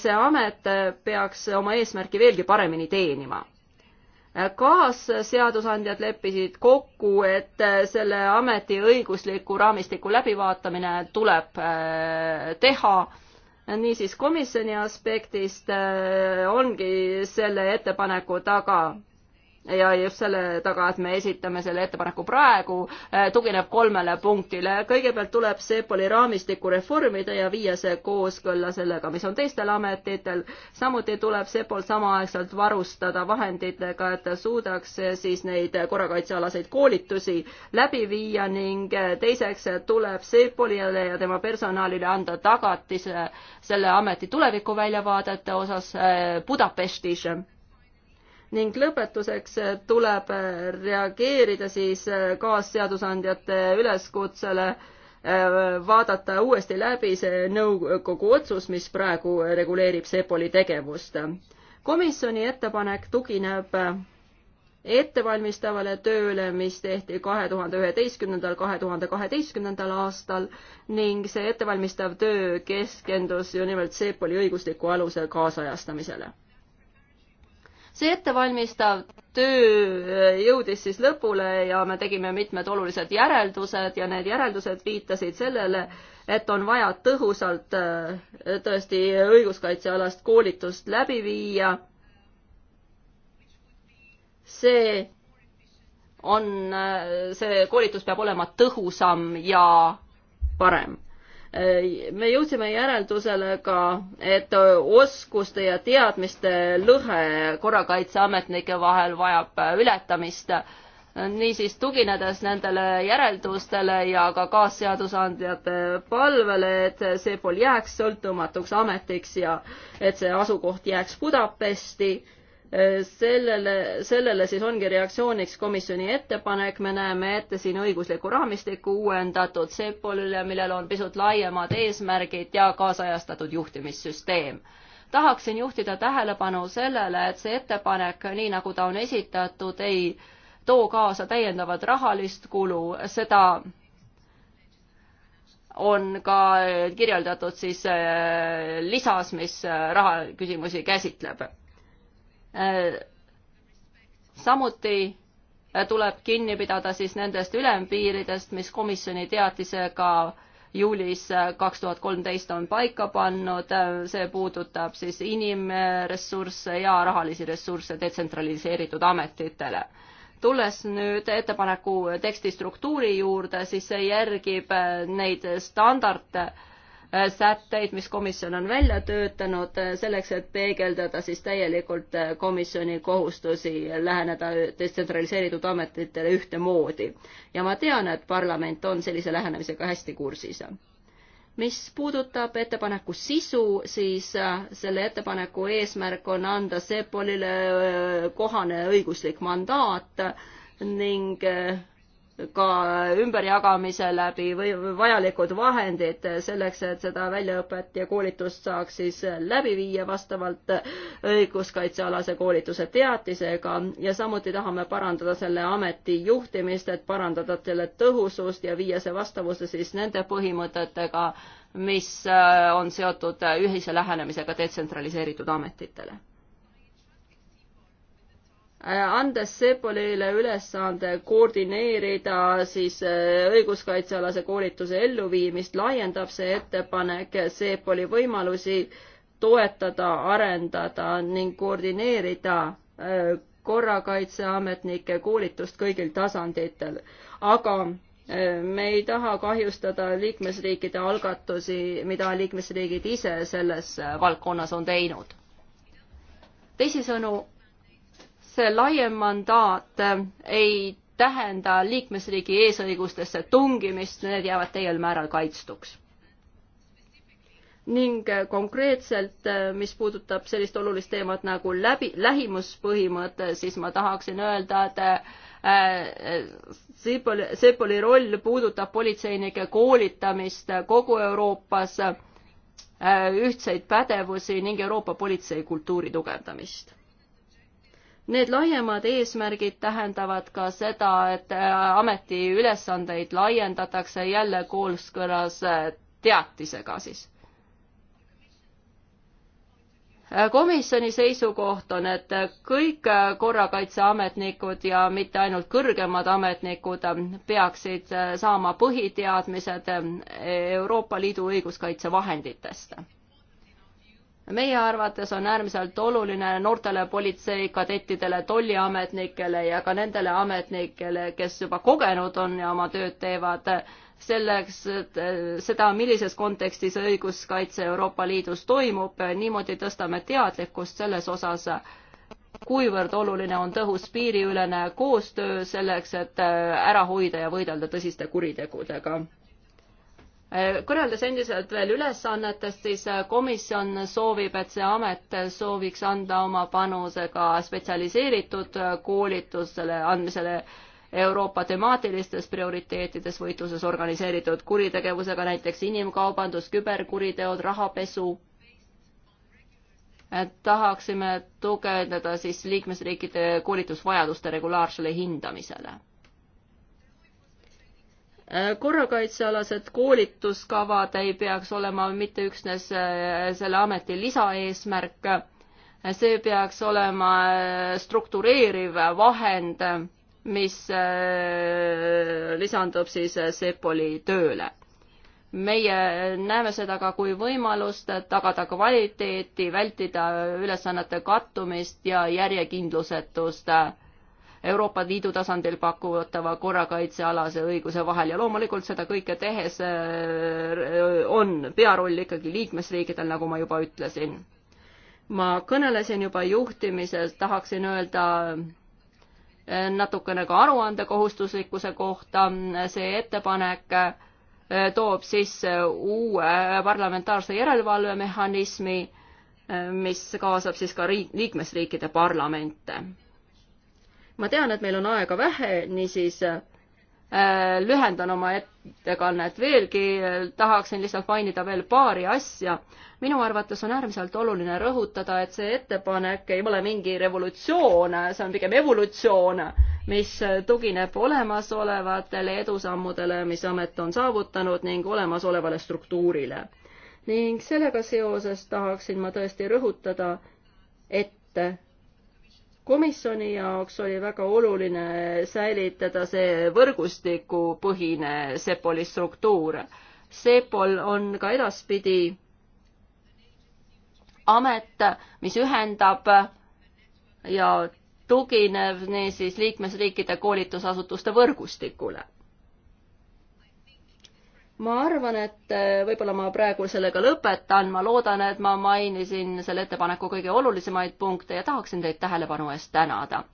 see amet peaks oma eesmärki veelgi paremini teenima. kaasseadusandjad leppisid kokku, et selle ameti õigusliku raamistiku läbivaatamine tuleb äh, teha niisiis komisjoni aspektist äh, ongi selle ettepaneku taga ja just selle taga, et me esitame selle ettepaneku praegu, eh, tugineb kolmele punktile. kõigepealt tuleb Sepoli raamistikku reformida ja viia see kooskõlla sellega, mis on teistel ametitel. samuti tuleb Sepol samaaegselt varustada vahenditega, et ta suudaks eh, siis neid korrakaitsealaseid koolitusi läbi viia ning eh, teiseks tuleb Sepolile ja tema personalile anda tagatise selle ameti tuleviku väljavaadete osas Budapestis ning lõpetuseks tuleb reageerida siis kaasseadusandjate üleskutsele äh, vaadata uuesti läbi see nõukogu otsus, mis praegu reguleerib Sepoli tegevust. komisjoni ettepanek tugineb ettevalmistavale tööle, mis tehti kahe tuhande üheteistkümnendal, kahe tuhande kaheteistkümnendal aastal ning see ettevalmistav töö keskendus ju nimelt Sepoli õigusliku aluse kaasajastamisele see ettevalmistav töö äh, jõudis siis lõpule ja me tegime mitmed olulised järeldused ja need järeldused viitasid sellele, et on vaja tõhusalt äh, tõesti õiguskaitsealast koolitust läbi viia. see on, äh, see koolitus peab olema tõhusam ja parem me jõudsime järeldusele ka, et oskuste ja teadmiste lõhe korrakaitseametnike vahel vajab ületamist. niisiis, tuginedes nendele järeldustele ja ka kaasseadusandjate palvele, et Sepol jääks sõltumatuks ametiks ja et see asukoht jääks Budapesti sellele, sellele siis ongi reaktsiooniks komisjoni ettepanek, me näeme ette siin õigusliku raamistiku uuendatud sepolüle, millel on pisut laiemad eesmärgid ja kaasajastatud juhtimissüsteem. tahaksin juhtida tähelepanu sellele, et see ettepanek, nii nagu ta on esitatud, ei too kaasa täiendavat rahalist kulu, seda on ka kirjeldatud siis eh, lisas, mis eh, raha küsimusi käsitleb Äh, samuti äh, tuleb kinni pidada siis nendest ülempiiridest, mis komisjoni teatisega juulis äh, kaks tuhat kolmteist on paika pannud, see puudutab siis inimressursse ja rahalisi ressursse detsentraliseeritud ametitele. tulles nüüd ettepaneku teksti struktuuri juurde, siis see järgib neid standarde Äh, sätteid, mis komisjon on välja töötanud äh, selleks, et peegeldada siis täielikult äh, komisjoni kohustusi läheneda detsentraliseeritud ametitele ühtemoodi. ja ma tean, et parlament on sellise lähenemisega hästi kursis mis puudutab ettepaneku sisu, siis selle ettepaneku eesmärk on anda Sepolile kohane õiguslik mandaat ning ka ümberjagamise läbi või vajalikud vahendid selleks, et seda väljaõpet ja koolitust saaks siis läbi viia vastavalt õiguskaitsealase koolituse teatisega ja samuti tahame parandada selle ameti juhtimist, et parandada selle tõhusust ja viia see vastavusse siis nende põhimõtetega, mis on seotud ühise lähenemisega detsentraliseeritud ametitele Äh, andes Sepolile ülesande koordineerida siis äh, õiguskaitsealase koolituse elluviimist, laiendab see ettepanek Sepoli võimalusi toetada, arendada ning koordineerida äh, korrakaitseametnike koolitust kõigil tasanditel. aga me ei taha kahjustada liikmesriikide algatusi, mida liikmesriigid ise selles valdkonnas on teinud. teisisõnu, see laiem mandaat äh, ei tähenda liikmesriigi eesõigustesse tungimist, need jäävad täiel määral kaitstuks. ning äh, konkreetselt, äh, mis puudutab sellist olulist teemat nagu läbi, lähimuspõhimõte, siis ma tahaksin öelda, et Sepoli, Sepoli roll puudutab politseinike koolitamist kogu Euroopas, ühtseid pädevusi ning Euroopa politseikultuuri tugevdamist Need laiemad eesmärgid tähendavad ka seda, et äh, ameti ülesandeid laiendatakse jälle kooskõlas äh, teatisega siis äh, komisjoni seisukoht on, et kõik korrakaitseametnikud ja mitte ainult kõrgemad ametnikud peaksid saama põhiteadmised Euroopa Liidu õiguskaitsevahenditest meie arvates on äärmiselt oluline noortele politseikadettidele, tolliametnikele ja ka nendele ametnikele, kes juba kogenud on ja oma tööd teevad, selleks eh, seda, millises kontekstis õiguskaitse Euroopa Liidus toimub, niimoodi tõstame teadlikkust selles osas, kuivõrd oluline on tõhus piiriülene koostöö selleks, et eh, ära hoida ja võidelda tõsiste kuritegudega Äh, korraldas endiselt veel ülesannetest, siis äh, komisjon soovib, et see amet sooviks anda oma panuse ka spetsialiseeritud äh, koolitustele andmisele Euroopa temaatilistes prioriteetides võitluses organiseeritud kuritegevusega, näiteks inimkaubandus, küberkuriteod, rahapesu. et tahaksime tugevdada siis liikmesriikide koolitusvajaduste regulaarsele hindamisele Äh, korrakaitsealased koolituskavad ei peaks olema mitte üksnes äh, selle ameti lisaeesmärk, äh, see peaks olema struktureeriv vahend, mis lisandub siis Sepoli tööle meie näeme seda ka kui võimalust tagada kvaliteeti, vältida ülesannete kattumist ja järjekindlusetust äh, Euroopa Liidu tasandil pakutava korrakaitsealase õiguse vahel ja loomulikult seda kõike tehes äh, on pearoll ikkagi liikmesriikidel, nagu ma juba ütlesin. ma kõnelesin juba juhtimisest, tahaksin öelda äh, natukene ka aruandekohustuslikkuse kohta, see ettepanek äh, toob sisse uue parlamentaarse järelevalvemehhanismi, mis kaasab siis ka riik, liikmesriikide parlamente ma tean, et meil on aega vähe, niisiis äh, lühendan oma ettekannet veelgi, tahaksin lihtsalt mainida veel paari asja. minu arvates on äärmiselt oluline rõhutada, et see ettepanek ei ole mingi revolutsioon, see on pigem evolutsioon, mis tugineb olemasolevatele edusammudele, mis amet on saavutanud ning olemasolevale struktuurile. ning sellega seoses tahaksin ma tõesti rõhutada, et komisjoni jaoks oli väga oluline säilitada see võrgustikupõhine Sepoli struktuur. Sepol on ka edaspidi amet, mis ühendab ja tuginev niisiis liikmesriikide koolitusasutuste võrgustikule ma arvan, et äh, võib-olla ma praegu sellega lõpetan, ma loodan, et ma mainisin selle ettepaneku kõige olulisemaid punkte ja tahaksin teid tähelepanu eest tänada.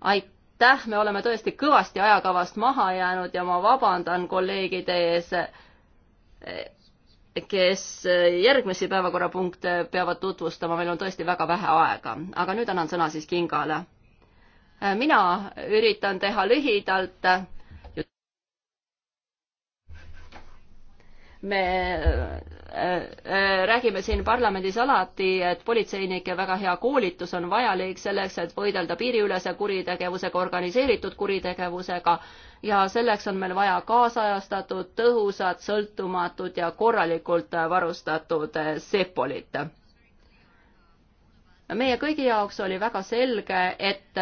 aitäh, me oleme tõesti kõvasti ajakavast maha jäänud ja ma vabandan kolleegide ees, äh, kes äh, järgmisi päevakorrapunkte peavad tutvustama, meil on tõesti väga vähe aega, aga nüüd annan sõna siis Kingale. mina üritan teha lühidalt me äh, äh, räägime siin parlamendis alati, et politseinike väga hea koolitus on vajalik selleks, et võidelda piiriülese kuritegevusega, organiseeritud kuritegevusega ja selleks on meil vaja kaasajastatud, tõhusat, sõltumatut ja korralikult varustatud äh, sepolit. meie kõigi jaoks oli väga selge, et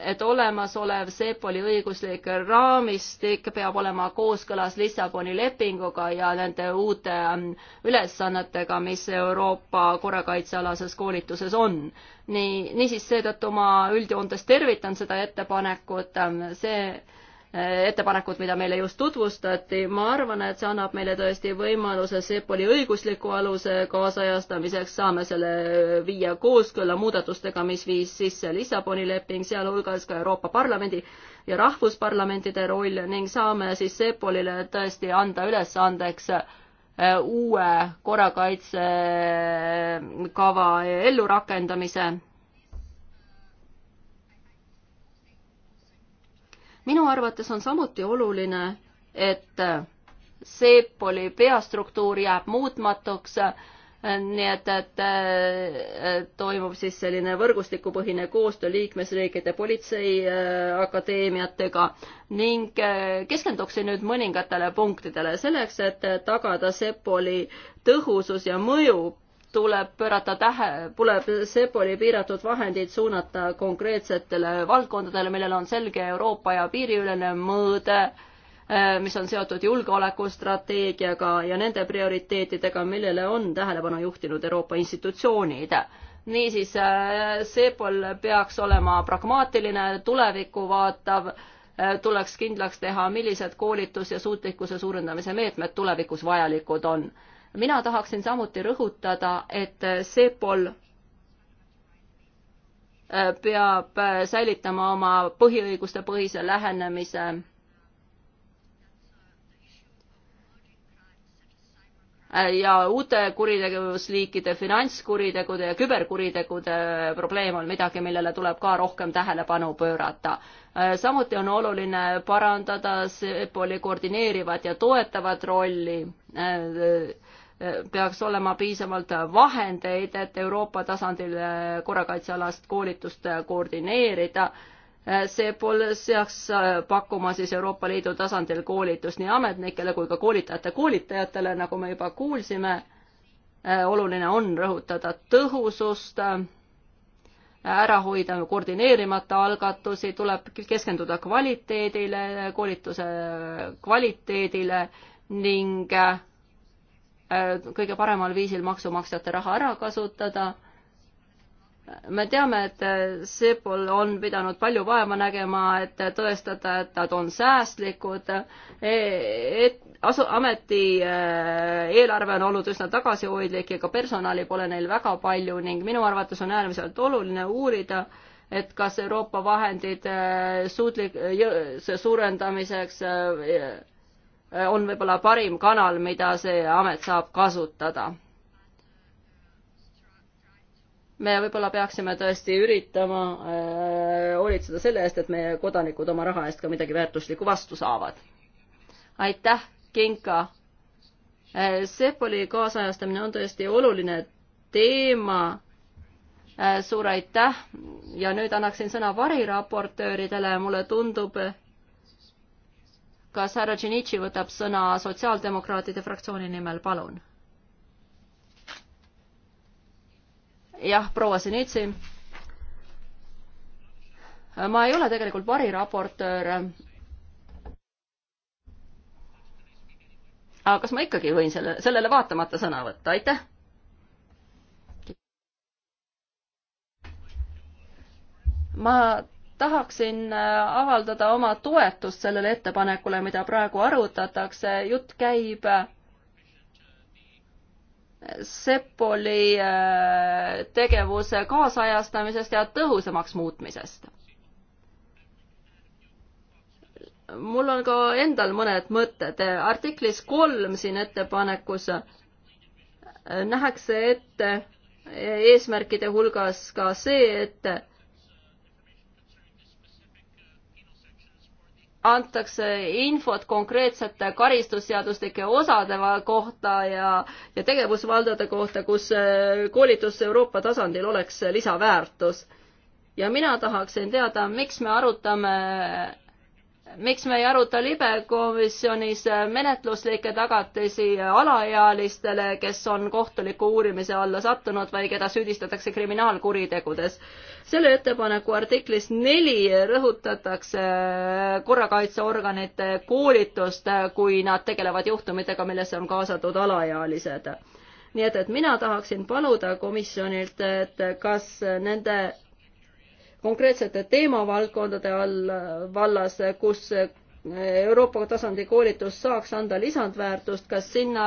et olemasolev CEPOL-i õiguslik raamistik peab olema kooskõlas Lissaboni lepinguga ja nende uute ähm, ülesannetega, mis Euroopa korrakaitsealases koolituses on. nii, niisiis seetõttu ma üldjoontes tervitan seda ettepanekut, ähm, see ettepanekut, mida meile just tutvustati, ma arvan, et see annab meile tõesti võimaluse Sepoli õigusliku aluse kaasajastamiseks, saame selle viia kooskõlla muudatustega, mis viis sisse Lissaboni leping, sealhulgas ka Euroopa Parlamendi ja rahvusparlamentide roll ning saame siis Sepolile tõesti anda ülesandeks eh, uue korrakaitsekava ellurakendamise minu arvates on samuti oluline, et Seepoli peastruktuur jääb muutmatuks, nii et, et toimub siis selline võrgustikupõhine koostöö liikmesriikide politseiakadeemiatega ning keskenduksin nüüd mõningatele punktidele selleks, et tagada Sepoli tõhusus ja mõju tuleb pöörata tähe, tuleb Sepoli piiratud vahendid suunata konkreetsetele valdkondadele, millel on selge Euroopa ja piiriülene mõõde, eh, mis on seotud julgeolekustrateegiaga ja nende prioriteetidega, millele on tähelepanu juhtinud Euroopa institutsioonid. niisiis, eh, Sepol peaks olema pragmaatiline, tulevikku vaatav, eh, tuleks kindlaks teha, millised koolitus ja suutlikkuse suurendamise meetmed tulevikus vajalikud on mina tahaksin samuti rõhutada, et CEPOL äh, peab äh, säilitama oma põhiõiguste põhise lähenemise äh, ja uute kuritegevusliikide finantskuritegude ja küberkuritegude probleem on midagi, millele tuleb ka rohkem tähelepanu pöörata. samuti on oluline parandada Sepoli koordineerivat ja toetavat rolli peaks olema piisavalt vahendeid, et Euroopa tasandil korrakaitsealast koolitust koordineerida. see pole, peaks pakkuma siis Euroopa Liidu tasandil koolitust nii ametnikele kui ka koolitajate koolitajatele, nagu me juba kuulsime. oluline on rõhutada tõhusust, ära hoida koordineerimata algatusi, tuleb keskenduda kvaliteedile, koolituse kvaliteedile ning Äh, kõige paremal viisil maksumaksjate raha ära kasutada. me teame, et äh, Sepol on pidanud palju vaeva nägema, et tõestada, et nad on säästlikud e. et asu-, ameti äh, eelarve on olnud üsna tagasihoidlik ja ka personali pole neil väga palju ning minu arvates on äärmiselt oluline uurida, et kas Euroopa vahendid suutlik-, suurendamiseks Äh, on võib-olla parim kanal, mida see amet saab kasutada. me võib-olla peaksime tõesti üritama äh, hoolitseda selle eest, et meie kodanikud oma raha eest ka midagi väärtuslikku vastu saavad. aitäh, Kinka! Äh, Sepoli kaasajastamine on tõesti oluline teema suur aitäh ja nüüd annaksin sõna variraportööridele, mulle tundub, kas härra Tšinitši võtab sõna sotsiaaldemokraatide fraktsiooni nimel, palun? jah, proua Tšinitši. ma ei ole tegelikult variraportöör. aga kas ma ikkagi võin selle, sellele vaatamata sõna võtta, aitäh ma tahaksin äh, avaldada oma toetust sellele ettepanekule, mida praegu arutatakse, jutt käib äh, Sepoli äh, tegevuse kaasajastamisest ja tõhusamaks muutmisest. mul on ka endal mõned mõtted, artiklis kolm siin ettepanekus nähakse ette eesmärkide hulgas ka see, et antakse infot konkreetsete karistusseadustike osade kohta ja, ja tegevusvaldade kohta, kus äh, koolitus Euroopa tasandil oleks lisaväärtus. ja mina tahaksin teada, miks me arutame miks me ei aruta libekomisjonis menetluslikke tagatisi alaealistele, kes on kohtuliku uurimise alla sattunud või keda süüdistatakse kriminaalkuritegudes? selle ettepaneku artiklis neli rõhutatakse korrakaitseorganite koolitust, kui nad tegelevad juhtumitega, millesse on kaasatud alaealised. nii et, et mina tahaksin paluda komisjonilt, et kas nende konkreetsete teemavaldkondade all, vallas, kus Euroopa tasandi koolitus saaks anda lisandväärtust, kas sinna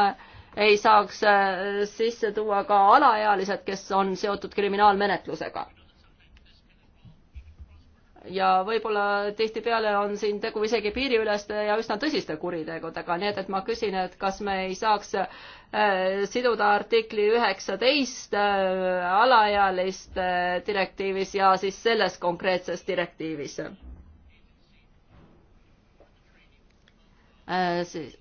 ei saaks äh, sisse tuua ka alaealised, kes on seotud kriminaalmenetlusega? ja võib-olla tihtipeale on siin tegu isegi piiriüleste ja üsna tõsiste kuritegudega, nii et, et ma küsin, et kas me ei saaks äh, siduda artikli üheksateist äh, alaealiste direktiivis ja siis selles konkreetses direktiivis. Äh, siis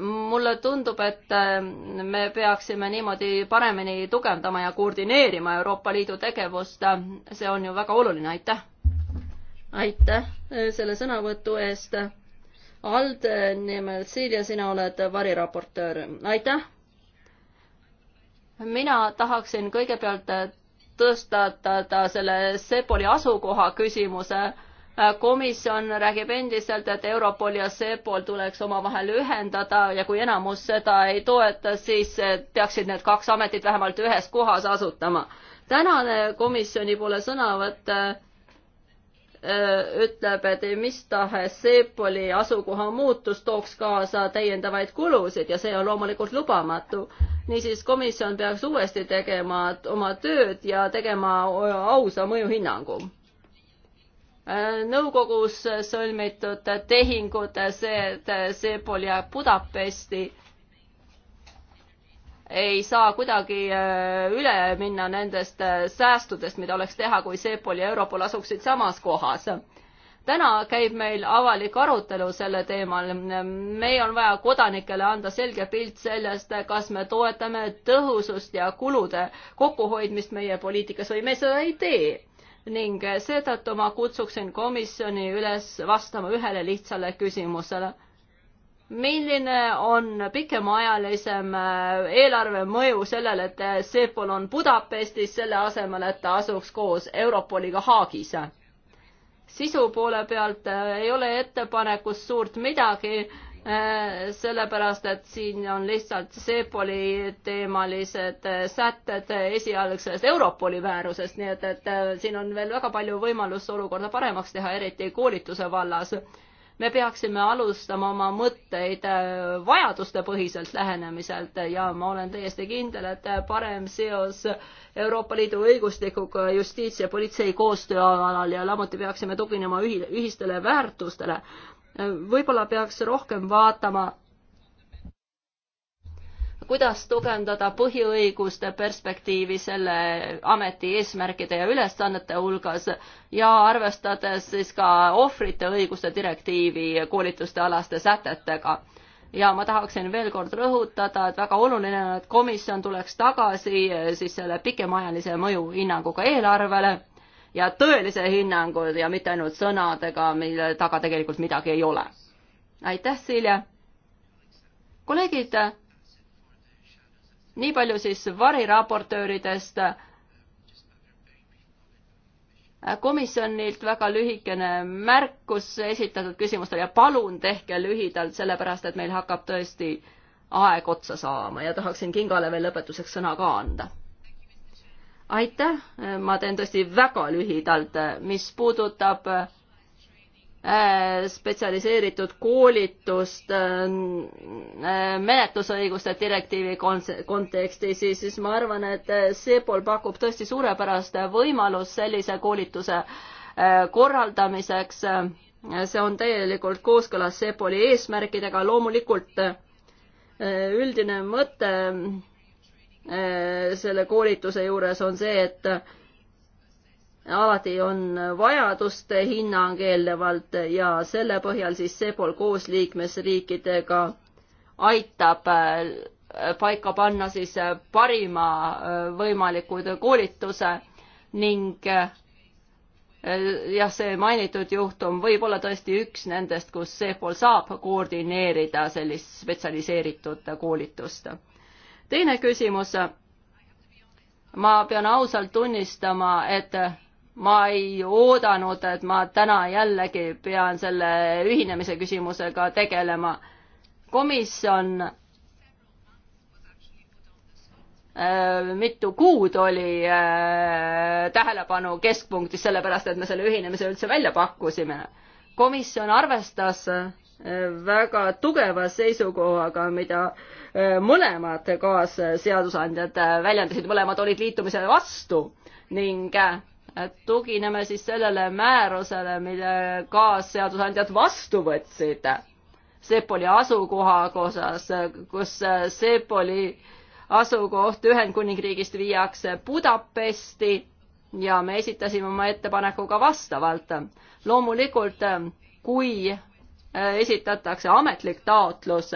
mulle tundub, et äh, me peaksime niimoodi paremini tugevdama ja koordineerima Euroopa Liidu tegevust. see on ju väga oluline, aitäh. aitäh äh, selle sõnavõtu eest. Alde nimel, Silja, sina oled variraportöör, aitäh. mina tahaksin kõigepealt tõstatada selle Sepoli asukoha küsimuse komisjon räägib endiselt, et Europol ja CEPOL tuleks omavahel ühendada ja kui enamus seda ei toeta, siis peaksid need kaks ametit vähemalt ühes kohas asutama. tänane komisjoni poole sõnavõtt äh, ütleb, et mis tahes Seepoli asukoha muutus tooks kaasa täiendavaid kulusid ja see on loomulikult lubamatu. niisiis komisjon peaks uuesti tegema oma tööd ja tegema ausa mõjuhinnangu. Äh, nõukogus sõlmitud tehingud, see, et Seepol jääb Budapesti, ei saa kuidagi äh, üle minna nendest äh, säästudest, mida oleks teha, kui Seepol ja Europol asuksid samas kohas. täna käib meil avalik arutelu selle teemal. meil on vaja kodanikele anda selge pilt sellest, kas me toetame tõhusust ja kulude kokkuhoidmist meie poliitikas või me seda ei tee ning seetõttu ma kutsuksin komisjoni üles vastama ühele lihtsale küsimusele. milline on pikemaajalisem äh, eelarve mõju sellele, et Seepol on Budapestis, selle asemel, et ta asuks koos Europoliga Haagis? sisu poole pealt äh, ei ole ettepanekus suurt midagi Äh, sellepärast et siin on lihtsalt Seepoli teemalised äh, sätted esialgsest Europoli määrusest, nii et, et äh, siin on veel väga palju võimalust olukorda paremaks teha, eriti koolituse vallas. me peaksime alustama oma mõtteid vajadustepõhiselt lähenemiselt ja ma olen täiesti kindel, et parem seos Euroopa Liidu õigustikuga justiits- ja politsei koostöö alal ja lammuti peaksime tuginema ühi-, ühistele väärtustele võib-olla peaks rohkem vaatama, kuidas tugevdada põhiõiguste perspektiivi selle ameti eesmärkide ja ülesannete hulgas ja arvestades siis ka ohvrite õiguste direktiivi koolituste alaste sätetega ja ma tahaksin veel kord rõhutada, et väga oluline on, et komisjon tuleks tagasi siis selle pikemaajalise mõjuhinnanguga eelarvele ja tõelise hinnangu ja mitte ainult sõnadega, mille taga tegelikult midagi ei ole. aitäh, Silja. kolleegid, nii palju siis variraportööridest. komisjonilt väga lühikene märkus esitatud küsimustele ja palun tehke lühidalt, sellepärast et meil hakkab tõesti aeg otsa saama ja tahaksin Kingale veel lõpetuseks sõna ka anda aitäh, ma teen tõesti väga lühidalt, mis puudutab äh, spetsialiseeritud koolitust äh, menetlusõiguste direktiivi konteksti, siis, siis ma arvan, et see pool pakub tõesti suurepärast võimalust sellise koolituse äh, korraldamiseks. see on täielikult kooskõlas CEPOL-i eesmärkidega, loomulikult üldine mõte Äh, selle koolituse juures on see, et alati on vajaduste hinnang eelnevalt ja selle põhjal siis CEPOL koos liikmesriikidega aitab äh, paika panna siis äh, parima võimaliku koolituse ning jah, see mainitud juhtum võib olla tõesti üks nendest, kus CEPOL saab koordineerida sellist spetsialiseeritud koolitust teine küsimus. ma pean ausalt tunnistama, et ma ei oodanud, et ma täna jällegi pean selle ühinemise küsimusega tegelema. komisjon äh, mitu kuud oli äh, tähelepanu keskpunktis, sellepärast et me selle ühinemise üldse välja pakkusime. komisjon arvestas äh, väga tugeva seisukohaga, mida mõlemad kaasseadusandjad väljendasid, mõlemad olid liitumise vastu ning äh, tugineme siis sellele määrusele, mille kaasseadusandjad vastu võtsid. Sepoli asukoha osas, kus äh, Sepoli asukoht Ühendkuningriigist viiakse Budapesti ja me esitasime oma ettepaneku ka vastavalt. loomulikult, äh, kui esitatakse ametlik taotlus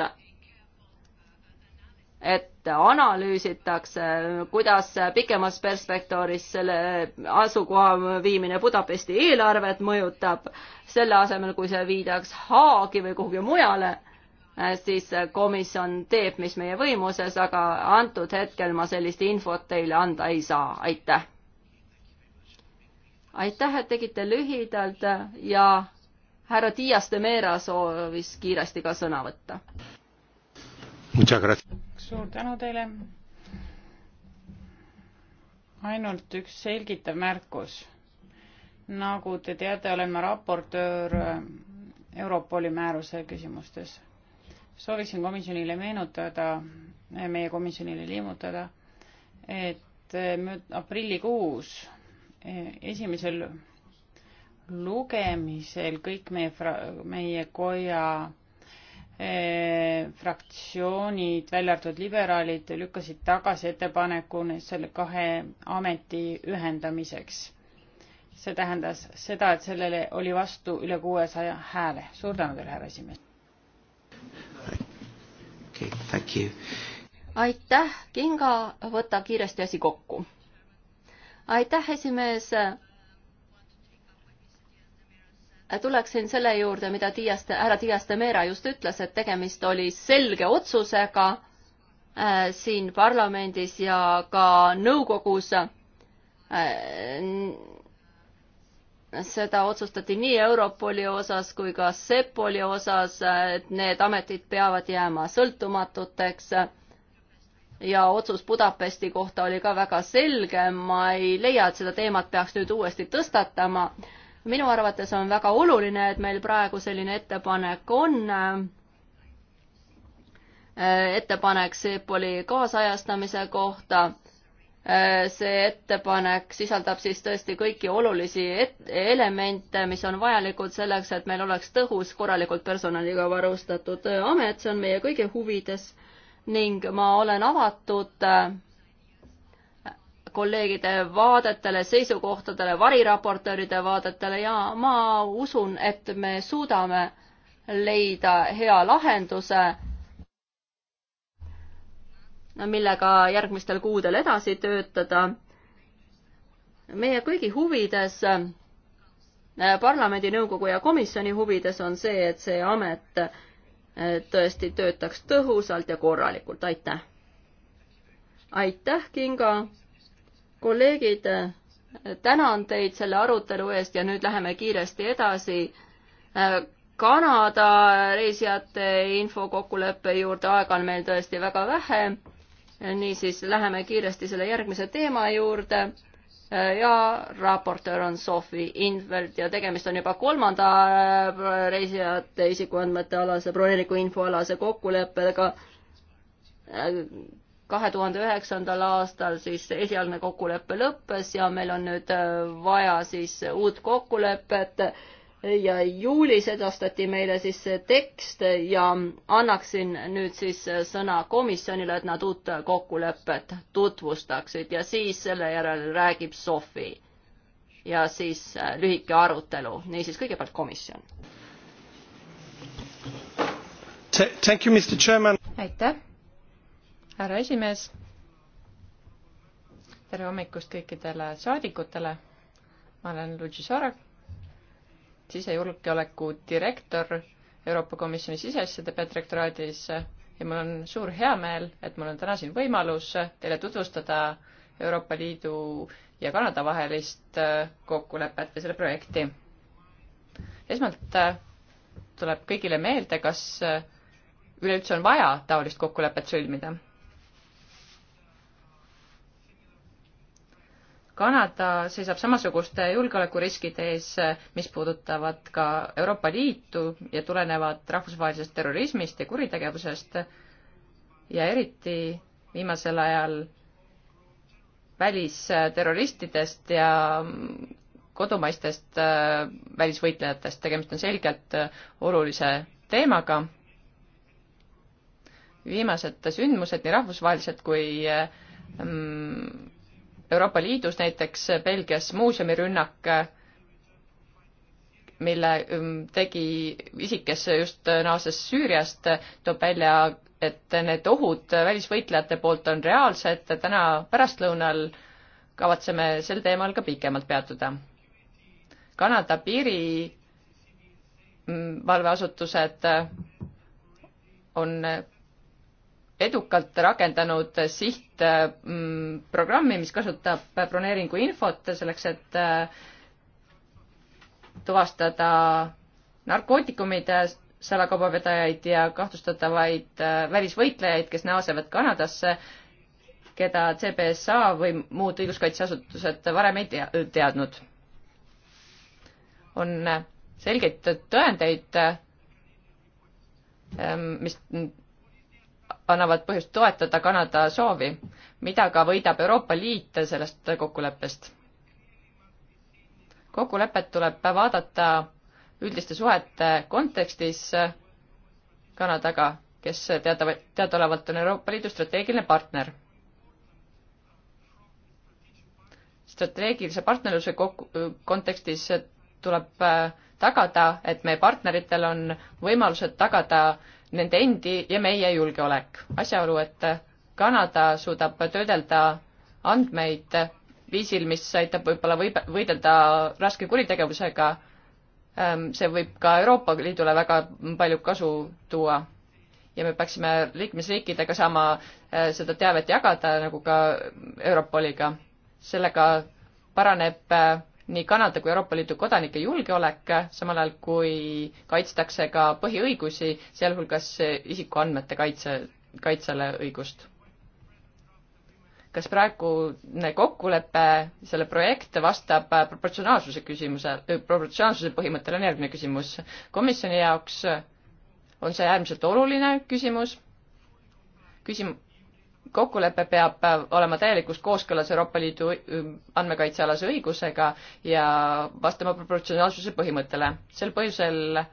et analüüsitakse, kuidas pikemas perspektiivis selle asukoha viimine Budapesti eelarvet mõjutab, selle asemel, kui see viidaks Haagi või kuhugi mujale, eh, siis komisjon teeb, mis meie võimuses, aga antud hetkel ma sellist infot teile anda ei saa, aitäh. aitäh, et tegite lühidalt ja härra Dias de Meera soovis kiiresti ka sõna võtta suur tänu teile. ainult üks selgitav märkus. nagu te teate, olen ma raportöör Europoli määruse küsimustes. sooviksin komisjonile meenutada, meie komisjonile liimutada, et aprillikuus esimesel lugemisel kõik meie, meie koja Eh, fraktsioonid, välja arvatud liberaalid, lükkasid tagasi ettepaneku selle kahe ameti ühendamiseks. see tähendas seda, et sellele oli vastu üle kuuesaja hääle. suur tänu teile, härra esimees okay,! aitäh, Kinga, võta kiiresti asi kokku. aitäh, esimees tuleksin selle juurde, mida Diaste, härra Diaste Meera just ütles, et tegemist oli selge otsusega äh, siin parlamendis ja ka nõukogus äh,. seda otsustati nii Europoli osas kui ka Sepoli osas, et need ametid peavad jääma sõltumatuteks ja otsus Budapesti kohta oli ka väga selge, ma ei leia, et seda teemat peaks nüüd uuesti tõstatama äh, minu arvates on väga oluline, et meil praegu selline ettepanek on, äh, ettepanek Seepoli kaasajastamise kohta. Äh, see ettepanek sisaldab siis tõesti kõiki olulisi elemente, mis on vajalikud selleks, et meil oleks tõhus, korralikult personaliga varustatud äh, amet, see on meie kõigi huvides ning ma olen avatud äh, kolleegide vaadetele, seisukohtadele, variraportööride vaadetele ja ma usun, et me suudame leida hea lahenduse, millega järgmistel kuudel edasi töötada. meie kõigi huvides, parlamendi, nõukogu ja komisjoni huvides on see, et see amet tõesti töötaks tõhusalt ja korralikult, aitäh! aitäh, Kinga! kolleegid, tänan teid selle arutelu eest ja nüüd läheme kiiresti edasi. Kanada reisijate infokokkuleppe juurde aega on meil tõesti väga vähe. niisiis läheme kiiresti selle järgmise teema juurde ja raportöör on Sophie Invelt ja tegemist on juba kolmanda reisijate isikuandmete alase broneeringu info alase kokkuleppega kahe tuhande üheksandal aastal siis esialgne kokkulepe lõppes ja meil on nüüd äh, vaja siis uut kokkulepet ja juulis edastati meile siis see tekst ja annaksin nüüd siis sõna komisjonile, et nad uut kokkulepet tutvustaksid ja siis selle järel räägib Sofi. ja siis äh, lühike arutelu, niisiis kõigepealt komisjon. aitäh härra esimees, tere hommikust kõikidele saadikutele, ma olen Luigi Sarak, sisejulgeoleku direktor Euroopa Komisjoni siseasjade peadirektoraadis ja mul on suur heameel, et mul on täna siin võimalus teile tutvustada Euroopa Liidu ja Kanada vahelist kokkulepet või selle projekti. esmalt tuleb kõigile meelde, kas üleüldse on vaja taolist kokkulepet sõlmida. Kanada seisab samasuguste julgeolekuriskide ees, mis puudutavad ka Euroopa Liitu ja tulenevad rahvusvahelisest terrorismist ja kuritegevusest ja eriti viimasel ajal välisterroristidest ja kodumaistest äh, välisvõitlejatest, tegemist on selgelt äh, olulise teemaga. viimased sündmused, nii rahvusvahelised kui äh, mm, Euroopa Liidus, näiteks Belgias muuseumirünnak, mille tegi isik, kes just naases Süüriast, toob välja, et need ohud välisvõitlejate poolt on reaalsed, täna pärastlõunal kavatseme sel teemal ka pikemalt peatuda. Kanada piirivalveasutused on edukalt rakendanud sihtprogrammi, mm, mis kasutab broneeringu infot selleks, et äh, tuvastada narkootikumide salakaubavedajaid ja kahtlustatavaid äh, välisvõitlejaid, kes naasevad Kanadasse, keda CBSA või muud õiguskaitseasutused varem ei teadnud. on selgeid tõendeid äh, mis annavad põhjust toetada Kanada soovi, mida ka võidab Euroopa Liit sellest kokkuleppest. kokkulepet tuleb vaadata üldiste suhete kontekstis Kanadaga, kes teada, teadaolevalt on Euroopa Liidu strateegiline partner. strateegilise partnerluse kokku, kontekstis tuleb tagada, et meie partneritel on võimalused tagada nende endi ja meie julgeolek. asjaolu, et Kanada suudab töödelda andmeid viisil, mis aitab võib-olla võib-, võidelda raske kuritegevusega, ähm, see võib ka Euroopa Liidule väga palju kasu tuua. ja me peaksime liikmesriikidega saama äh, seda teavet jagada, nagu ka Europoliga. sellega paraneb äh, nii Kanada kui Euroopa Liidu kodanike julgeolek, samal ajal kui kaitstakse ka põhiõigusi, sealhulgas isikuandmete kaitse, kaitsele õigust. kas praegune kokkulepe, selle projekt vastab proportsionaalsuse küsimuse, proportsionaalsuse põhimõttele on järgmine küsimus. komisjoni jaoks on see äärmiselt oluline küsimus, küsim-, kokkulepe peab äh, olema täielikus kooskõlas Euroopa Liidu äh, andmekaitsealase õigusega ja vastama proportsionaalsuse põhimõttele. sel põhjusel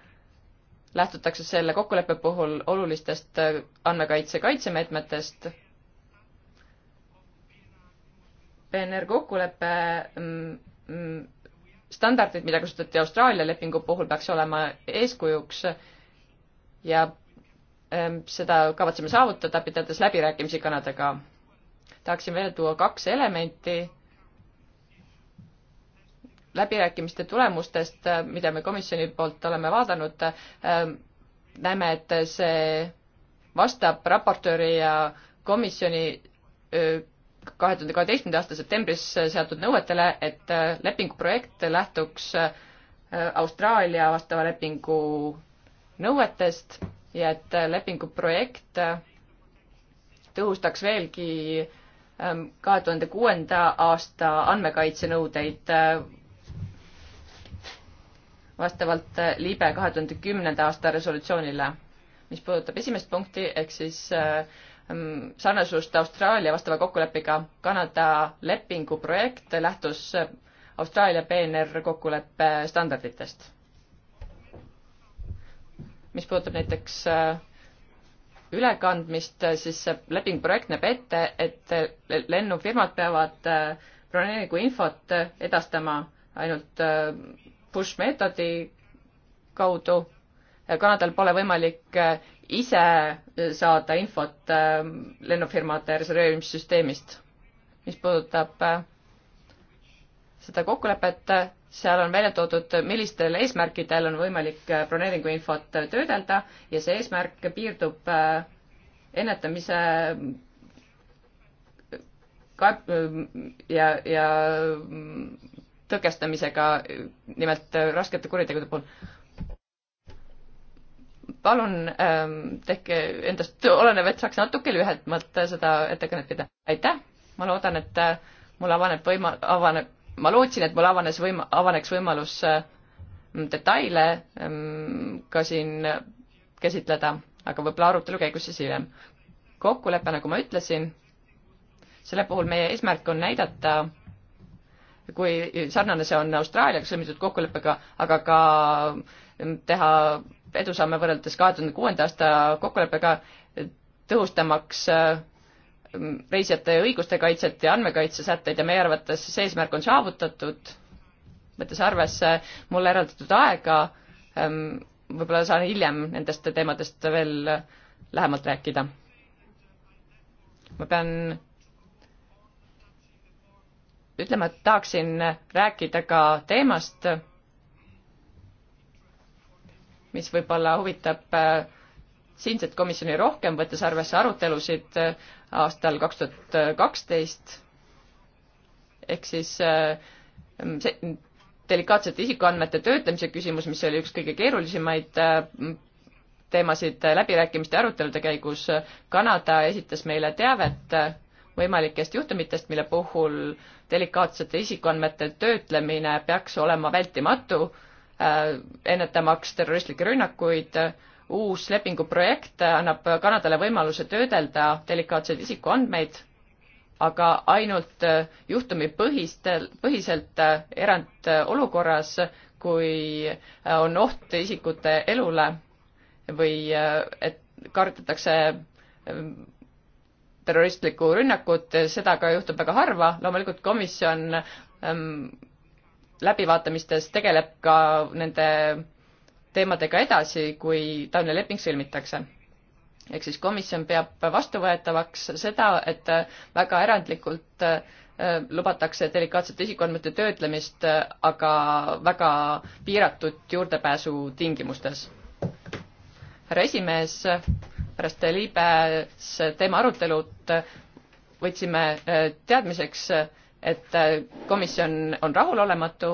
lähtutakse selle kokkuleppe puhul olulistest äh, andmekaitse kaitsemeetmetest. PNR kokkuleppe mm, mm, standardid, mida kasutati Austraalia lepingu puhul, peaks olema eeskujuks ja Ehm, seda kavatseme saavutada, pidades läbirääkimisi Kanadaga. tahaksin välja tuua kaks elementi läbirääkimiste tulemustest, eh, mida me komisjoni poolt oleme vaadanud, ehm, näeme, et see vastab raportööri ja komisjoni eh, kahe tuhande kaheteistkümnenda aasta septembris seatud nõuetele, et eh, lepinguprojekt lähtuks Austraalia vastava lepingu nõuetest ja et äh, lepingu projekt äh, tõhustaks veelgi ähm, kahe tuhande kuuenda aasta andmekaitsenõudeid äh, vastavalt libe kahe tuhande kümnenda aasta resolutsioonile. mis puudutab esimest punkti, ehk siis mm, sarnasust Austraalia vastava kokkuleppega, Kanada lepingu projekt lähtus Austraalia PNR kokkuleppe standarditest mis puudutab näiteks äh, ülekandmist, äh, siis see leping projekt näeb ette, et äh, lennufirmad peavad broneeringu infot edastama ainult push meetodi kaudu. Kanadal pole võimalik ise saada infot lennufirmade reserveerimissüsteemist. mis puudutab seda kokkulepet, seal on välja toodud, millistel eesmärkidel on võimalik äh, broneeringu infot äh, töödelda ja see eesmärk piirdub äh, ennetamise kaeb- ja, ja mm, tõkestamisega nimelt raskete kuritegude puhul. palun ähm, tehke endast olenev, et saaks natuke lühemalt seda ettekannet pidada. aitäh, ma loodan, et äh, mul avaneb võima-, avaneb ma lootsin, et mul avanes võim-, avaneks võimalus äh, detaile ähm, ka siin käsitleda, aga võib-olla arutelu käigus siis hiljem. kokkulepe, nagu ma ütlesin, selle puhul meie eesmärk on näidata, kui sarnane see on Austraaliaga sõlmitud kokkuleppega, aga ka ähm, teha edusamme võrreldes kahe tuhande kuuenda aasta kokkuleppega, tõhustamaks äh, reisijate õiguste kaitset ja andmekaitsesätteid ja meie arvates see eesmärk on saavutatud, võttes arvesse mulle eraldatud aega, ähm, võib-olla saan hiljem nendest teemadest veel lähemalt rääkida. ma pean ütlema, et tahaksin rääkida ka teemast, mis võib-olla huvitab äh, siinset komisjoni rohkem, võttes arvesse arutelusid äh, aastal kaks tuhat kaksteist, ehk siis äh, see delikaatsete isikuandmete töötlemise küsimus, mis oli üks kõige keerulisemaid äh, teemasid läbirääkimiste ja arutelude käigus, Kanada esitas meile teavet võimalikest juhtumitest, mille puhul delikaatsete isikuandmete töötlemine peaks olema vältimatu, ennetamaks terroristlikke rünnakuid uus lepinguprojekt annab Kanadale võimaluse töödelda delikaatseid isikuandmeid, aga ainult äh, juhtumipõhistel, põhiselt äh, erandolukorras, kui äh, on oht isikute elule või et kardetakse terroristlikku rünnakut, seda ka juhtub väga harva, loomulikult komisjon ähm, läbivaatamistes tegeleb ka nende teemadega edasi, kui taoline leping sõlmitakse. ehk siis komisjon peab vastuvõetavaks seda, et väga erandlikult äh, lubatakse delikaatsete isikuandmete töötlemist, äh, aga väga piiratud juurdepääsu tingimustes. härra esimees, pärast liibes teema arutelut võtsime äh, teadmiseks, et komisjon on rahulolematu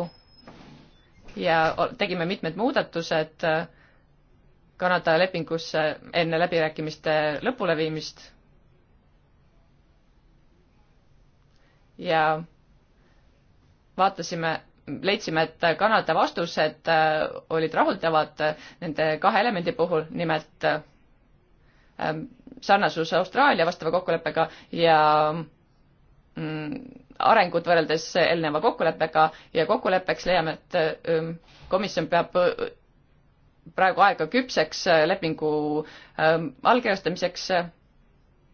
ja tegime mitmed muudatused äh, Kanada lepingusse enne läbirääkimiste lõpuleviimist. ja vaatasime, leidsime, et Kanada vastused äh, olid rahuldavad äh, nende kahe elemendi puhul, nimelt sarnasus Austraalia vastava kokkuleppega ja mm, arengut võrreldes eelneva kokkuleppega ja kokkuleppeks leiame, et ähm, komisjon peab äh, praegu aega küpseks äh, lepingu ähm, allkirjastamiseks.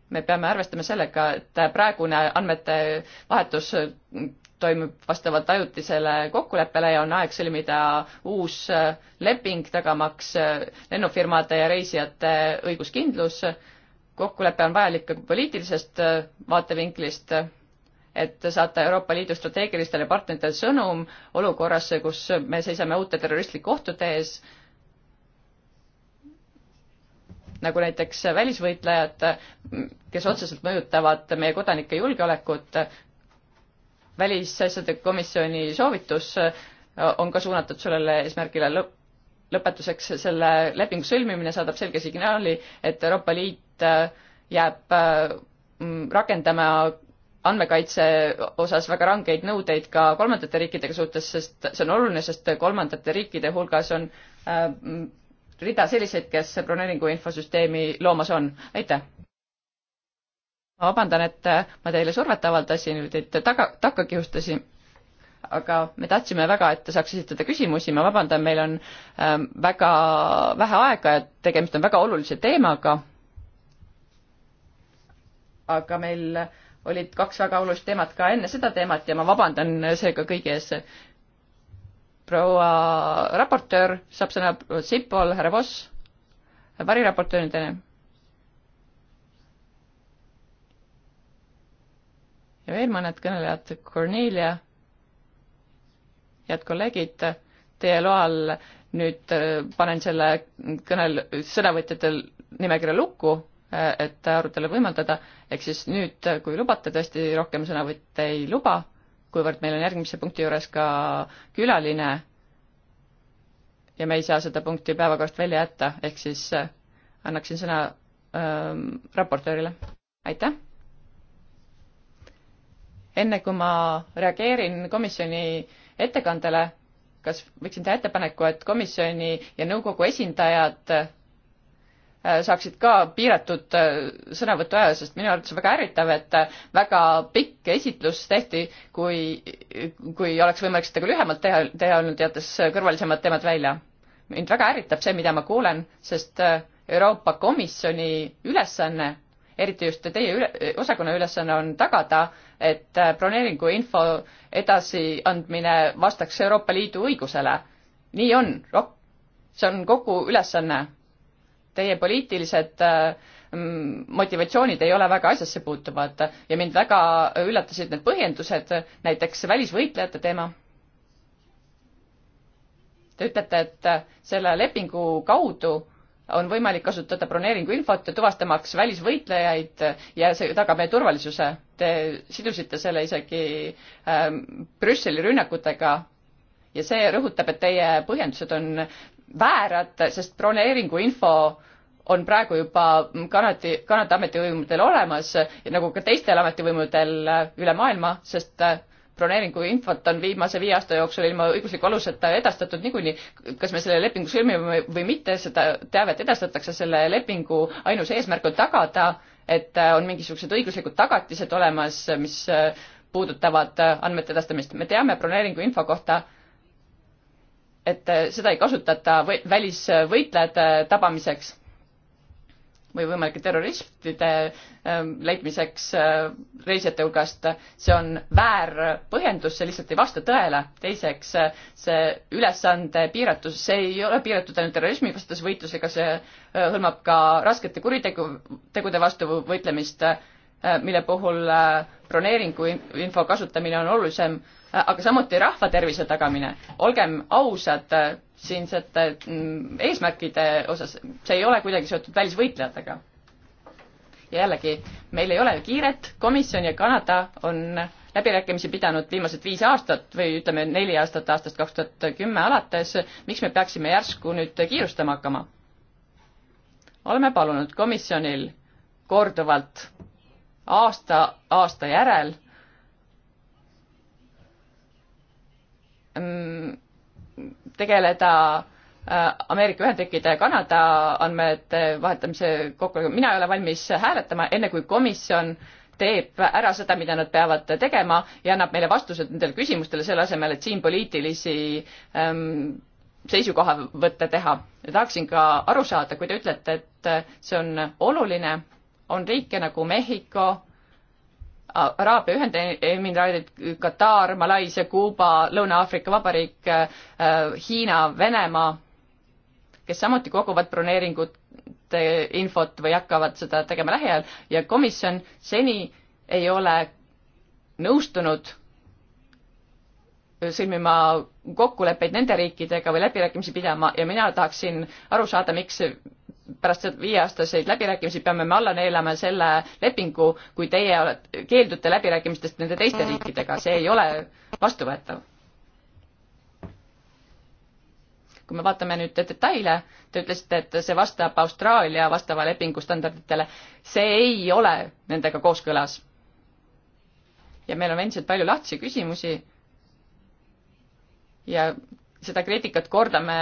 me peame arvestama sellega, et praegune andmete vahetus äh, toimub vastavalt ajutisele kokkuleppele ja on aeg sõlmida uus leping, tagamaks lennufirmade ja reisijate õiguskindlus. kokkulepe on vajalik ka poliitilisest vaatevinklist et saata Euroopa Liidu strateegilistele partneritele sõnum olukorras, kus me seisame uute terroristlike ohtude ees, nagu näiteks välisvõitlejad, kes otseselt mõjutavad meie kodanike julgeolekut. välisasjade komisjoni soovitus on ka suunatud sellele eesmärgile lõpp, lõpetuseks selle lepingu sõlmimine saadab selge signaali, et Euroopa Liit jääb mm, rakendama andmekaitse osas väga rangeid nõudeid ka kolmandate riikidega suhtes, sest see on oluline, sest kolmandate riikide hulgas on äh, rida selliseid, kes broneeringu infosüsteemi loomas on. aitäh! ma vabandan, et äh, ma teile survet avaldasin, teid taga, takka kihustasin, aga me tahtsime väga, et te saaks esitada küsimusi, ma vabandan, meil on äh, väga vähe aega ja tegemist on väga olulise teemaga, aga meil äh, olid kaks väga olulist teemat ka enne seda teemat ja ma vabandan seega kõigi ees. proua raportöör saab sõna Sipol, härra Voss, variraportööridele. ja veel mõned kõnelejad, Cornelia, head kolleegid, teie loal nüüd äh, panen selle kõnel, sõnavõtjate nimekirja lukku Äh, et arutelu võimaldada, ehk siis nüüd, kui lubate, tõesti rohkem sõnavõtte ei luba, kuivõrd meil on järgmise punkti juures ka külaline ja me ei saa seda punkti päevakorrast välja jätta, ehk siis äh, annaksin sõna ähm, raportöörile. aitäh! enne kui ma reageerin komisjoni ettekandele, kas võiksin teha ettepaneku, et komisjoni ja nõukogu esindajad Äh, saaksid ka piiratud äh, sõnavõtu aja, sest minu arvates on väga ärritav, et äh, väga pikk esitlus tehti, kui, kui oleks võimalik seda ka lühemalt teha, teha olnud, jättes kõrvalisemad teemad välja. mind väga ärritab see, mida ma kuulen, sest Euroopa Komisjoni ülesanne, eriti just teie üle, osakonna ülesanne on tagada, et broneeringu info edasiandmine vastaks Euroopa Liidu õigusele. nii on, see on kogu ülesanne teie poliitilised äh, motivatsioonid ei ole väga asjasse puutuvad ja mind väga üllatasid need põhjendused, näiteks välisvõitlejate teema. Te ütlete, et äh, selle lepingu kaudu on võimalik kasutada broneeringu infot tuvastamaks välisvõitlejaid ja see tagab meie turvalisuse. Te sidusite selle isegi ähm, Brüsseli rünnakutega ja see rõhutab, et teie põhjendused on väärad, sest broneeringu info on praegu juba Kanadi, Kanada ametivõimudel olemas ja nagu ka teistel ametivõimudel üle maailma, sest broneeringu infot on viimase viie aasta jooksul ilma õigusliku aluseta edastatud niikuinii. kas me selle lepingu sõlmime või mitte, seda teavet edastatakse, selle lepingu ainus eesmärk on tagada, et on mingisugused õiguslikud tagatised olemas, mis puudutavad andmete edastamist. me teame broneeringu info kohta et äh, seda ei kasutata või, välisvõitlejate äh, tabamiseks või võimalike terroristide ähm, leidmiseks äh, reisijate hulgast, see on väär põhjendus, see lihtsalt ei vasta tõele. teiseks, see ülesande piiratus, see ei ole piiratud ainult terrorismi vastase võitlusega, see hõlmab ka raskete kuritegude vastu võitlemist Äh, mille puhul äh, broneeringu info kasutamine on olulisem, äh, aga samuti rahva tervise tagamine. olgem ausad siinsete mm, eesmärkide osas, see ei ole kuidagi seotud välisvõitlejatega. ja jällegi, meil ei ole kiiret, komisjon ja Kanada on läbirääkimisi pidanud viimased viis aastat või ütleme, neli aastat aastast kaks tuhat kümme alates, miks me peaksime järsku nüüd kiirustama hakkama? oleme palunud komisjonil korduvalt aasta, aasta järel tegeleda äh, Ameerika Ühendriikide ja Kanada andmete vahetamise kokkuleppega, mina ei ole valmis hääletama, enne kui komisjon teeb ära seda, mida nad peavad tegema ja annab meile vastused nendele küsimustele, selle asemel, et siin poliitilisi ähm, seisukohavõtte teha. ja tahaksin ka aru saada, kui te ütlete, et see on oluline on riike nagu Mehhiko, Araabia Ühendemiraalid, Katar, Malaisia, Kuuba, Lõuna-Aafrika Vabariik, äh, Hiina, Venemaa, kes samuti koguvad broneeringute infot või hakkavad seda tegema lähiajal ja komisjon seni ei ole nõustunud sõlmima kokkuleppeid nende riikidega või läbirääkimisi pidama ja mina tahaksin aru saada, miks pärast viieaastaseid läbirääkimisi peame me alla neelama selle lepingu, kui teie olete, keeldute läbirääkimistest nende teiste riikidega, see ei ole vastuvõetav. kui me vaatame nüüd detaile, te ütlesite, et see vastab Austraalia vastava lepingu standarditele, see ei ole nendega kooskõlas. ja meil on endiselt palju lahtisi küsimusi ja seda kriitikat kordame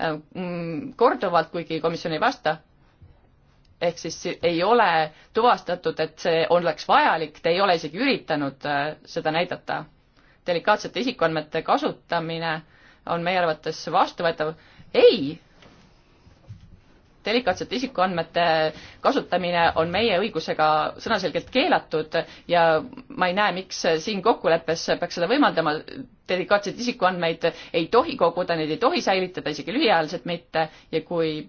äh, mm, korduvalt, kuigi komisjon ei vasta. ehk siis ei ole tuvastatud, et see oleks vajalik, te ei ole isegi üritanud äh, seda näidata. delikaatsete isikuandmete kasutamine on meie arvates vastuvõetav. ei, delikaatsete isikuandmete kasutamine on meie õigusega sõnaselgelt keelatud ja ma ei näe, miks siin kokkuleppes peaks seda võimaldama, delikaatseid isikuandmeid ei tohi koguda, neid ei tohi säilitada, isegi lühiajaliselt mitte ja kui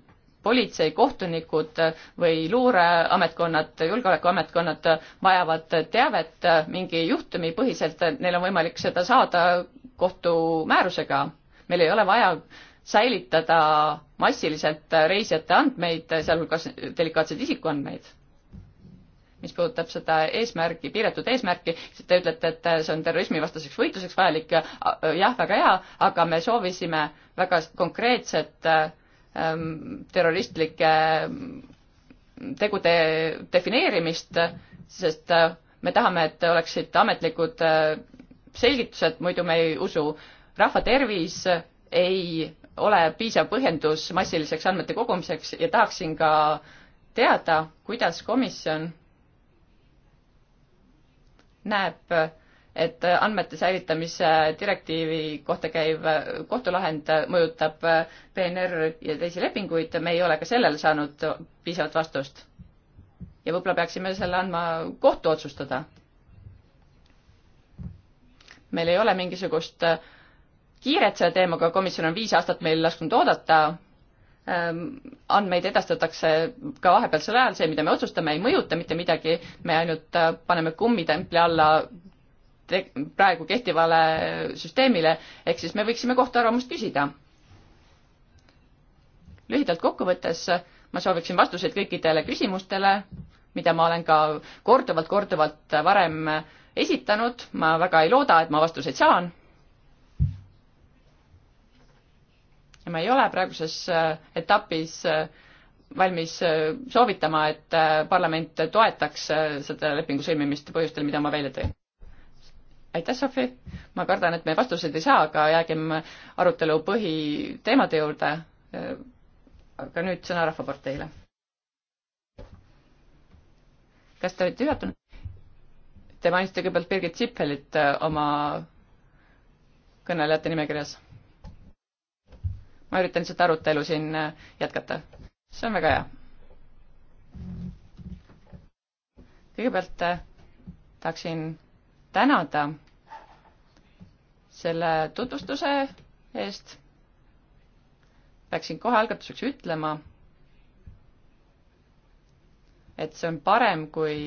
politsei, kohtunikud või luureametkonnad, julgeolekuametkonnad vajavad teavet mingi juhtumi põhiselt, neil on võimalik seda saada kohtumäärusega. meil ei ole vaja säilitada massiliselt reisijate andmeid, sealhulgas delikaatseid isikuandmeid. mis puudutab seda eesmärki, piiratud eesmärki, siis te ütlete, et see on terrorismivastaseks võitluseks vajalik ja äh, jah, väga hea, aga me soovisime väga konkreetset ähm, terroristlike mm, tegude defineerimist, sest äh, me tahame, et oleksid ametlikud äh, selgitused, muidu me ei usu. rahva tervis ei ole piisav põhjendus massiliseks andmete kogumiseks ja tahaksin ka teada, kuidas komisjon näeb, et andmete säilitamise direktiivi kohta käiv kohtulahend mõjutab PNR ja teisi lepinguid, me ei ole ka sellele saanud piisavat vastust. ja võib-olla peaksime selle andma kohtu otsustada. meil ei ole mingisugust äh, kiired selle teemaga, komisjon on viis aastat meil lasknud oodata, ehm, andmeid edastatakse ka vahepealsel ajal, see, mida me otsustame, ei mõjuta mitte midagi, me ainult äh, paneme kummitempli alla te-, praegu kehtivale süsteemile, ehk siis me võiksime kohtuarvamust küsida. lühidalt kokkuvõttes ma sooviksin vastuseid kõikidele küsimustele, mida ma olen ka korduvalt-korduvalt varem esitanud, ma väga ei looda, et ma vastuseid saan ja me ei ole praeguses äh, etapis äh, valmis äh, soovitama, et parlament toetaks seda lepingu sõlmimist põhjustel, mida ma välja tõin. aitäh, Sofi, ma kardan, et me vastuseid ei saa, aga jäägem arutelu põhiteemade juurde. aga nüüd sõna Rahvaparteile. kas te olete üllatunud? Te mainisite kõigepealt Birgit Sippelit oma kõnelejate nimekirjas ma üritan lihtsalt arutelu siin äh, jätkata. see on väga hea. kõigepealt äh, tahaksin tänada selle tutvustuse eest. peaksin kohe algatuseks ütlema, et see on parem kui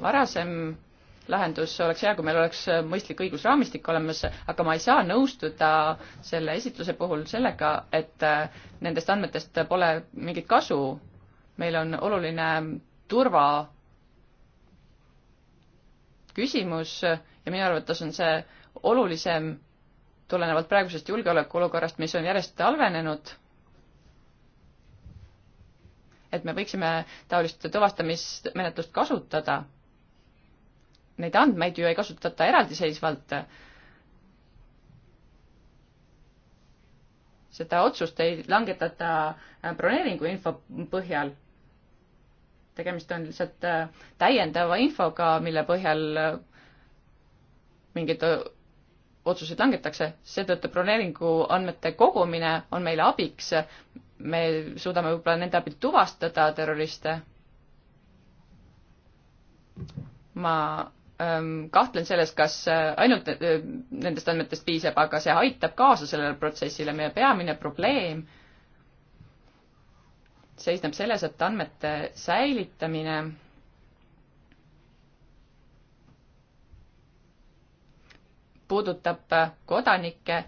varasem lahendus oleks hea, kui meil oleks mõistlik õigusraamistik olemas, aga ma ei saa nõustuda selle esitluse puhul sellega, et äh, nendest andmetest pole mingit kasu. meil on oluline turva küsimus ja minu arvates on see olulisem tulenevalt praegusest julgeolekuolukorrast, mis on järjest halvenenud et me võiksime taolist tuvastamismenetlust kasutada neid andmeid ju ei kasutata eraldiseisvalt. seda otsust ei langetata äh, broneeringu info põhjal. tegemist on lihtsalt äh, täiendava infoga, mille põhjal äh, mingeid otsuseid langetakse, seetõttu broneeringu andmete kogumine on meile abiks. me suudame võib-olla nende abil tuvastada terroriste. ma kahtlen selles, kas äh, ainult äh, nendest andmetest piisab, aga see aitab kaasa sellele protsessile. meie peamine probleem seisneb selles, et andmete säilitamine puudutab äh, kodanikke,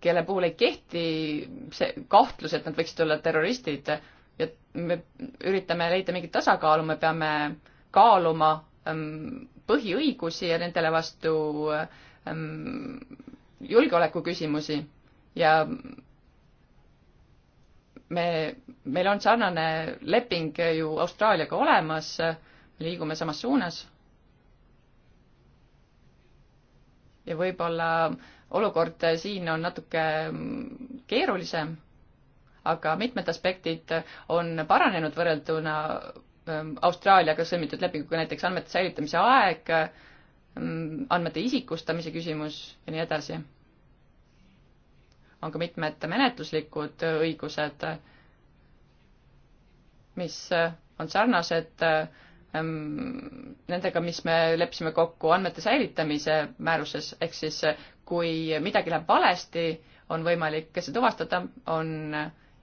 kelle puhul ei kehti see kahtlus, et nad võiksid olla terroristid ja me üritame leida mingit tasakaalu, me peame kaaluma Ähm, põhiõigusi ja nendele vastu ähm, julgeolekuküsimusi ja me, meil on sarnane leping ju Austraaliaga olemas, liigume samas suunas. ja võib-olla olukord siin on natuke keerulisem, aga mitmed aspektid on paranenud võrrelduna Ehm, Austraaliaga sõlmitud lepinguga näiteks andmete säilitamise aeg, ehm, andmete isikustamise küsimus ja nii edasi. on ka mitmed menetluslikud ehm, õigused, mis on sarnased nendega, mis me leppisime kokku andmete säilitamise määruses, ehk siis kui midagi läheb valesti, on võimalik see tuvastada, on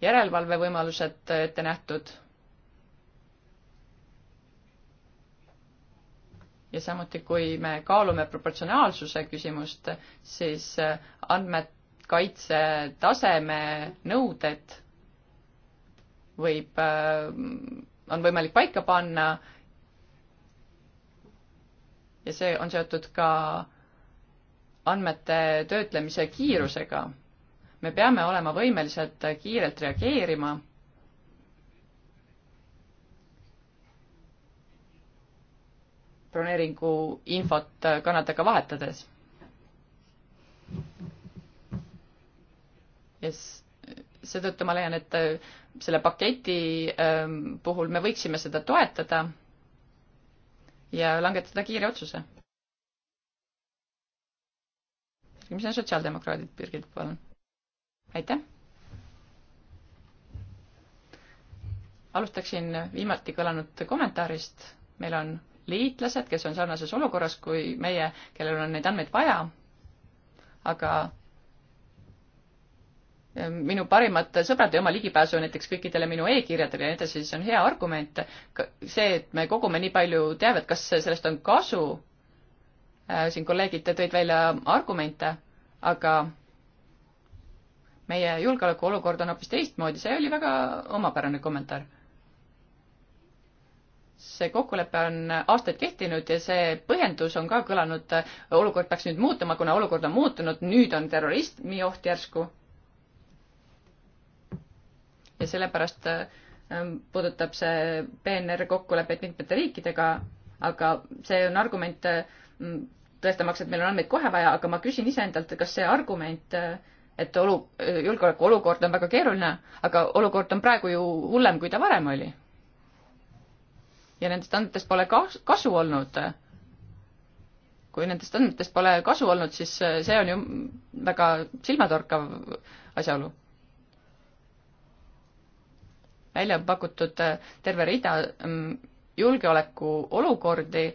järelevalvevõimalused ette nähtud ja samuti, kui me kaalume proportsionaalsuse küsimust, siis äh, andmekaitse taseme nõuded võib, äh, on võimalik paika panna ja see on seotud ka andmete töötlemise kiirusega. me peame olema võimelised kiirelt reageerima broneeringu infot äh, Kanadaga vahetades ja seetõttu ma leian, et äh, selle paketi ähm, puhul me võiksime seda toetada ja langetada kiire otsuse. mis on sotsiaaldemokraadid, Birgit, palun? aitäh! alustaksin viimati kõlanud kommentaarist, meil on liitlased, kes on sarnases olukorras kui meie, kellel on neid andmeid vaja, aga eh, minu parimad sõbrad ei oma ligipääsu näiteks kõikidele minu e-kirjadele ja nii edasi, siis on hea argument see, et me kogume nii palju teavet, kas sellest on kasu, eh, siin kolleegid tõid välja argumente, aga meie julgeolekuolukord on hoopis teistmoodi, see oli väga omapärane kommentaar see kokkulepe on aastaid kehtinud ja see põhjendus on ka kõlanud, olukord peaks nüüd muutuma, kuna olukord on muutunud, nüüd on terrorismi oht järsku. ja sellepärast ähm, puudutab see PNR kokkulepet mitmete riikidega, aga see on argument mm, tõestamaks, et meil on andmeid kohe vaja, aga ma küsin iseendalt, kas see argument et olu-, julgeolekuolukord on väga keeruline, aga olukord on praegu ju hullem, kui ta varem oli ja nendest andmetest pole kasu olnud. kui nendest andmetest pole kasu olnud, siis äh, see on ju väga silmatorkav asjaolu. välja on pakutud äh, terve rida mm, julgeolekuolukordi,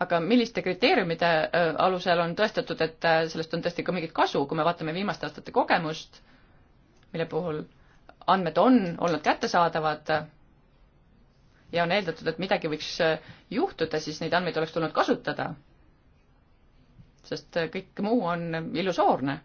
aga milliste kriteeriumide äh, alusel on tõestatud, et sellest on tõesti ka mingit kasu, kui me vaatame viimaste aastate kogemust, mille puhul andmed on olnud kättesaadavad ja on eeldatud, et midagi võiks äh, juhtuda, siis neid andmeid oleks tulnud kasutada. sest äh, kõik muu on äh, illusoorne.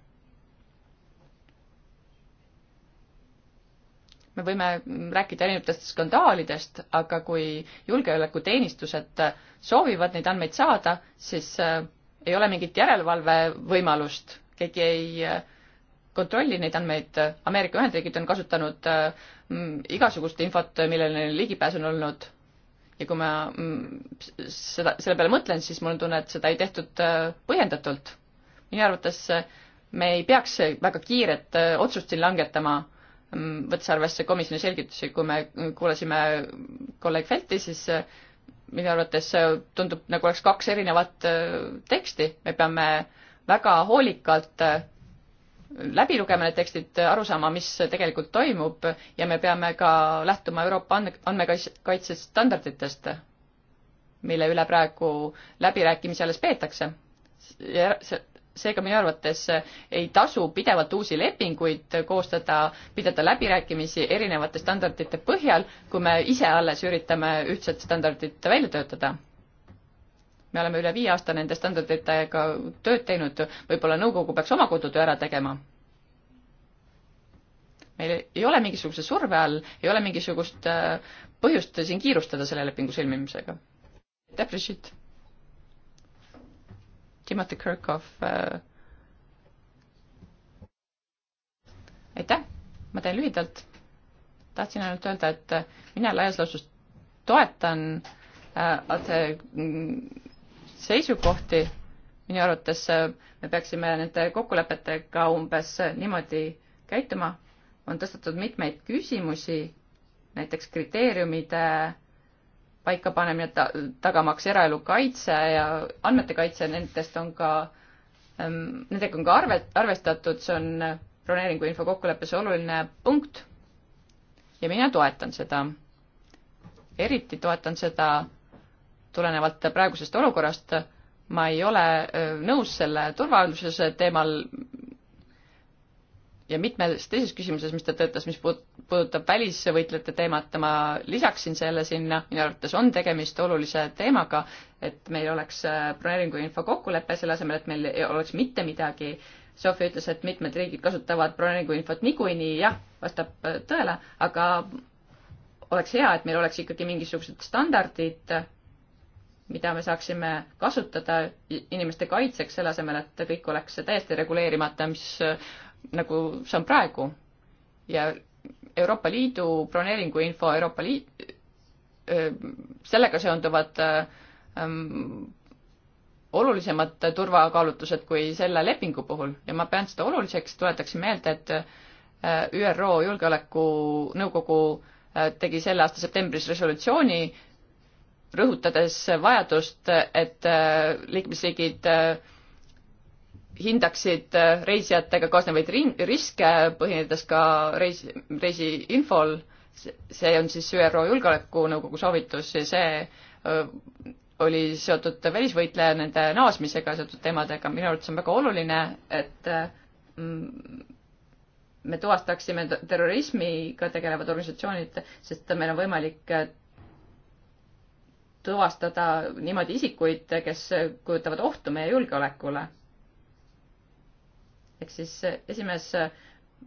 me võime mm, rääkida erinevatest skandaalidest, aga kui julgeolekuteenistused soovivad neid andmeid saada, siis ei ole mingit järelevalve võimalust, keegi ei kontrolli neid andmeid, Ameerika Ühendriigid on kasutanud äh, igasugust infot, millele neil ligipääs on olnud ja kui ma seda, selle peale mõtlen, siis mul on tunne, et seda ei tehtud äh, põhjendatult. minu arvates äh, me ei peaks väga kiiret otsust siin langetama, võttes arvesse komisjoni selgitusi, kui me kuulasime kolleeg Felti, siis minu arvates tundub, nagu oleks kaks erinevat teksti, me peame väga hoolikalt läbi lugema need tekstid, aru saama, mis tegelikult toimub ja me peame ka lähtuma Euroopa andmekaitsestandarditest, mille üle praegu läbirääkimisi alles peetakse. seega minu arvates ei tasu pidevalt uusi lepinguid koostada, pidada läbirääkimisi erinevate standardite põhjal, kui me ise alles üritame ühtset standardit välja töötada me oleme üle viie aasta nende standarditega tööd teinud, võib-olla nõukogu peaks oma kodutöö ära tegema. meil ei ole mingisuguse surve all, ei ole mingisugust äh, põhjust siin kiirustada selle lepingu sõlmimisega. aitäh, Brigitte! Timothy Kirkhoff äh.. aitäh, ma teen lühidalt. tahtsin ainult öelda, et mina laias laastus toetan äh, seisukohti, minu arvates äh, me peaksime nende kokkulepetega umbes äh, niimoodi käituma, on tõstatatud mitmeid küsimusi, näiteks kriteeriumide paikapanemine ta,, tagamaks eraelu kaitse ja andmete kaitse, nendest on ka, ähm, nendega on ka arve, arvestatud, see on äh, broneeringu info kokkuleppes oluline punkt ja mina toetan seda. eriti toetan seda tulenevalt praegusest olukorrast ma ei ole nõus selle turvalisuse teemal ja mitmes teises küsimuses, mis ta töötas, mis puudutab välisvõitlejate teemat, ma lisaksin selle sinna, minu arvates on tegemist olulise teemaga, et meil oleks broneeringuinfo kokkulepe, selle asemel, et meil ei oleks mitte midagi. Sofi ütles, et mitmed riigid kasutavad broneeringuinfot niikuinii, jah, vastab tõele, aga oleks hea, et meil oleks ikkagi mingisugused standardid mida me saaksime kasutada inimeste kaitseks, selle asemel, et kõik oleks täiesti reguleerimata, mis nagu see on praegu. ja Euroopa Liidu broneeringu info Euroopa Liit, sellega seonduvad ähm, olulisemad turvakaalutlused kui selle lepingu puhul ja ma pean seda oluliseks, tuletaksin meelde, et ÜRO Julgeolekunõukogu tegi selle aasta septembris resolutsiooni rõhutades vajadust, et äh, liikmesriigid äh, hindaksid äh, reisijatega kaasnevaid riske, põhinedes ka reis, reisiinfol, see on siis ÜRO Julgeolekunõukogu soovitus ja see oli seotud välisvõitleja nende naasmisega seotud teemadega, minu arvates on väga oluline, et mm, me tuvastaksime terrorismiga tegelevad organisatsioonid, sest meil on võimalik tuvastada niimoodi isikuid, kes kujutavad ohtu meie julgeolekule. ehk siis eh, esimees,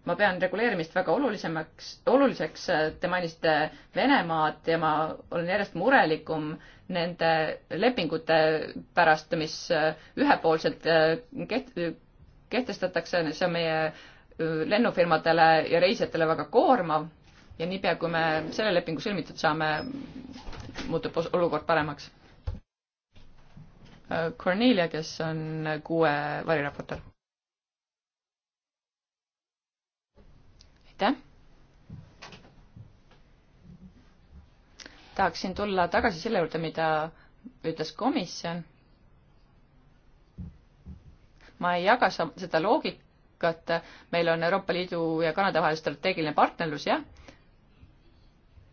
ma pean reguleerimist väga olulisemaks, oluliseks, te mainisite Venemaad ja ma olen järjest murelikum nende lepingute pärast, mis eh, ühepoolselt eh, keht-, kehtestatakse, see on meie lennufirmadele ja reisijatele väga koormav ja niipea, kui me selle lepingu sõlmitud saame, muutub olukord paremaks. Äh, Cornelia, kes on kuue variraportor. aitäh. tahaksin tulla tagasi selle juurde, mida ütles komisjon. ma ei jaga seda loogikat, meil on Euroopa Liidu ja Kanada vahel strateegiline partnerlus, jah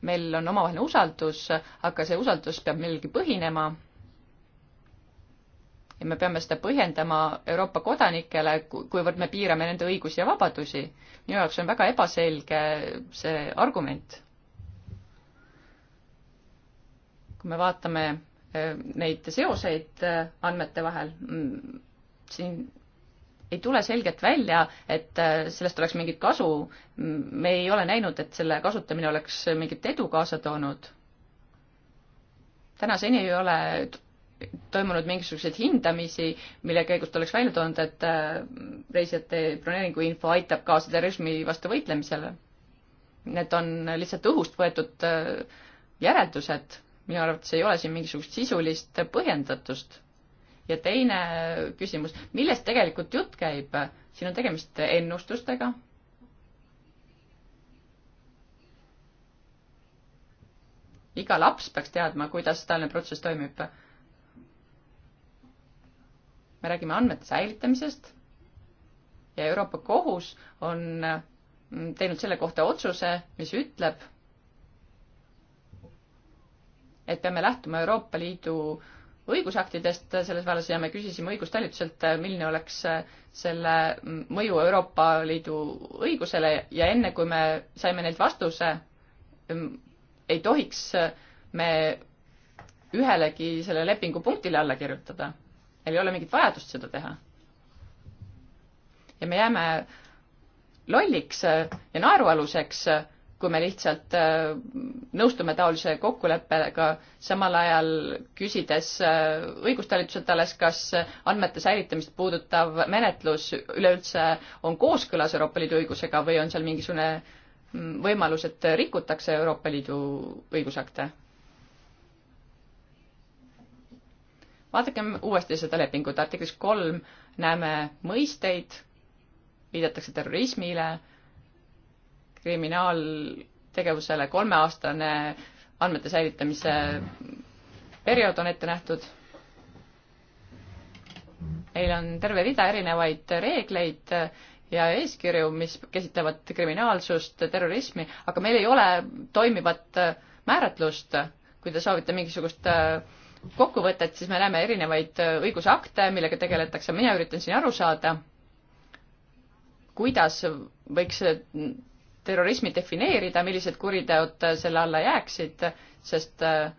meil on omavaheline usaldus, aga see usaldus peab millegi põhinema. ja me peame seda põhjendama Euroopa kodanikele, kuivõrd me piirame nende õigusi ja vabadusi. minu jaoks on väga ebaselge see argument. kui me vaatame eh, neid seoseid eh, andmete vahel, mm, siin ei tule selgelt välja, et äh, sellest oleks mingit kasu. me ei ole näinud, et selle kasutamine oleks mingit edu kaasa toonud. tänaseni ei ole toimunud mingisuguseid hindamisi, mille käigust oleks välja toonud, et äh, reisijate broneeringu info aitab kaasa terrorismi vastu võitlemisele. Need on lihtsalt õhust võetud äh, järeldused, minu arvates ei ole siin mingisugust sisulist põhjendatust ja teine küsimus, millest tegelikult jutt käib? siin on tegemist ennustustega. iga laps peaks teadma, kuidas taoline protsess toimib. me räägime andmete säilitamisest ja Euroopa Kohus on teinud selle kohta otsuse, mis ütleb, et peame lähtuma Euroopa Liidu äh, õigusaktidest selles vallas ja me küsisime õigustalituselt, milline oleks äh, selle mõju Euroopa Liidu õigusele ja enne, kui me saime neilt vastuse, ei tohiks äh, me ühelegi selle lepingu punktile alla kirjutada. meil ei ole mingit vajadust seda teha. ja me jääme lolliks äh, ja naerualuseks kui me lihtsalt äh, nõustume taolise kokkuleppega, samal ajal küsides äh, õigustalitluselt alles, kas andmete säilitamist puudutav menetlus üleüldse on kooskõlas Euroopa Liidu õigusega või on seal mingisugune mm, võimalus, et rikutakse Euroopa Liidu õigusakte? vaadakem uuesti seda lepingut, artiklis kolm näeme mõisteid, viidatakse terrorismile kriminaaltegevusele kolmeaastane andmete säilitamise periood on ette nähtud. meil on terve rida erinevaid reegleid ja eeskirju, mis käsitlevad kriminaalsust, terrorismi, aga meil ei ole toimivat määratlust. kui te soovite mingisugust kokkuvõtet, siis me näeme erinevaid õigusakte, millega tegeletakse, mina üritan siin aru saada, kuidas võiks terrorismi defineerida, millised kuriteod selle alla jääksid, sest äh,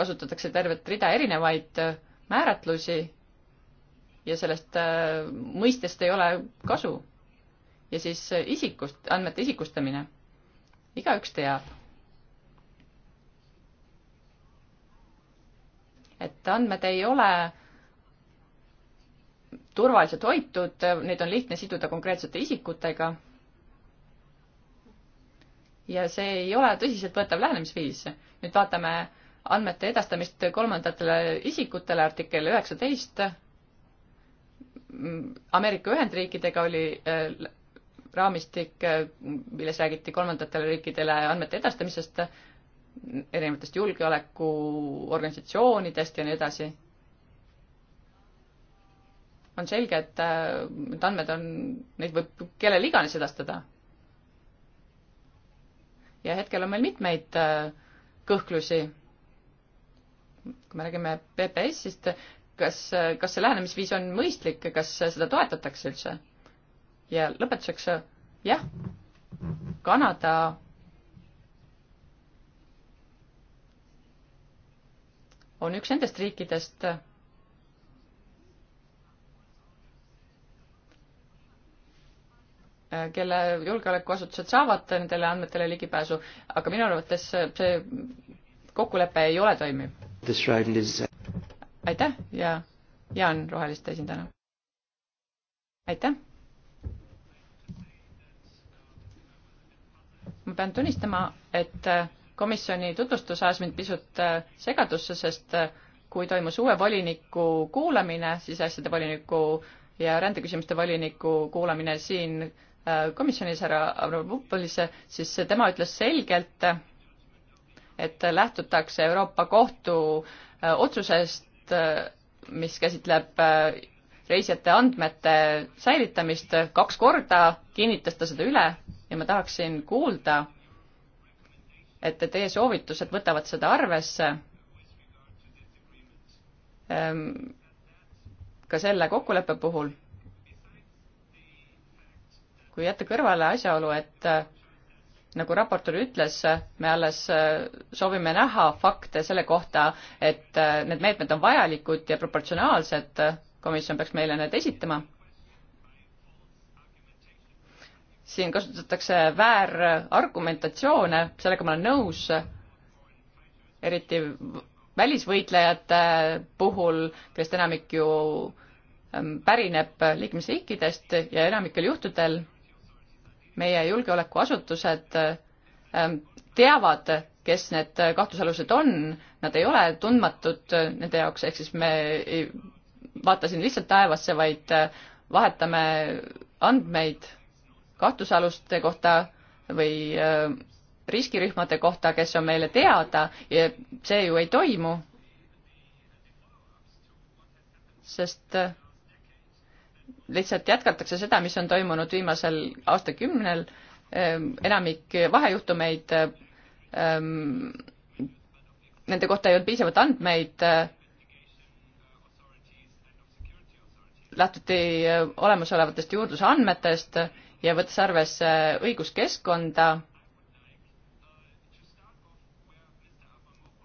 kasutatakse tervet rida erinevaid äh, määratlusi ja sellest äh, mõistest ei ole kasu. ja siis isikust, andmete isikustamine. igaüks teab, et andmed ei ole turvaliselt hoitud, neid on lihtne siduda konkreetsete isikutega ja see ei ole tõsiseltvõetav lähenemisviis. nüüd vaatame andmete edastamist kolmandatele isikutele, artikkel üheksateist. Ameerika Ühendriikidega oli äh, raamistik, äh, milles räägiti kolmandatele riikidele andmete edastamisest, erinevatest julgeolekuorganisatsioonidest ja nii edasi. on selge, et äh, need andmed on, neid võib kellele iganes edastada ja hetkel on meil mitmeid äh, kõhklusi. kui me räägime PPS-ist, kas, äh, kas see lähenemisviis on mõistlik, kas seda toetatakse üldse? ja lõpetuseks, äh, jah, Kanada on üks nendest riikidest, kelle julgeolekuasutused saavad nendele andmetele ligipääsu, aga minu arvates see kokkulepe ei ole toimiv. Uh, aitäh ja Jaan Roheliste esindajana. aitäh. ma pean tunnistama, et äh, komisjoni tutvustus ajas mind pisut äh, segadusse, sest äh, kui toimus uue voliniku kuulamine, siseasjade voliniku ja rändeküsimuste voliniku kuulamine siin Äh, komisjonis härra Avramopolise, siis tema ütles selgelt, et lähtutakse Euroopa Kohtu äh, otsusest, äh, mis käsitleb reisijate andmete säilitamist, kaks korda kinnitas ta seda üle ja ma tahaksin kuulda, et teie soovitused võtavad seda arvesse ähm, ka selle kokkuleppe puhul kui jätta kõrvale asjaolu, et äh, nagu raportöör ütles, äh, me alles äh, soovime näha fakte selle kohta, et need meetmed on vajalikud ja proportsionaalsed, komisjon peaks meile need esitama. siin kasutatakse väärargumentatsioone, sellega ma olen nõus, eriti välisvõitlejate puhul, kellest enamik ju ähm, pärineb liikmesriikidest ja enamikel juhtudel meie julgeolekuasutused ähm, teavad, kes need kahtlusalused on, nad ei ole tundmatud nende jaoks, ehk siis me ei vaata siin lihtsalt taevasse, vaid äh, vahetame andmeid kahtlusaluste kohta või äh, riskirühmade kohta, kes on meile teada ja see ju ei toimu, sest äh, lihtsalt jätkatakse seda, mis on toimunud viimasel aastakümnel, ehm, enamik vahejuhtumeid, ehm, nende kohta ei olnud piisavalt andmeid, lähtuti eh, olemasolevatest juurdluse andmetest ja võttes arvesse õiguskeskkonda,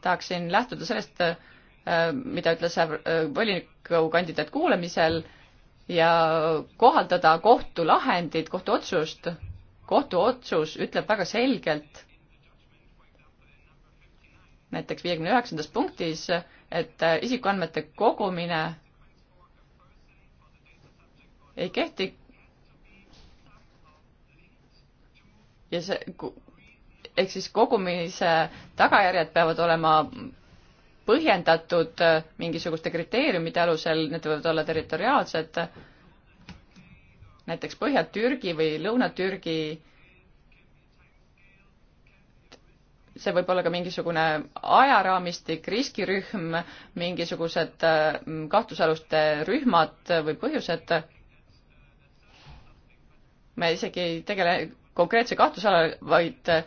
tahaksin lähtuda sellest, eh, mida ütles eh, volinikku kandidaat kuulamisel ja kohaldada kohtulahendit, kohtuotsust. kohtuotsus ütleb väga selgelt, näiteks viiekümne üheksandas punktis, et isikuandmete kogumine ei kehti ja see, ehk siis kogumise tagajärjed peavad olema põhjendatud äh, mingisuguste kriteeriumide alusel, need võivad olla territoriaalsed, näiteks Põhja-Türgi või Lõuna-Türgi, see võib olla ka mingisugune ajaraamistik, riskirühm, mingisugused äh, kahtlusaluste rühmad või põhjused. me isegi ei tegele konkreetse kahtlusala, vaid äh,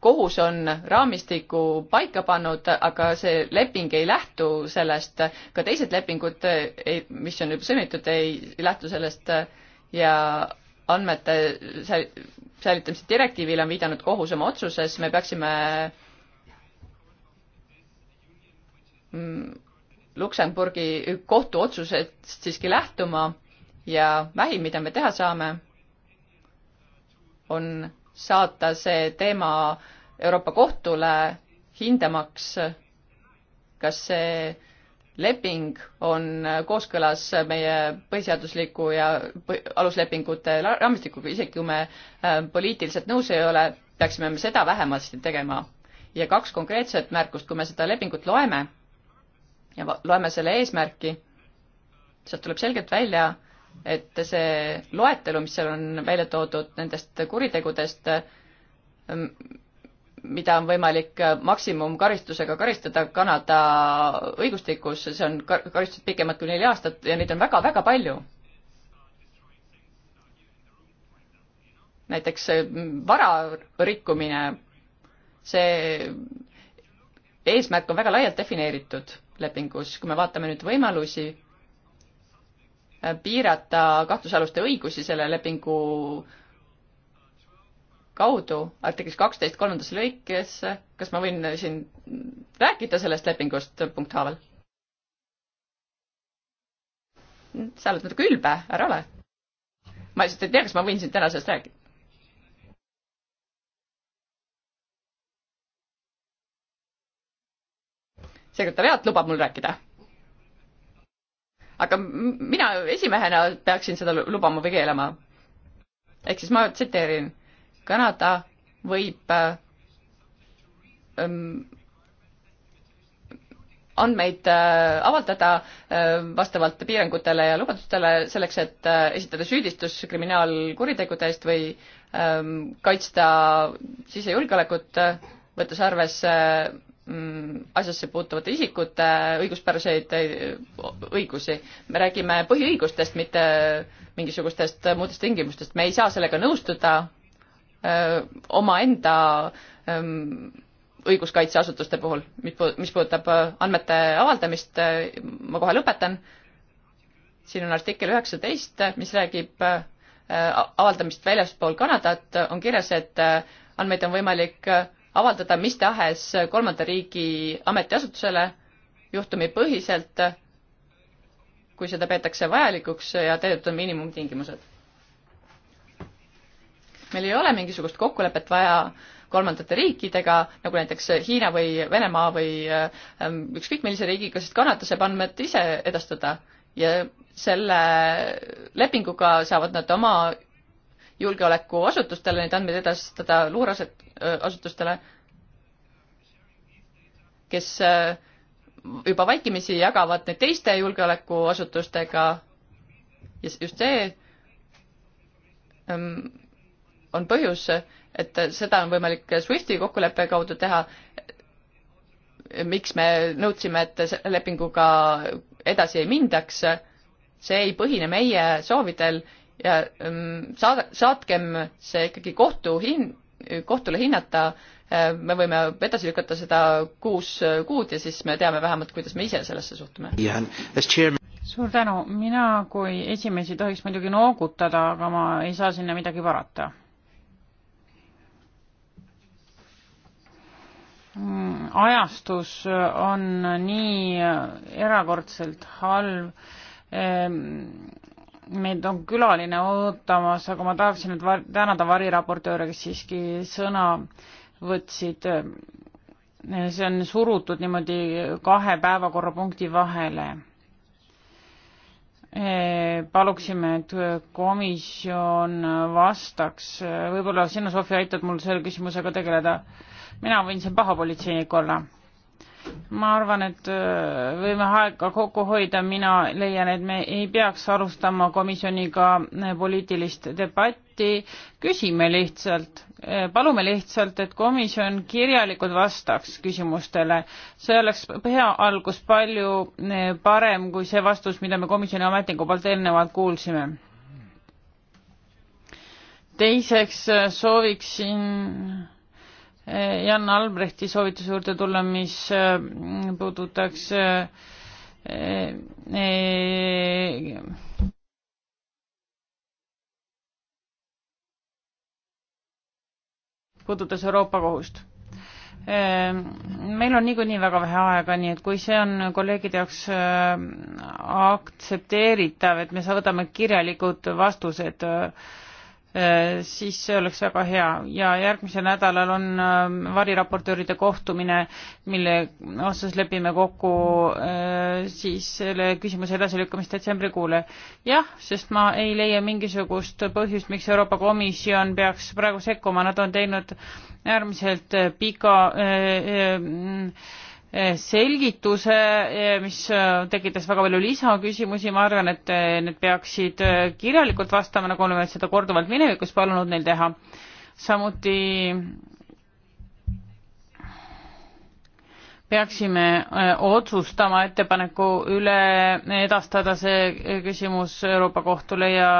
kohus on raamistiku paika pannud, aga see leping ei lähtu sellest, ka teised lepingud, mis on juba sõlmitud, ei lähtu sellest ja andmete säilitamise direktiivile on viidanud kohus oma otsuses, me peaksime mm, Luksemburgi kohtuotsusest siiski lähtuma ja vähim, mida me teha saame, on saata see teema Euroopa Kohtule hindamaks, kas see leping on kooskõlas meie põhiseadusliku ja aluslepingute raamistikuga, isegi kui me äh, poliitiliselt nõus ei ole, peaksime me seda vähemasti tegema. ja kaks konkreetset märkust, kui me seda lepingut loeme ja loeme selle eesmärki, sealt tuleb selgelt välja, et see loetelu, mis seal on välja toodud nendest kuritegudest, mida on võimalik maksimumkaristusega karistada Kanada õigustikus, see on karistused pikemad kui neli aastat ja neid on väga-väga palju. näiteks vara rikkumine, see eesmärk on väga laialt defineeritud lepingus, kui me vaatame nüüd võimalusi Äh, piirata kahtlusaluste õigusi selle lepingu kaudu artiklis kaksteist kolmandas lõikes. kas ma võin siin rääkida sellest lepingust punkthaaval? sa oled natuke ülbe, ära ole. ma lihtsalt ei tea, kas ma võin siin täna sellest rääkida. sekretäriaat lubab mul rääkida aga mina esimehena peaksin seda lubama või keelama. ehk siis ma tsiteerin, Kanada võib äh, ähm, andmeid äh, avaldada äh, vastavalt piirangutele ja lubadustele selleks, et äh, esitada süüdistus kriminaalkuritegude eest või ähm, kaitsta sisejulgeolekut, äh, võttes arvesse äh, Mm, asjasse puutuvate isikute õiguspäraseid eh, õigusi. me räägime põhiõigustest, mitte mingisugustest muudest tingimustest. me ei saa sellega nõustuda eh, omaenda ehm, õiguskaitseasutuste puhul, mis puudutab eh, andmete avaldamist, ma kohe lõpetan. siin on artikkel üheksateist, mis räägib avaldamist väljaspool Kanadat, on kirjas, et andmeid on võimalik avaldada mis tahes kolmanda riigi ametiasutusele juhtumipõhiselt, kui seda peetakse vajalikuks ja täidetud on miinimumtingimused. meil ei ole mingisugust kokkulepet vaja kolmandate riikidega, nagu näiteks Hiina või Venemaa või ähm, ükskõik millise riigiga, sest kannata saab andmed ise edastada ja selle lepinguga saavad nad oma julgeolekuasutustele neid andmeid edastada, luureasutustele, kes juba vaikimisi jagavad neid teiste julgeolekuasutustega ja just see on põhjus, et seda on võimalik SWIFTi kokkuleppe kaudu teha, miks me nõudsime, et lepinguga edasi ei mindaks, see ei põhine meie soovidel ja ähm, saada, saatkem see ikkagi kohtu hin-, kohtule hinnata, äh, me võime edasi lükata seda kuus kuud ja siis me teame vähemalt, kuidas me ise sellesse suhtume. suur tänu, mina kui esimees ei tohiks muidugi noogutada, aga ma ei saa sinna midagi parata. Mm, ajastus on nii erakordselt halb meid on külaline ootamas, aga ma tahaksin nüüd var-, tänada variraportööre, kes siiski sõna võtsid. see on surutud niimoodi kahe päevakorrapunkti vahele. paluksime, et komisjon vastaks, võib-olla sina, Sofi, aitad mul selle küsimusega tegeleda. mina võin siin paha politseinik olla ma arvan, et äh, võime aega kokku hoida, mina leian, et me ei peaks alustama komisjoniga äh, poliitilist debatti, küsime lihtsalt, äh, palume lihtsalt, et komisjon kirjalikult vastaks küsimustele. see oleks hea algus, palju parem kui see vastus, mida me komisjoni ametniku poolt eelnevalt kuulsime. teiseks sooviksin Jan Albrechti soovituse juurde tulla, mis mm, puudutaks eh, eh, puudutas Euroopa kohust. Eh, meil on niikuinii väga vähe aega, nii et kui see on kolleegide jaoks aktsepteeritav, et me võtame kirjalikud vastused äh, Äh, siis see oleks väga hea ja järgmisel nädalal on ähm, variraportööride kohtumine, mille osas lepime kokku äh, siis selle küsimuse edasilükkamist detsembrikuule. jah, sest ma ei leia mingisugust põhjust, miks Euroopa Komisjon peaks praegu sekkuma, nad on teinud äärmiselt äh, pika äh, äh, Eh, selgituse, eh, mis eh, tekitas väga palju lisaküsimusi, ma arvan, et need peaksid kirjalikult vastama, nagu oleme seda korduvalt minevikus palunud neil teha. samuti peaksime otsustama ettepaneku üle edastada see küsimus Euroopa Kohtule ja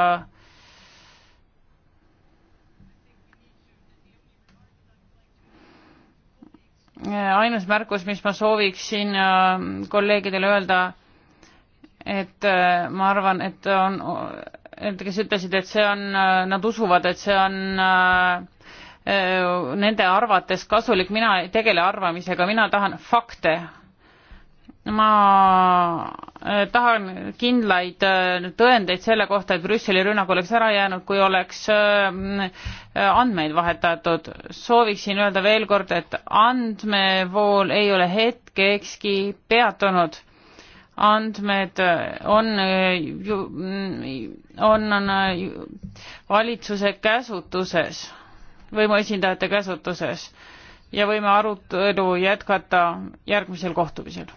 ainus märkus, mis ma sooviksin äh, kolleegidele öelda, et äh, ma arvan, et on, et kes ütlesid, et see on, äh, nad usuvad, et see on nende arvates kasulik, mina ei tegele arvamisega, mina tahan fakte ma äh, tahan kindlaid äh, tõendeid selle kohta, et Brüsseli rünnak oleks ära jäänud, kui oleks äh, andmeid vahetatud. sooviksin öelda veel kord, et andmevool ei ole hetkekski peatunud. andmed mm, on, on, on valitsuse käsutuses, võimuesindajate käsutuses ja võime arutelu jätkata järgmisel kohtumisel.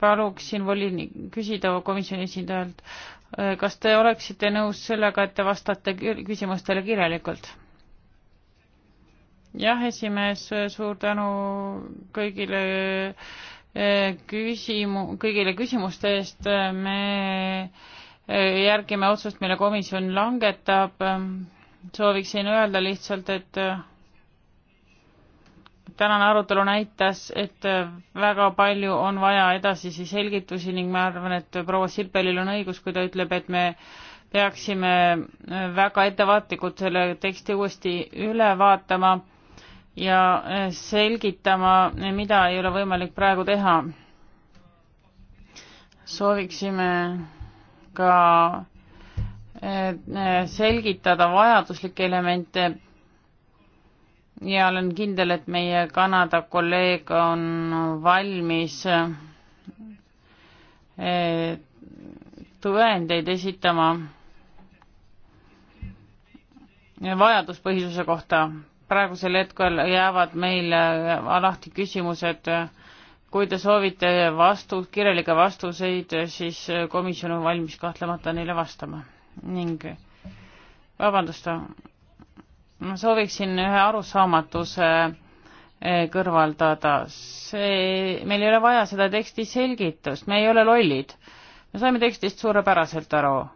paluksin volinik, küsida komisjoni esindajalt, kas te oleksite nõus sellega, et te vastate küsimustele kirjalikult? jah, esimees, suur tänu kõigile eh, küsimu-, kõigile küsimuste eest, me eh, järgime otsust, mille komisjon langetab, sooviksin öelda lihtsalt, et tänane arutelu näitas, et väga palju on vaja edasisi selgitusi ning ma arvan, et proua Sippelil on õigus, kui ta ütleb, et me peaksime väga ettevaatlikult selle teksti uuesti üle vaatama ja selgitama, mida ei ole võimalik praegu teha. sooviksime ka eh, selgitada vajaduslikke elemente ja olen kindel, et meie Kanada kolleeg on valmis eh, tõendeid esitama vajaduspõhisuse kohta. praegusel hetkel jäävad meil alati küsimused, kui te soovite vastu, kirjalikke vastuseid, siis komisjon on valmis kahtlemata neile vastama ning vabandust, ma sooviksin ühe arusaamatuse eh, kõrvaldada. see, meil ei ole vaja seda teksti selgitust, me ei ole lollid. me saime tekstist suurepäraselt aru.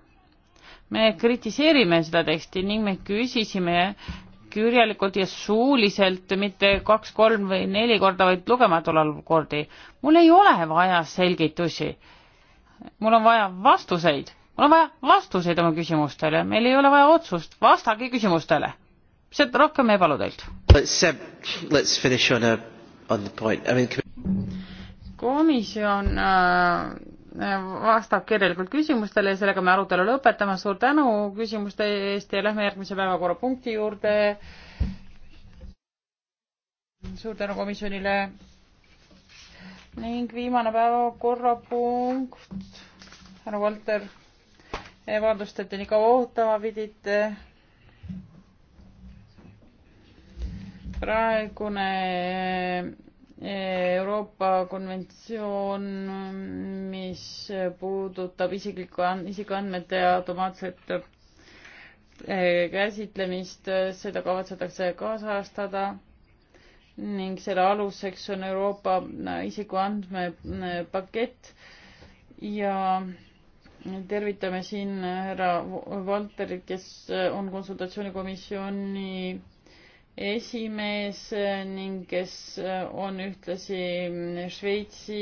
me kritiseerime seda teksti ning me küsisime kirjalikult ja suuliselt, mitte kaks, kolm või neli korda, vaid lugematul arvul kordi. mul ei ole vaja selgitusi. mul on vaja vastuseid, mul on vaja vastuseid oma küsimustele, meil ei ole vaja otsust, vastage küsimustele seda rohkem ei palu teilt. komisjon äh, vastab kirjalikult küsimustele ja sellega me arutelu lõpetame. suur tänu küsimuste eest ja lähme järgmise päevakorrapunkti juurde. suur tänu komisjonile. ning viimane päevakorrapunkt, härra Valter, vabandust, et te nii kaua ootama pidite praegune eh, Euroopa konventsioon, mis puudutab isikliku, isikuandmete automaatset eh, käsitlemist, seda kavatsetakse kaasajastada ning selle aluseks on Euroopa eh, isikuandmepakett ja tervitame siin härra Valterit, kes on konsultatsioonikomisjoni esimees ning kes on ühtlasi Šveitsi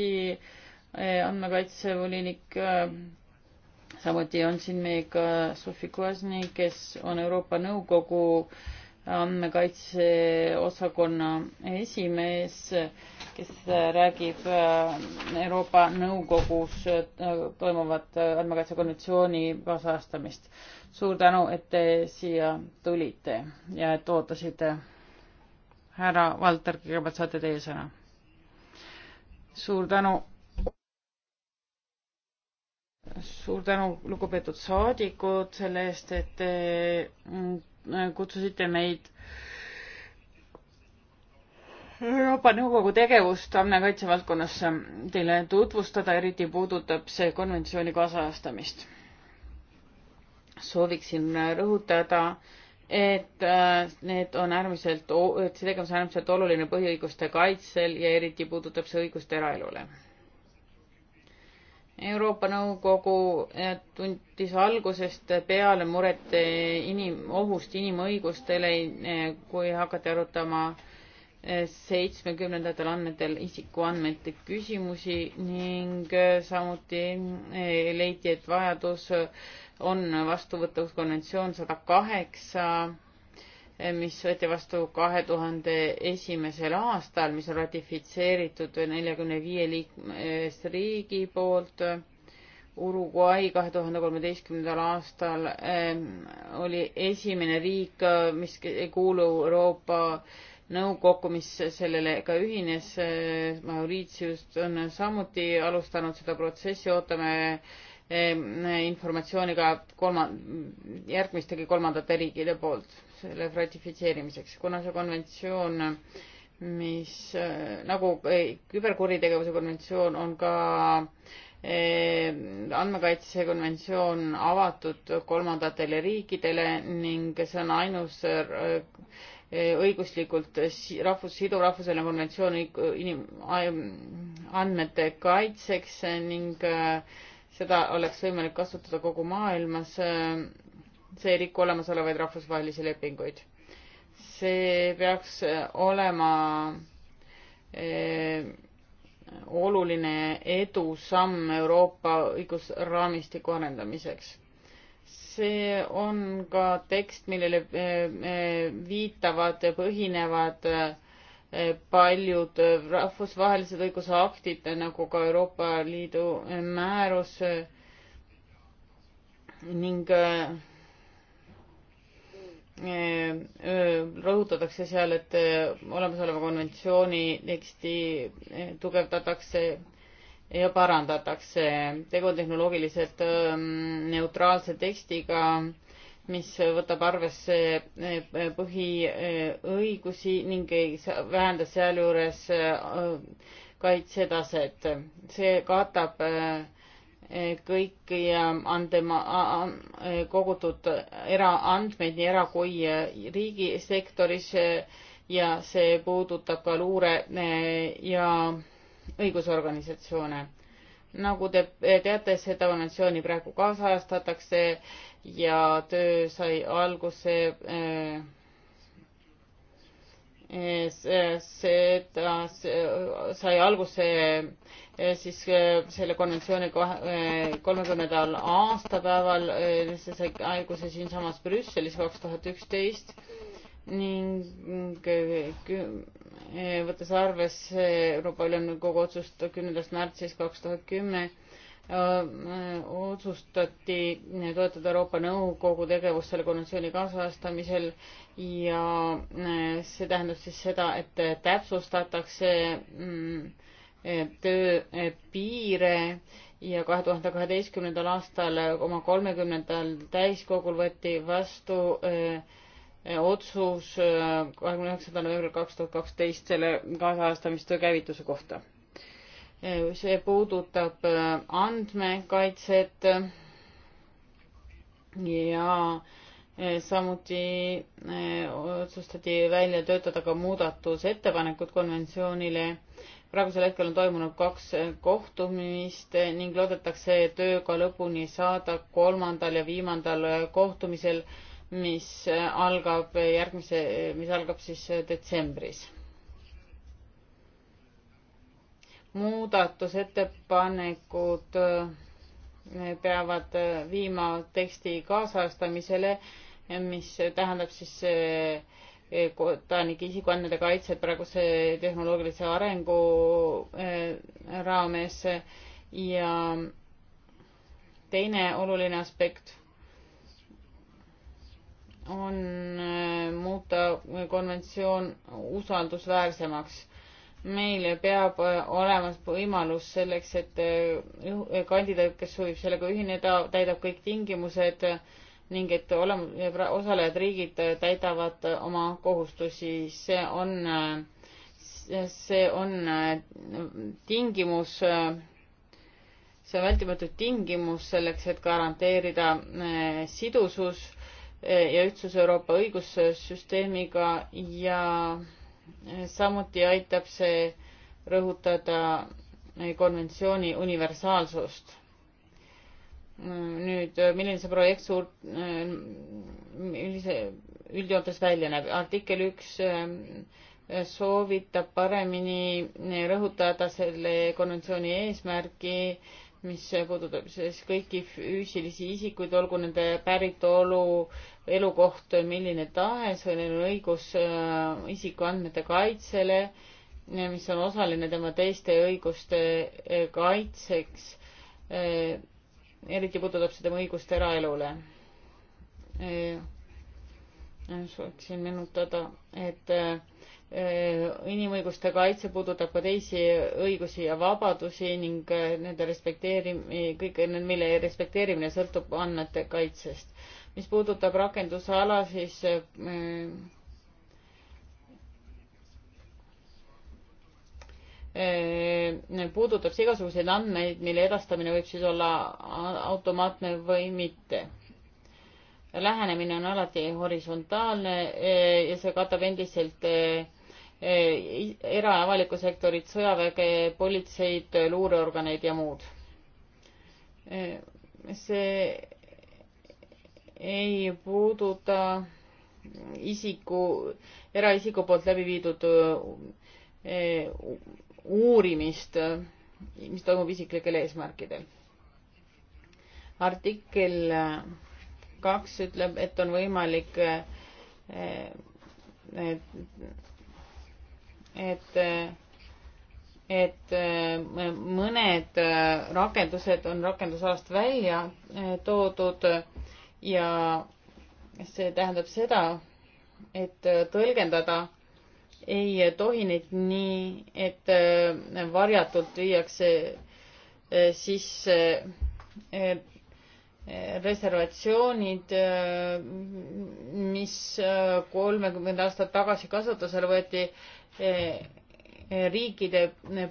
eh, andmekaitsevolinik. Eh, samuti on siin meiega Sophie Kwasny, kes on Euroopa Nõukogu andmekaitseosakonna esimees, kes räägib äh, Euroopa Nõukogus äh, toimuvat äh, andmekaitse konventsiooni kaasajastamist. suur tänu, et te siia tulite ja et ootasite. härra Valter, kõigepealt saate teie sõna. suur tänu. suur tänu, lugupeetud saadikud, selle eest, et te kutsusite meid Euroopa Nõukogu tegevust andmekaitse valdkonnas teile tutvustada, eriti puudutab see konventsiooni kaasajastamist. sooviksin rõhutada, et äh, need on äärmiselt, et see tegevus on äärmiselt oluline põhiõiguste kaitsel ja eriti puudutab see õigust eraelule Euroopa Nõukogu eh, tundis algusest peale muret eh, inim-, ohust inimõigustele, eh, kui hakati arutama seitsmekümnendatel andmetel isikuandmete küsimusi ning samuti leiti, et vajadus on vastu võtta uus konventsioon sada kaheksa mis võeti vastu kahe tuhande esimesel aastal, mis on ratifitseeritud neljakümne viie liikmesriigi poolt. Uruguay kahe tuhande kolmeteistkümnendal aastal ehm, oli esimene riik, mis ei kuulu Euroopa nõukokku, mis sellele ka ühines. Mauritius on samuti alustanud seda protsessi, ootame ehm, informatsiooni ka kolma, järgmistegi kolmandate riikide poolt selle ratifitseerimiseks, kuna see konventsioon, mis äh, nagu äh, küberkuritegevuse konventsioon on ka äh, andmekaitse konventsioon avatud kolmandatele riikidele ning see on ainus õiguslikult rahvus, siduv rahvusvaheline konventsioon inim-, andmete kaitseks ning seda oleks võimalik kasutada kogu maailmas see ei riku olemasolevaid rahvusvahelisi lepinguid. see peaks äh, olema äh, oluline edusamm Euroopa õigusraamistiku arendamiseks. see on ka tekst, millele äh, viitavad ja põhinevad paljud rahvusvahelised õigusaktid nagu ka Euroopa Liidu määrus ning Äh, äh, rõhutatakse seal, et äh, olemasoleva konventsiooni teksti tugevdatakse ja parandatakse. tegu on tehnoloogiliselt ähm, neutraalse tekstiga, mis võtab arvesse põhiõigusi ning ei vähenda sealjuures kaitsetaset. see katab äh, kõiki andema, kogutud eraandmeid nii era- kui riigisektoris ja see puudutab ka luure e, ja õigusorganisatsioone. nagu te teate, seda konventsiooni praegu kaasajastatakse ja töö sai alguse e, Eh, seda sai alguse eh, siis eh, selle konventsiooni kolmekümnendal aastapäeval, see sai alguse siinsamas Brüsselis kaks tuhat üksteist ning võttes arvesse Euroopa Ülemkogu otsust kümnendast märtsist kaks tuhat kümme otsustati toetada Euroopa Nõukogu tegevust selle konventsiooni kaasajastamisel ja äh, see tähendab siis seda, et täpsustatakse mm, e, töö e, piire ja kahe tuhande kaheteistkümnendal aastal oma kolmekümnendal täiskogul võeti vastu e, otsus äh, kahekümne üheksandal novembril kaks tuhat kaksteist selle kaasajastamistöö käivituse kohta see puudutab äh, andmekaitset ja äh, samuti äh, otsustati välja töötada ka muudatusettepanekud konventsioonile. praegusel hetkel on toimunud kaks kohtumist ning loodetakse tööga lõpuni saada kolmandal ja viimandal kohtumisel, mis algab järgmise, mis algab siis detsembris muudatusettepanekud eh, peavad eh, viima teksti kaasajastamisele, eh, mis tähendab siis kodanike isikuandmete kaitset praeguse tehnoloogilise arengu raames ja teine oluline aspekt on muuta konventsioon usaldusväärsemaks meil peab äh, olema võimalus selleks, et äh, äh, kandidaat, kes soovib sellega ühineda, täidab kõik tingimused ning et olema, osalejad riigid täidavad oma kohustusi, see on, see on tingimus, see on vältimatu tingimus selleks, et garanteerida sidusus ja ühtsus Euroopa õigussüsteemiga ja samuti aitab see rõhutada konventsiooni universaalsust. nüüd, milline see projekt suur, millise üldjoontes välja näeb, artikkel üks eh, soovitab paremini rõhutada selle konventsiooni eesmärki mis puudutab siis kõiki füüsilisi isikuid, olgu nende päritolu, elukoht milline tahes või neil on õigus äh, isikuandmete kaitsele, mis on osaline tema teiste õiguste äh, kaitseks. Äh, eriti puudutab see tema õigust eraelule. sooviksin meenutada, et Äh, inimõiguste kaitse puudutab ka teisi õigusi ja vabadusi ning äh, nende respekteerimine, kõik need, mille respekteerimine sõltub andmete kaitsest. mis puudutab rakendusala, siis äh, puudutab see igasuguseid andmeid, mille edastamine võib siis olla automaatne või mitte lähenemine on alati horisontaalne ja see katab endiselt Eh, era- ja avalikku sektorit, sõjaväge, politseid, luureorganeid ja muud. Eh, see ei puuduta isiku, eraisiku poolt läbi viidud eh, uurimist, mis toimub isiklikel eesmärkidel. artikkel kaks ütleb, et on võimalik et et äh, mõned äh, rakendused on rakendusalast välja äh, toodud ja see tähendab seda, et tõlgendada ei tohi neid nii, et varjatult viiakse sisse reservatsioonid, mis kolmekümmend aastat tagasi kasutusele võeti eh, riikide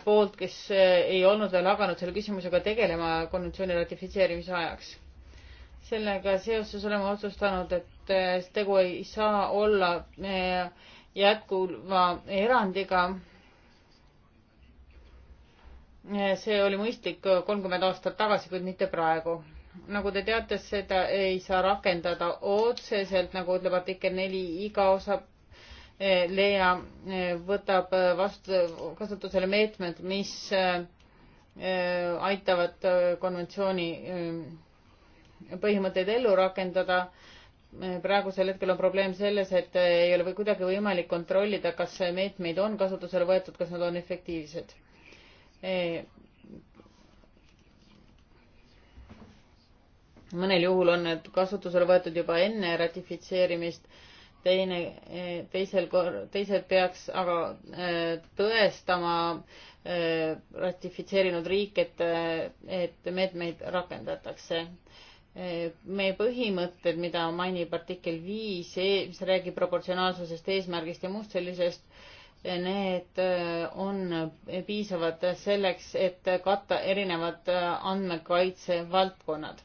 poolt, kes eh, ei olnud veel hakanud selle küsimusega tegelema konventsiooni ratifitseerimise ajaks. sellega seoses oleme otsustanud, et eh, tegu ei saa olla jätkuva erandiga. see oli mõistlik kolmkümmend aastat tagasi, kuid mitte praegu nagu te teate, seda ei saa rakendada otseselt, nagu ütleb artikkel neli, iga osa eh, leia eh, võtab eh, vastu kasutusele meetmed, mis aitavad konventsiooni põhimõtteid ellu rakendada. praegusel hetkel on probleem selles, et ei ole või kuidagi võimalik kontrollida, kas meetmeid on kasutusele võetud, kas nad on efektiivsed mõnel juhul on need kasutusele võetud juba enne ratifitseerimist, teine, teisel kor-, teised peaks aga äh, tõestama äh, ratifitseerinud riik, et, äh, et meetmeid rakendatakse. meie põhimõtted, mida mainib artikkel viis, e, mis räägib proportsionaalsusest, eesmärgist ja muust sellisest, need on piisavad selleks, et katta erinevad andmekaitse valdkonnad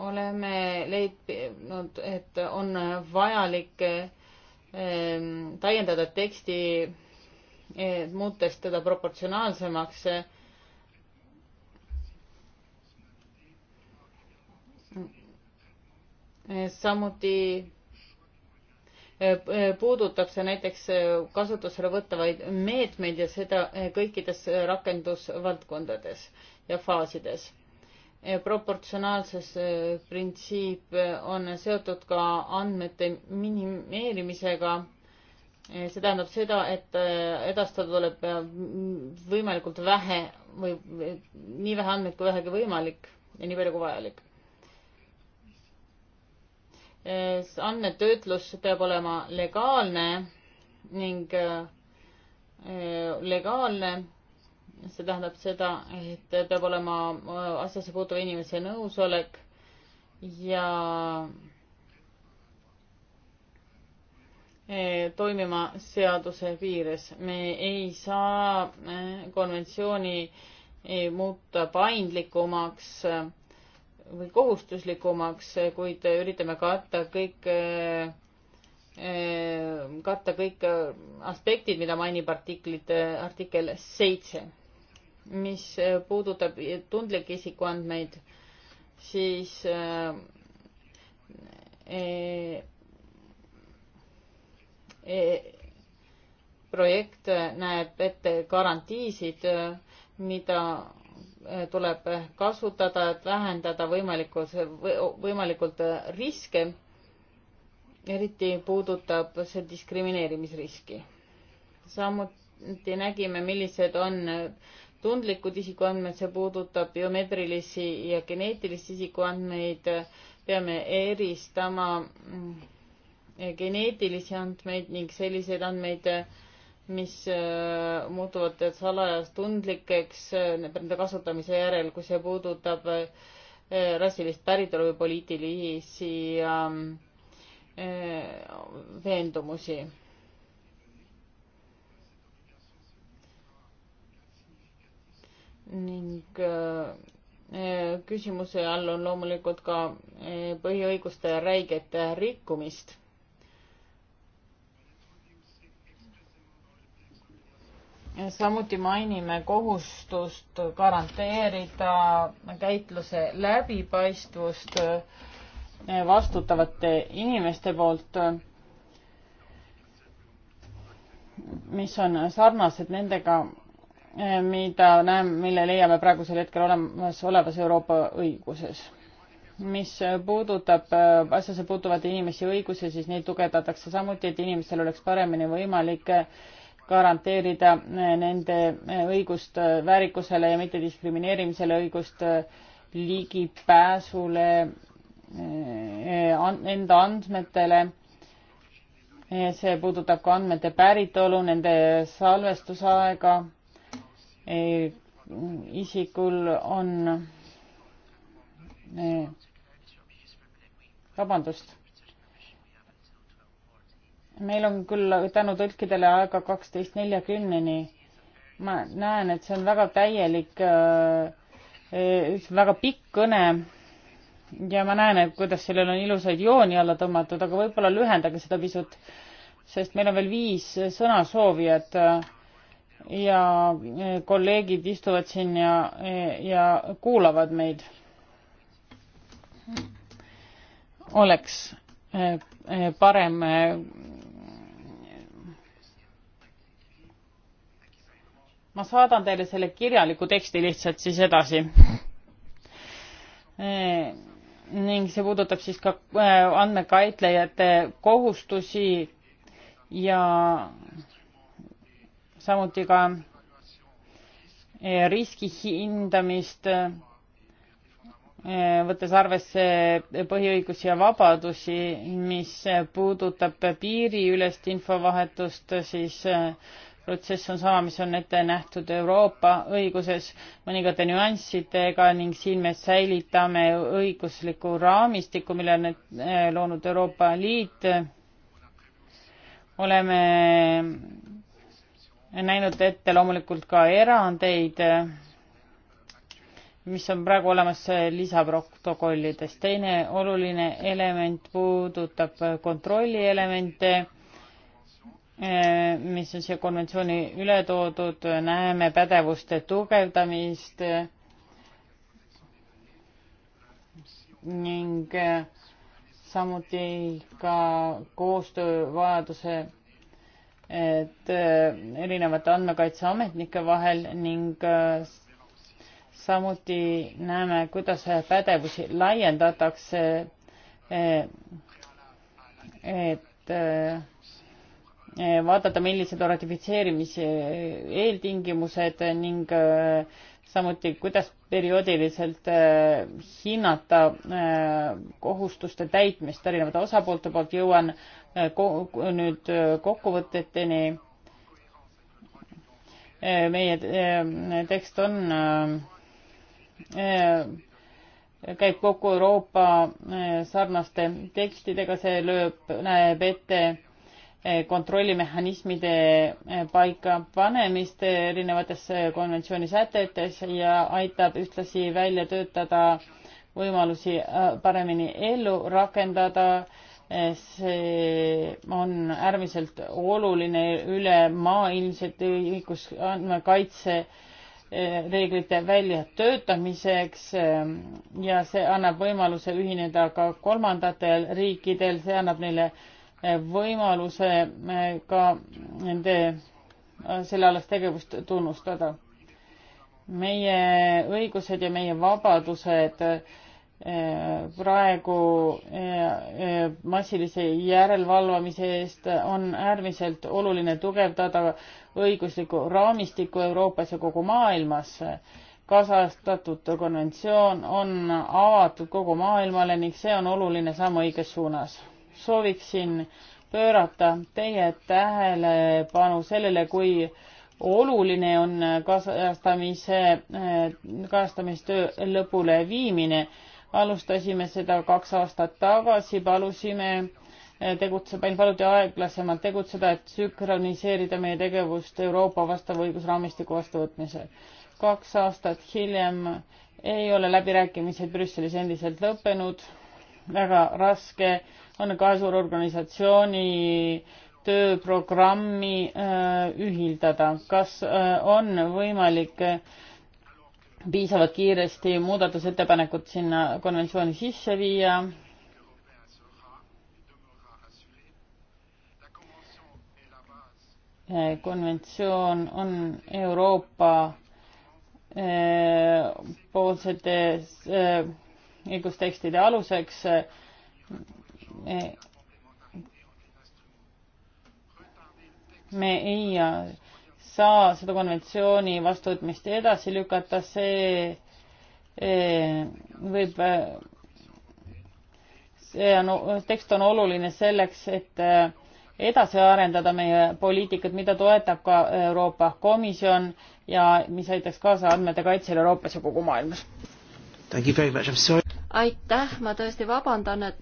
oleme leidnud, et on vajalik ehm, täiendada teksti, muutes teda proportsionaalsemaks. samuti eh, puudutab see näiteks kasutusele võtavaid meetmeid ja seda kõikides rakendusvaldkondades ja faasides proportsionaalsus äh, printsiip äh, on seotud ka andmete minimeerimisega. Äh, see tähendab seda, et edastada tuleb võimalikult vähe või nii vähe andmeid kui vähegi võimalik ja nii palju kui vajalik. andmetöötlus peab olema legaalne ning legaalne see tähendab seda, et peab olema äh, asjasse puutuva inimese nõusolek ja äh, toimima seaduse piires. me ei saa äh, konventsiooni muuta paindlikumaks või kohustuslikumaks, kuid üritame katta kõik, katta kõik aspektid, mida mainib artiklid, artikkel seitse mis äh, puudutab tundlikke isikuandmeid, siis äh, äh, projekt näeb ette garantiisid, mida tuleb kasutada, et vähendada võimalikult, võimalikult riske. eriti puudutab see diskrimineerimisriski. samuti nägime, millised on tundlikud isikuandmed, see puudutab biomeetrilisi ja geneetilisi isikuandmeid, peame eristama mm, geneetilisi andmeid ning selliseid andmeid, mis äh, muutuvad salajas tundlikeks äh, nende kasutamise järel, kui see puudutab äh, rassilist päritolu või poliitilisi ähm, veendumusi ning äh, äh, küsimuse all on loomulikult ka äh, põhiõiguste räiget rikkumist. samuti mainime kohustust garanteerida käitluse läbipaistvust vastutavate inimeste poolt, mis on sarnased nendega, mida näeme, mille leiame praegusel hetkel olemasolevas Euroopa õiguses. mis puudutab asjasse puutuvaid inimesi õigusi, siis neid tugevdatakse samuti, et inimestel oleks paremini võimalik garanteerida nende õigust väärikusele ja mittediskrimineerimisele, õigust ligipääsule eh, enda andmetele. see puudutab ka andmete päritolu, nende salvestusaega isikul on, e, vabandust, meil on küll tänu tõlkidele aega kaksteist neljakümneni. ma näen, et see on väga täielik, e, e, väga pikk kõne ja ma näen, et kuidas sellel on ilusaid jooni alla tõmmatud, aga võib-olla lühendage seda pisut, sest meil on veel viis sõnasoovijat ja e, kolleegid istuvad siin ja, e, ja kuulavad meid. oleks e, parem ma saadan teile selle kirjaliku teksti lihtsalt siis edasi e. ning see puudutab siis ka andmekaitlejate kohustusi ja samuti ka eh, riski hindamist, eh, võttes arvesse põhiõigusi ja vabadusi, mis puudutab piiriülest infovahetust, siis eh, protsess on sama, mis on ette nähtud Euroopa õiguses mõningate nüanssidega ning siin me säilitame õigusliku raamistiku, mille on loonud Euroopa Liit. oleme näinud ette loomulikult ka erandeid, mis on praegu olemas lisaprotokollides. teine oluline element puudutab kontrolli elemente, mis on siia konventsiooni üle toodud, näeme pädevuste tugevdamist ning samuti ka koostöövajaduse et äh, erinevate andmekaitseametnike vahel ning äh, samuti näeme, kuidas pädevusi laiendatakse, äh, et vaadata, millised on ratifitseerimise eeltingimused ning samuti, kuidas perioodiliselt hinnata kohustuste täitmist erinevate osapoolte poolt, jõuan Äh, nüüd äh, kokkuvõteteni. Äh, meie tekst on, käib kokku Euroopa sarnaste tekstidega, see lööb, näeb ette kontrollimehhanismide paikapanemist erinevates konventsiooni sätetes ja aitab ühtlasi välja töötada võimalusi paremini ellu rakendada äh, see on äärmiselt oluline ülemaailmsete õigusandmekaitse eh, reeglite väljatöötamiseks eh, ja see annab võimaluse ühineda ka kolmandatel riikidel, see annab neile eh, võimaluse ka nende sellealast tegevust tunnustada. meie õigused ja meie vabadused äh, praegu eh, eh, massilise järelvalvamise eest on äärmiselt oluline tugevdada õiguslikku raamistikku Euroopas ja kogu maailmas. kaasajastatud konventsioon on avatud kogu maailmale ning see on oluline samm õiges suunas. sooviksin pöörata teie tähelepanu sellele, kui oluline on kaasajastamise, eh, kaasajastamistöö lõpule viimine alustasime seda kaks aastat tagasi, palusime eh, tegutseb, ainult paluti aeglasemalt tegutseda, et sünkroniseerida meie tegevust Euroopa vastava õigusraamistiku vastuvõtmisel. kaks aastat hiljem ei ole läbirääkimised Brüsselis endiselt lõppenud, väga raske on kahe suure organisatsiooni tööprogrammi eh, ühildada, kas eh, on võimalik piisavalt kiiresti muudatusettepanekud sinna konventsiooni sisse viia. konventsioon on Euroopa eh, poolsete eh, õigustekstide aluseks. Eh, me ei saa seda konventsiooni vastuvõtmist edasi lükata, see eh, võib, see on, tekst on oluline selleks, et eh, edasi arendada meie poliitikat, mida toetab ka Euroopa Komisjon ja mis aitaks kaasa andmete kaitsele Euroopas ja kogu maailmas. aitäh, ma tõesti vabandan, et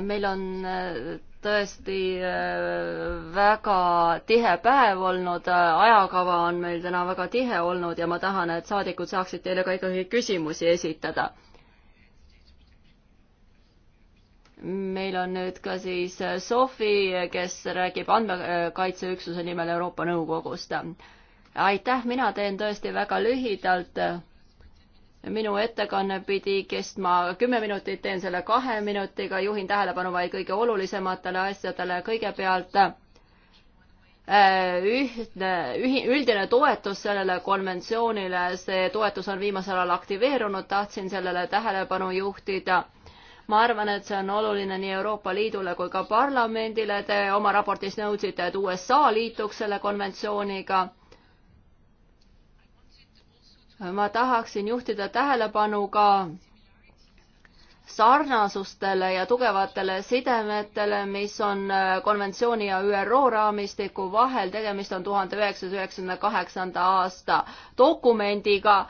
meil on eh, tõesti äh, väga tihe päev olnud, äh, ajakava on meil täna väga tihe olnud ja ma tahan, et saadikud saaksid teile ka ikkagi küsimusi esitada. meil on nüüd ka siis äh, Sofi, kes räägib andmekaitseüksuse nimel Euroopa Nõukogust. aitäh, mina teen tõesti väga lühidalt minu ettekanne pidi kestma kümme minutit, teen selle kahe minutiga, juhin tähelepanu vaid kõige olulisematele asjadele. kõigepealt äh, ühtne, ühi-, üldine toetus sellele konventsioonile, see toetus on viimasel ajal aktiveerunud, tahtsin sellele tähelepanu juhtida ma arvan, et see on oluline nii Euroopa Liidule kui ka parlamendile, te oma raportis nõudsite, et USA liituks selle konventsiooniga ma tahaksin juhtida tähelepanu ka sarnasustele ja tugevatele sidemetele, mis on äh, konventsiooni ja ÜRO raamistiku vahel, tegemist on tuhande üheksasaja üheksakümne kaheksanda aasta dokumendiga.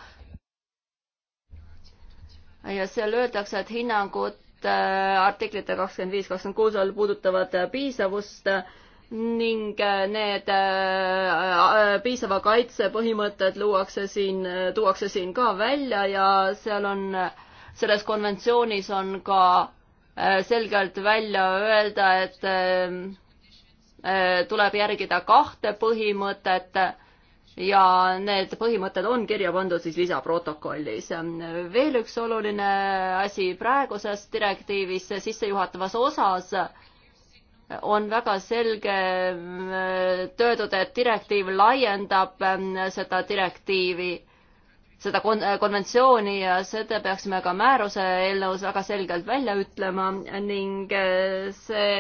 ja seal öeldakse, et hinnangud äh, artiklite kakskümmend viis, kakskümmend kuus all puudutavad äh, piisavust äh, ning äh, need äh, äh, piisava kaitse põhimõtted luuakse siin, tuuakse siin ka välja ja seal on, selles konventsioonis on ka selgelt välja öelda, et tuleb järgida kahte põhimõtet ja need põhimõtted on kirja pandud siis lisaprotokollis. veel üks oluline asi praeguses direktiivis sissejuhatavas osas on väga selge mm, töötud, et direktiiv laiendab mm, seda direktiivi, seda kon-, konventsiooni ja seda peaksime ka määruse eelnõus väga selgelt välja ütlema ning eh, see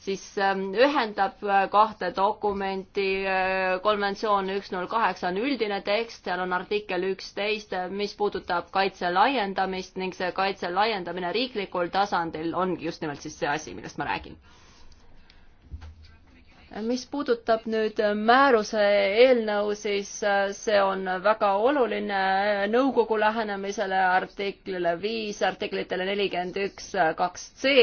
siis mm, ühendab eh, kahte dokumenti, eh, konventsioon üks null kaheksa on üldine tekst, seal on artikkel üksteist, mis puudutab kaitse laiendamist ning see kaitse laiendamine riiklikul tasandil ongi just nimelt siis see asi, millest ma räägin mis puudutab nüüd määruse eelnõu, siis äh, see on väga oluline nõukogu lähenemisele artiklile viis, artiklitele nelikümmend üks, äh, kaks C.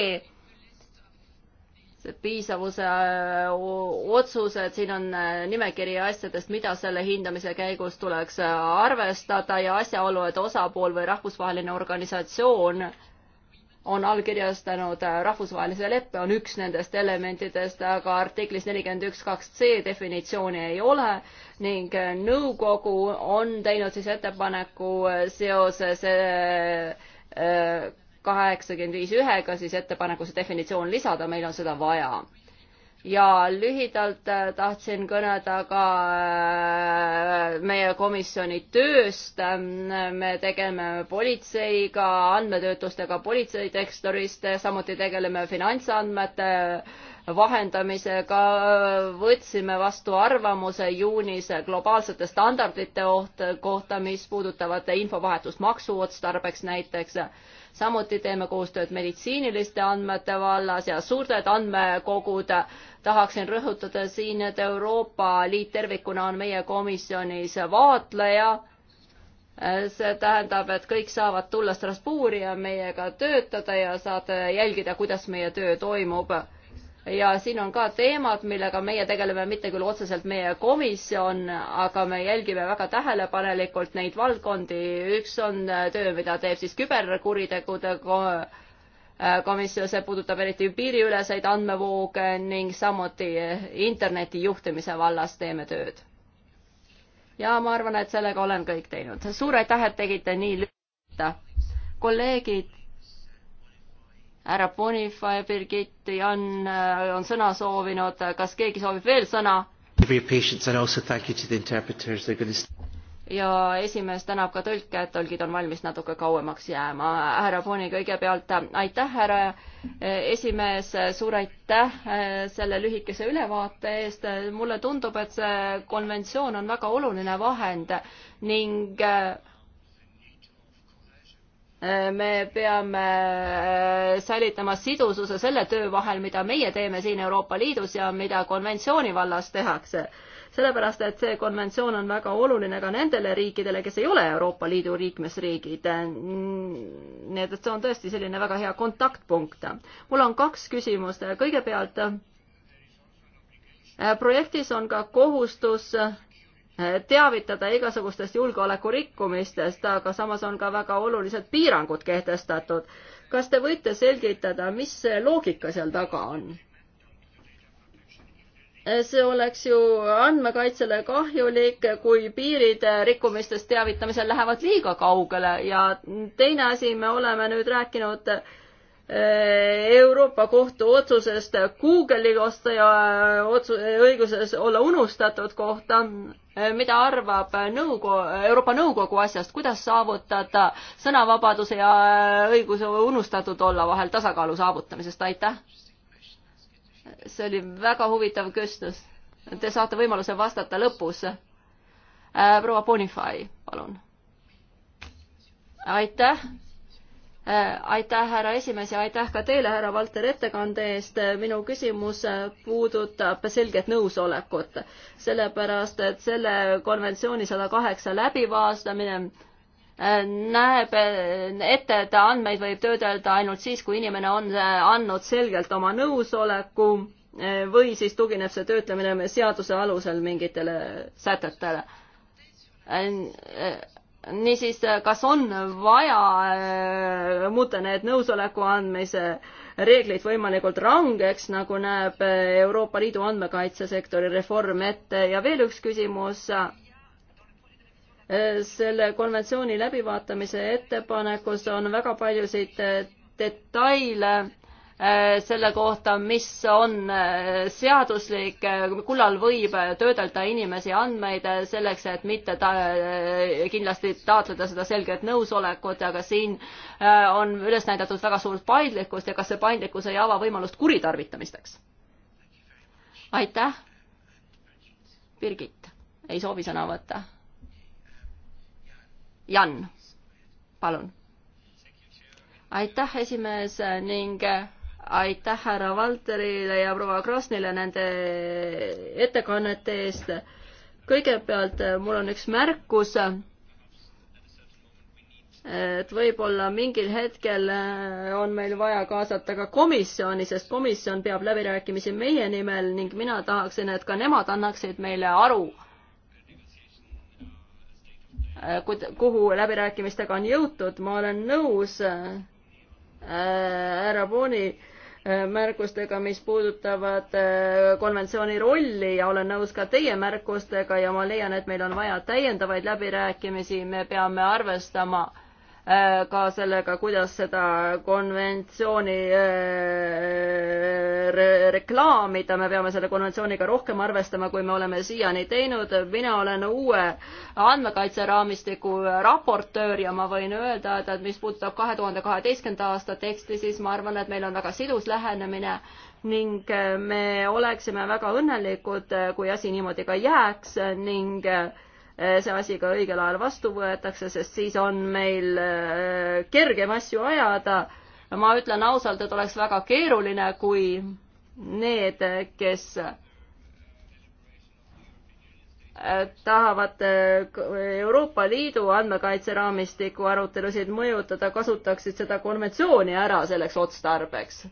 see piisavuse äh, otsused, siin on nimekiri asjadest, mida selle hindamise käigus tuleks arvestada ja asjaolu, et osapool või rahvusvaheline organisatsioon on allkirjastanud äh, rahvusvahelise leppe, on üks nendest elementidest, aga artiklis nelikümmend üks kaks C definitsiooni ei ole ning äh, nõukogu on teinud siis ettepaneku äh, seoses kaheksakümmend viis ühega siis ettepaneku see definitsioon lisada, meil on seda vaja ja lühidalt äh, tahtsin kõneda ka äh, meie komisjoni tööst. Ähm, me tegeleme politseiga, andmetöötlustega politseitektorist, samuti tegeleme finantsandmete vahendamisega, võtsime vastu arvamuse juunis globaalsete standardite oht, kohta, mis puudutavad infovahetust maksuotstarbeks näiteks. samuti teeme koostööd meditsiiniliste andmete vallas ja suured andmekogud tahaksin rõhutada siin, et Euroopa Liit tervikuna on meie komisjonis vaatleja see tähendab, et kõik saavad tulla Strasbourgi ja meiega töötada ja saate jälgida, kuidas meie töö toimub. ja siin on ka teemad, millega meie tegeleme, mitte küll otseselt meie komisjon, aga me jälgime väga tähelepanelikult neid valdkondi. üks on töö, mida teeb siis küberkuritegude komisjon, see puudutab eriti piiriüleseid andmevooge ning samuti interneti juhtimise vallas teeme tööd. ja ma arvan, et sellega olen kõik teinud. suur aitäh, et tegite nii lühidalt. kolleegid, härra Bonifay, Birgit, Jan äh, on sõna soovinud, kas keegi soovib veel sõna? ja esimees tänab ka tõlke, et tõlgid on valmis natuke kauemaks jääma. härra Pooni kõigepealt aitäh, härra eh, esimees, suur aitäh eh, selle lühikese ülevaate eest. mulle tundub, et see konventsioon on väga oluline vahend ning eh, me peame säilitama sidususe selle töö vahel, mida meie teeme siin Euroopa Liidus ja mida konventsiooni vallas tehakse sellepärast et see konventsioon on väga oluline ka nendele riikidele, kes ei ole Euroopa Liidu liikmesriigid. nii et, et see on tõesti selline väga hea kontaktpunkt. mul on kaks küsimust, kõigepealt projektis on ka kohustus teavitada igasugustest julgeoleku rikkumistest, aga samas on ka väga olulised piirangud kehtestatud. kas te võite selgitada, mis loogika seal taga on? see oleks ju andmekaitsele kahjulik, kui piirid rikkumistest teavitamisel lähevad liiga kaugele ja teine asi, me oleme nüüd rääkinud eh, Euroopa Kohtu otsusest Google'i kohta ja eh, otsu-, õiguses olla unustatud kohta. Eh, mida arvab nõukogu, Euroopa Nõukogu asjast, kuidas saavutada sõnavabaduse ja õiguse unustatud olla vahel tasakaalu saavutamisest, aitäh! see oli väga huvitav küsimus. Te saate võimaluse vastata lõpus. Äh, proua Bonifay, palun. aitäh. Äh, aitäh, härra esimees ja aitäh ka teile, härra Valter, ettekande eest. minu küsimus puudutab selget nõusolekut, sellepärast et selle konventsiooni sada kaheksa läbivaastamine äh, näeb ette, et andmeid võib töödelda ainult siis, kui inimene on andnud selgelt oma nõusoleku või siis tugineb see töötlemine seaduse alusel mingitele sätetele. niisiis, kas on vaja äh, muuta need nõusoleku andmise reeglid võimalikult rangeks, nagu näeb Euroopa Liidu andmekaitsesektori reform ette ja veel üks küsimus äh, selle konventsiooni läbivaatamise ettepanekus on väga paljusid detaile Äh, selle kohta, mis on äh, seaduslik, äh, kullal võib töödelda inimesi andmeid selleks, et mitte ta, kindlasti taotleda seda selget nõusolekut, aga siin on üles näidatud väga suurt paindlikkust ja kas see paindlikkus ei ava võimalust kuritarvitamisteks? aitäh. Birgit, ei soovi sõna võtta? Jan, palun. aitäh, esimees ning aitäh härra Valterile ja proua Krasnile nende ettekannete eest. kõigepealt eh, mul on üks märkus. et võib-olla mingil hetkel eh, on meil vaja kaasata ka komisjoni, sest komisjon peab läbirääkimisi meie nimel ning mina tahaksin, et ka nemad annaksid meile aru, eh, kuhu läbirääkimistega on jõutud. ma olen nõus härra Booni Äh, märkustega, mis puudutavad äh, konventsiooni rolli ja olen nõus ka teie märkustega ja ma leian, et meil on vaja täiendavaid läbirääkimisi, me peame arvestama äh, Äh, ka sellega, kuidas seda konventsiooni äh, re reklaamida, me peame selle konventsiooniga rohkem arvestama, kui me oleme siiani teinud. mina olen uue andmekaitseraamistiku raportöör ja ma võin öelda, et, et mis puudutab kahe tuhande kaheteistkümnenda aasta teksti, siis ma arvan, et meil on väga sidus lähenemine ning äh, me oleksime väga õnnelikud, kui asi niimoodi ka jääks ning äh, Eh, see asi ka õigel ajal vastu võetakse, sest siis on meil eh, kergem asju ajada. ma ütlen ausalt, et oleks väga keeruline, kui need, kes eh, tahavad Euroopa Liidu andmekaitseraamistiku arutelusid mõjutada, kasutaksid seda konventsiooni ära selleks otstarbeks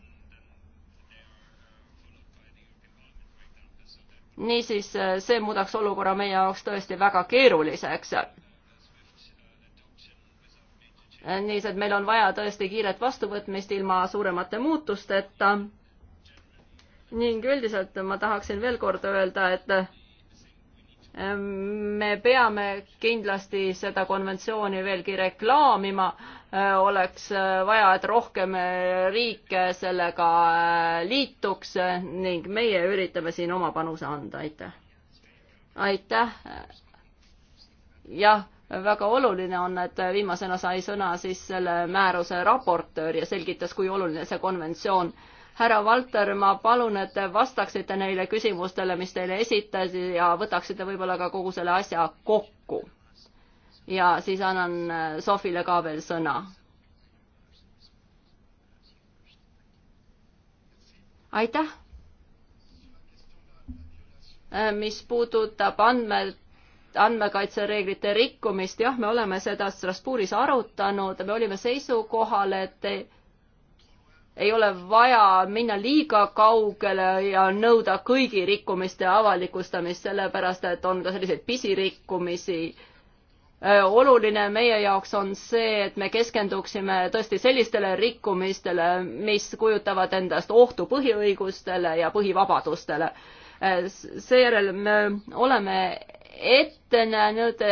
niisiis, eh, see muudaks olukorra meie jaoks tõesti väga keeruliseks. Eh, niisiis, et meil on vaja tõesti kiiret vastuvõtmist ilma suuremate muutusteta. ning üldiselt ma tahaksin veel kord öelda, et Ehm, me peame kindlasti seda konventsiooni veelgi reklaamima, ehm, oleks ehm, vaja, et rohkem riike sellega liituks ning meie üritame siin oma panuse anda, aitäh. aitäh. jah, väga oluline on, et viimasena sai sõna siis selle määruse raportöör ja selgitas, kui oluline see konventsioon on härra Valter, ma palun, et te vastaksite neile küsimustele, mis teile esitati ja võtaksite võib-olla ka kogu selle asja kokku. ja siis annan äh, Sofile ka veel sõna. aitäh. Äh, mis puudutab andmed andmekaitsereeglite rikkumist, jah, me oleme seda Strasbourgis arutanud, me olime seisukohal, et ei ole vaja minna liiga kaugele ja nõuda kõigi rikkumiste avalikustamist, sellepärast et on ka selliseid pisirikkumisi. oluline meie jaoks on see, et me keskenduksime tõesti sellistele rikkumistele, mis kujutavad endast ohtu põhiõigustele ja põhivabadustele. seejärel me oleme ette näinud,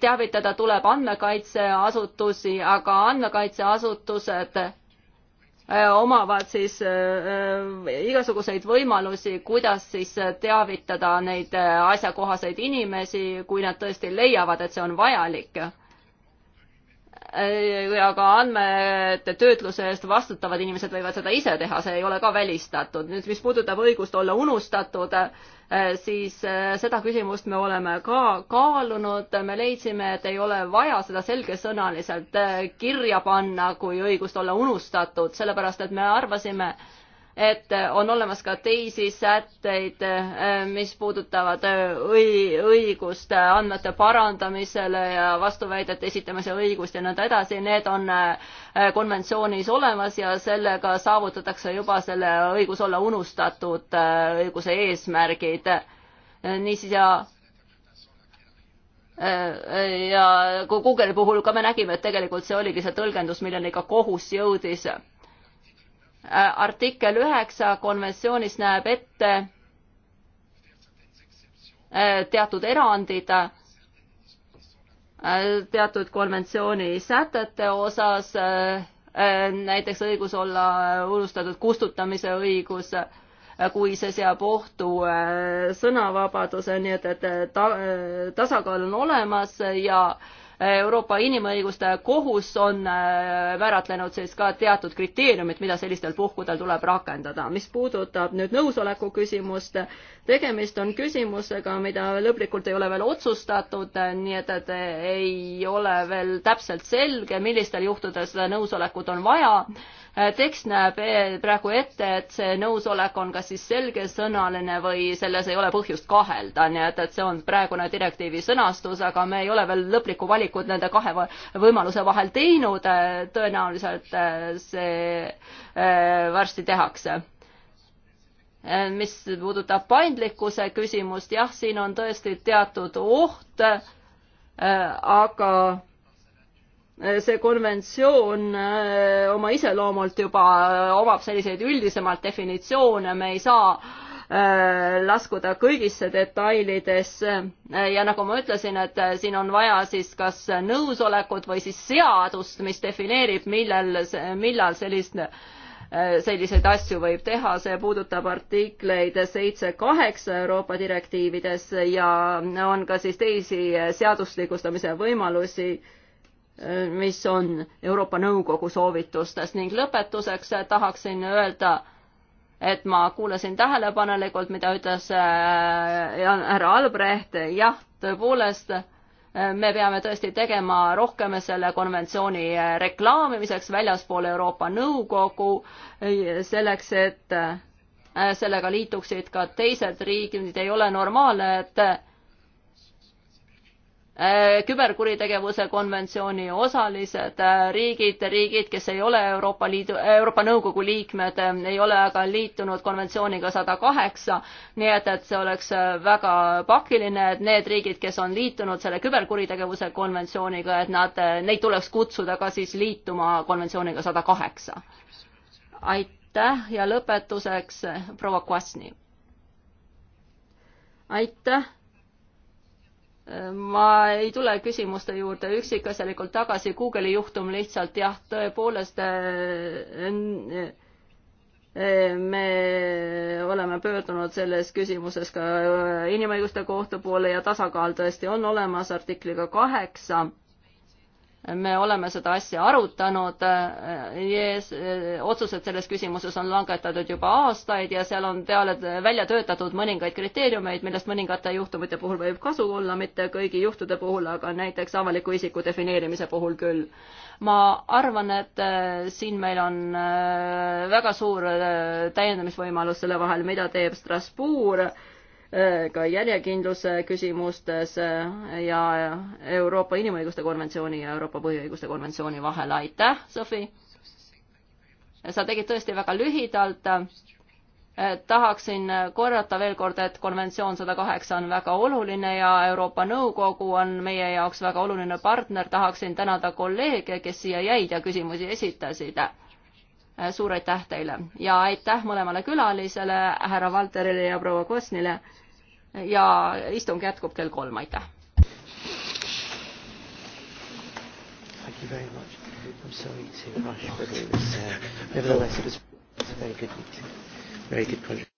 teavitada tuleb andmekaitseasutusi, aga andmekaitseasutused Äh, omavad siis äh, äh, igasuguseid võimalusi, kuidas siis teavitada neid asjakohaseid inimesi, kui nad tõesti leiavad, et see on vajalik Äh, ja ka andmete töötluse eest vastutavad inimesed võivad seda ise teha, see ei ole ka välistatud. nüüd, mis puudutab õigust olla unustatud, äh, siis äh, seda küsimust me oleme ka kaalunud, me leidsime, et ei ole vaja seda selgesõnaliselt kirja panna kui õigust olla unustatud, sellepärast et me arvasime, et on olemas ka teisi sätteid, eh, mis puudutavad eh, õi-, õigust eh, andmete parandamisele ja vastuväidete esitamise õigust ja nõnda edasi, need on konventsioonis olemas ja sellega saavutatakse juba selle õigus olla unustatud õiguse eesmärgid. niisiis ja ja kui Google'i puhul ka me nägime, et tegelikult see oligi see tõlgendus, milleni ka kohus jõudis Äh, artikkel üheksa konventsioonis näeb ette äh, teatud erandid äh, teatud konventsiooni sätete osas, näiteks õigus olla unustatud kustutamise õigus, kui see seab ohtu sõnavabaduse, nii et, et ta, tasakaal on olemas ja äh, Euroopa Inimõiguste Kohus on äh, määratlenud siis ka teatud kriteeriumid, mida sellistel puhkudel tuleb rakendada. mis puudutab nüüd nõusoleku küsimust, tegemist on küsimusega, mida lõplikult ei ole veel otsustatud, nii et, et ei ole veel täpselt selge, millistel juhtudel seda nõusolekut on vaja. tekst näeb e-, praegu ette, et see nõusolek on kas siis selgesõnaline või selles ei ole põhjust kahelda, nii et, et see on praegune direktiivi sõnastus, aga me ei ole veel lõplikku valikut nende kahe võimaluse vahel teinud. tõenäoliselt äh, see äh, varsti tehakse mis puudutab paindlikkuse küsimust, jah, siin on tõesti teatud oht, aga see konventsioon äh, oma iseloomult juba äh, omab selliseid üldisemalt definitsioone, me ei saa äh, laskuda kõigisse detailidesse ja nagu ma ütlesin, et siin on vaja siis kas nõusolekut või siis seadust, mis defineerib, millal, millal sellist Äh, selliseid asju võib teha, see puudutab artikleid seitse, kaheksa Euroopa direktiivides ja on ka siis teisi seaduslikustamise võimalusi, äh, mis on Euroopa Nõukogu soovitustes ning lõpetuseks tahaksin öelda, et ma kuulasin tähelepanelikult, mida ütles äh, härra Albrecht, jah, tõepoolest me peame tõesti tegema rohkem selle konventsiooni eh, reklaamimiseks väljaspool Euroopa Nõukogu, eh, selleks et eh, sellega liituksid ka teised riigid, ei ole normaalne, et Äh, küberkuritegevuse konventsiooni osalised äh, riigid, riigid, kes ei ole Euroopa Liidu, Euroopa Nõukogu liikmed, äh, ei ole aga liitunud konventsiooniga sada kaheksa, nii et, et see oleks väga pakiline, et need riigid, kes on liitunud selle küberkuritegevuse konventsiooniga, et nad, neid tuleks kutsuda ka siis liituma konventsiooniga sada kaheksa. aitäh ja lõpetuseks proua Kvasni. aitäh ma ei tule küsimuste juurde üksikasjalikult tagasi, Google'i juhtum lihtsalt jah, tõepoolest äh, äh, me oleme pöördunud selles küsimuses ka äh, inimõiguste kohtu poole ja tasakaal tõesti on olemas artikliga kaheksa me oleme seda asja arutanud, otsused selles küsimuses on langetatud juba aastaid ja seal on peale välja töötatud mõningaid kriteeriumeid, millest mõningate juhtumite puhul võib kasu olla, mitte kõigi juhtude puhul, aga näiteks avaliku isiku defineerimise puhul küll. ma arvan, et äh, siin meil on äh, väga suur äh, täiendamisvõimalus selle vahel, mida teeb Strasbourg ka järjekindluse küsimustes ja Euroopa Inimõiguste Konventsiooni ja Euroopa Põhiõiguste Konventsiooni vahel. aitäh, Sofi! sa tegid tõesti väga lühidalt. tahaksin korrata veel kord, et konventsioon sada kaheksa on väga oluline ja Euroopa Nõukogu on meie jaoks väga oluline partner. tahaksin tänada kolleege, kes siia jäid ja küsimusi esitasid suur aitäh teile ja aitäh mõlemale külalisele, härra Valterile ja proua Kosnile ja istung jätkub kell kolm, aitäh. Thank you very much. I'm sorry to rush, but it was, uh, nevertheless, it was a very good meeting, very good project.